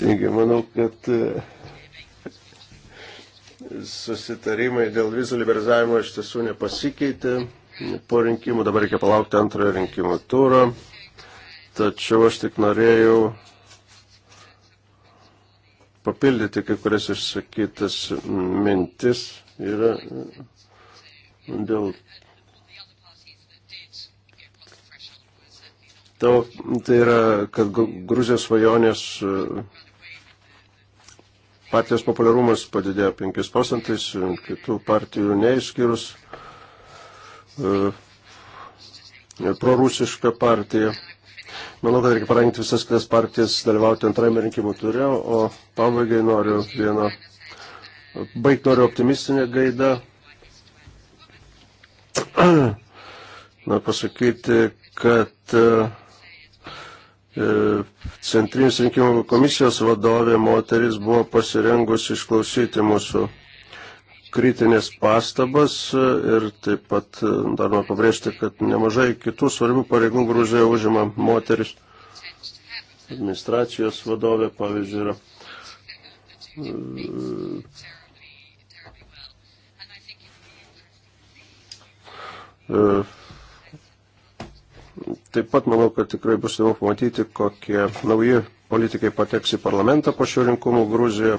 Taigi, manau, kad e, susitarimai dėl vizų liberalizavimo iš tiesų nepasikeitė po rinkimų, dabar reikia palaukti antrojo rinkimų turą. Tačiau aš tik norėjau papildyti kai kurias išsakytas mintis yra e, dėl to, tai yra, kad Gruzijos svajonės e, partijos populiarumas padidėjo 5 procentais, kitų partijų neišskyrus e, prorusišką partiją. Manau, kad reikia paraginti visas kitas partijas dalyvauti antrajame rinkimų turė, o pabaigai noriu vieną, baigt noriu optimistinę gaidą. Na, pasakyti, kad uh, E, Centrinės rinkimų komisijos vadovė moteris buvo pasirengusi išklausyti mūsų kritinės pastabas ir taip pat e, dar noriu pabrėžti, kad nemažai kitų svarbių pareigų Gruzijoje užima moteris. Administracijos vadovė, pavyzdžiui, yra uh, Taip pat manau, kad tikrai bus įdomu pamatyti, kokie nauji politikai pateks į parlamentą po šių rinkimų Gruzijoje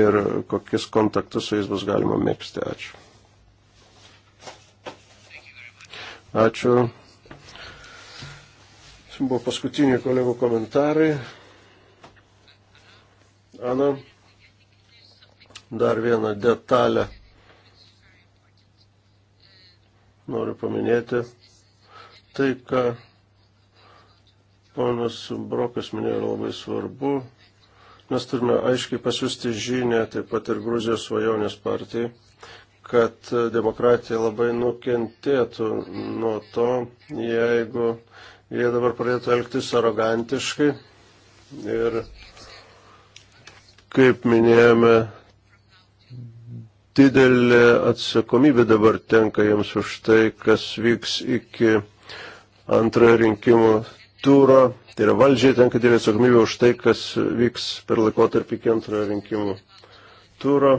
ir kokius kontaktus su jais bus galima mėgsti. Ačiū. Ačiū. Buvo paskutiniai kolegų komentarai. Ana, dar vieną detalę noriu paminėti. Tai, ką ponas Brokas minėjo, yra labai svarbu. Mes turime aiškiai pasiūsti žinę, taip pat ir Gruzijos svajonės partijai, kad demokratija labai nukentėtų nuo to, jeigu jie dabar pradėtų elgtis arogantiškai. Ir kaip minėjome, didelė atsakomybė dabar tenka jiems už tai, kas vyks iki antrojo rinkimų turo. Tai yra valdžiai tenka didelė atsakomybė už tai, kas vyks per laikotarpį iki antrojo rinkimų turo.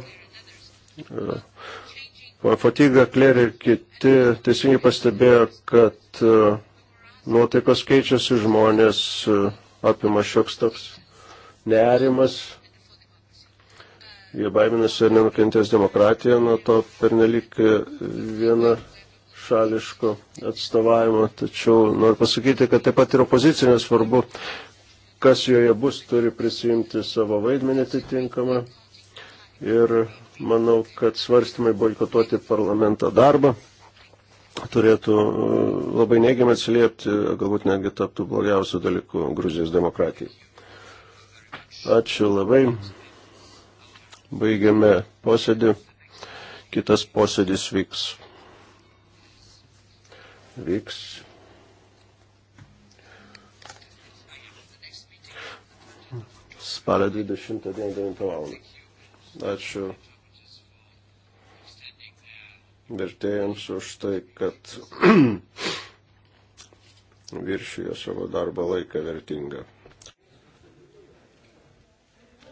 Fatiga, Kler ir kiti teisingai pastebėjo, kad e, nuotaikos keičiasi žmonės, e, apima šioks toks nerimas, jie baiminasi, ar nenukentės demokratija nuo to pernelyg e, viena šališko atstovavimo, tačiau noriu pasakyti, kad taip pat ir opozicinė svarbu, kas joje bus, turi prisijimti savo vaidmenį atitinkamą. Ir manau, kad svarstymai boikotuoti parlamento darbą turėtų uh, labai neigiamai atsiliepti, galbūt netgi taptų blogiausių dalykų Gruzijos demokratijai. Ačiū labai. Baigiame posėdį. Kitas posėdis vyks vyks. Spalio 20 dieną 9 val. Ačiū vertėjams už tai, kad viršijo savo darbo laiką vertingą.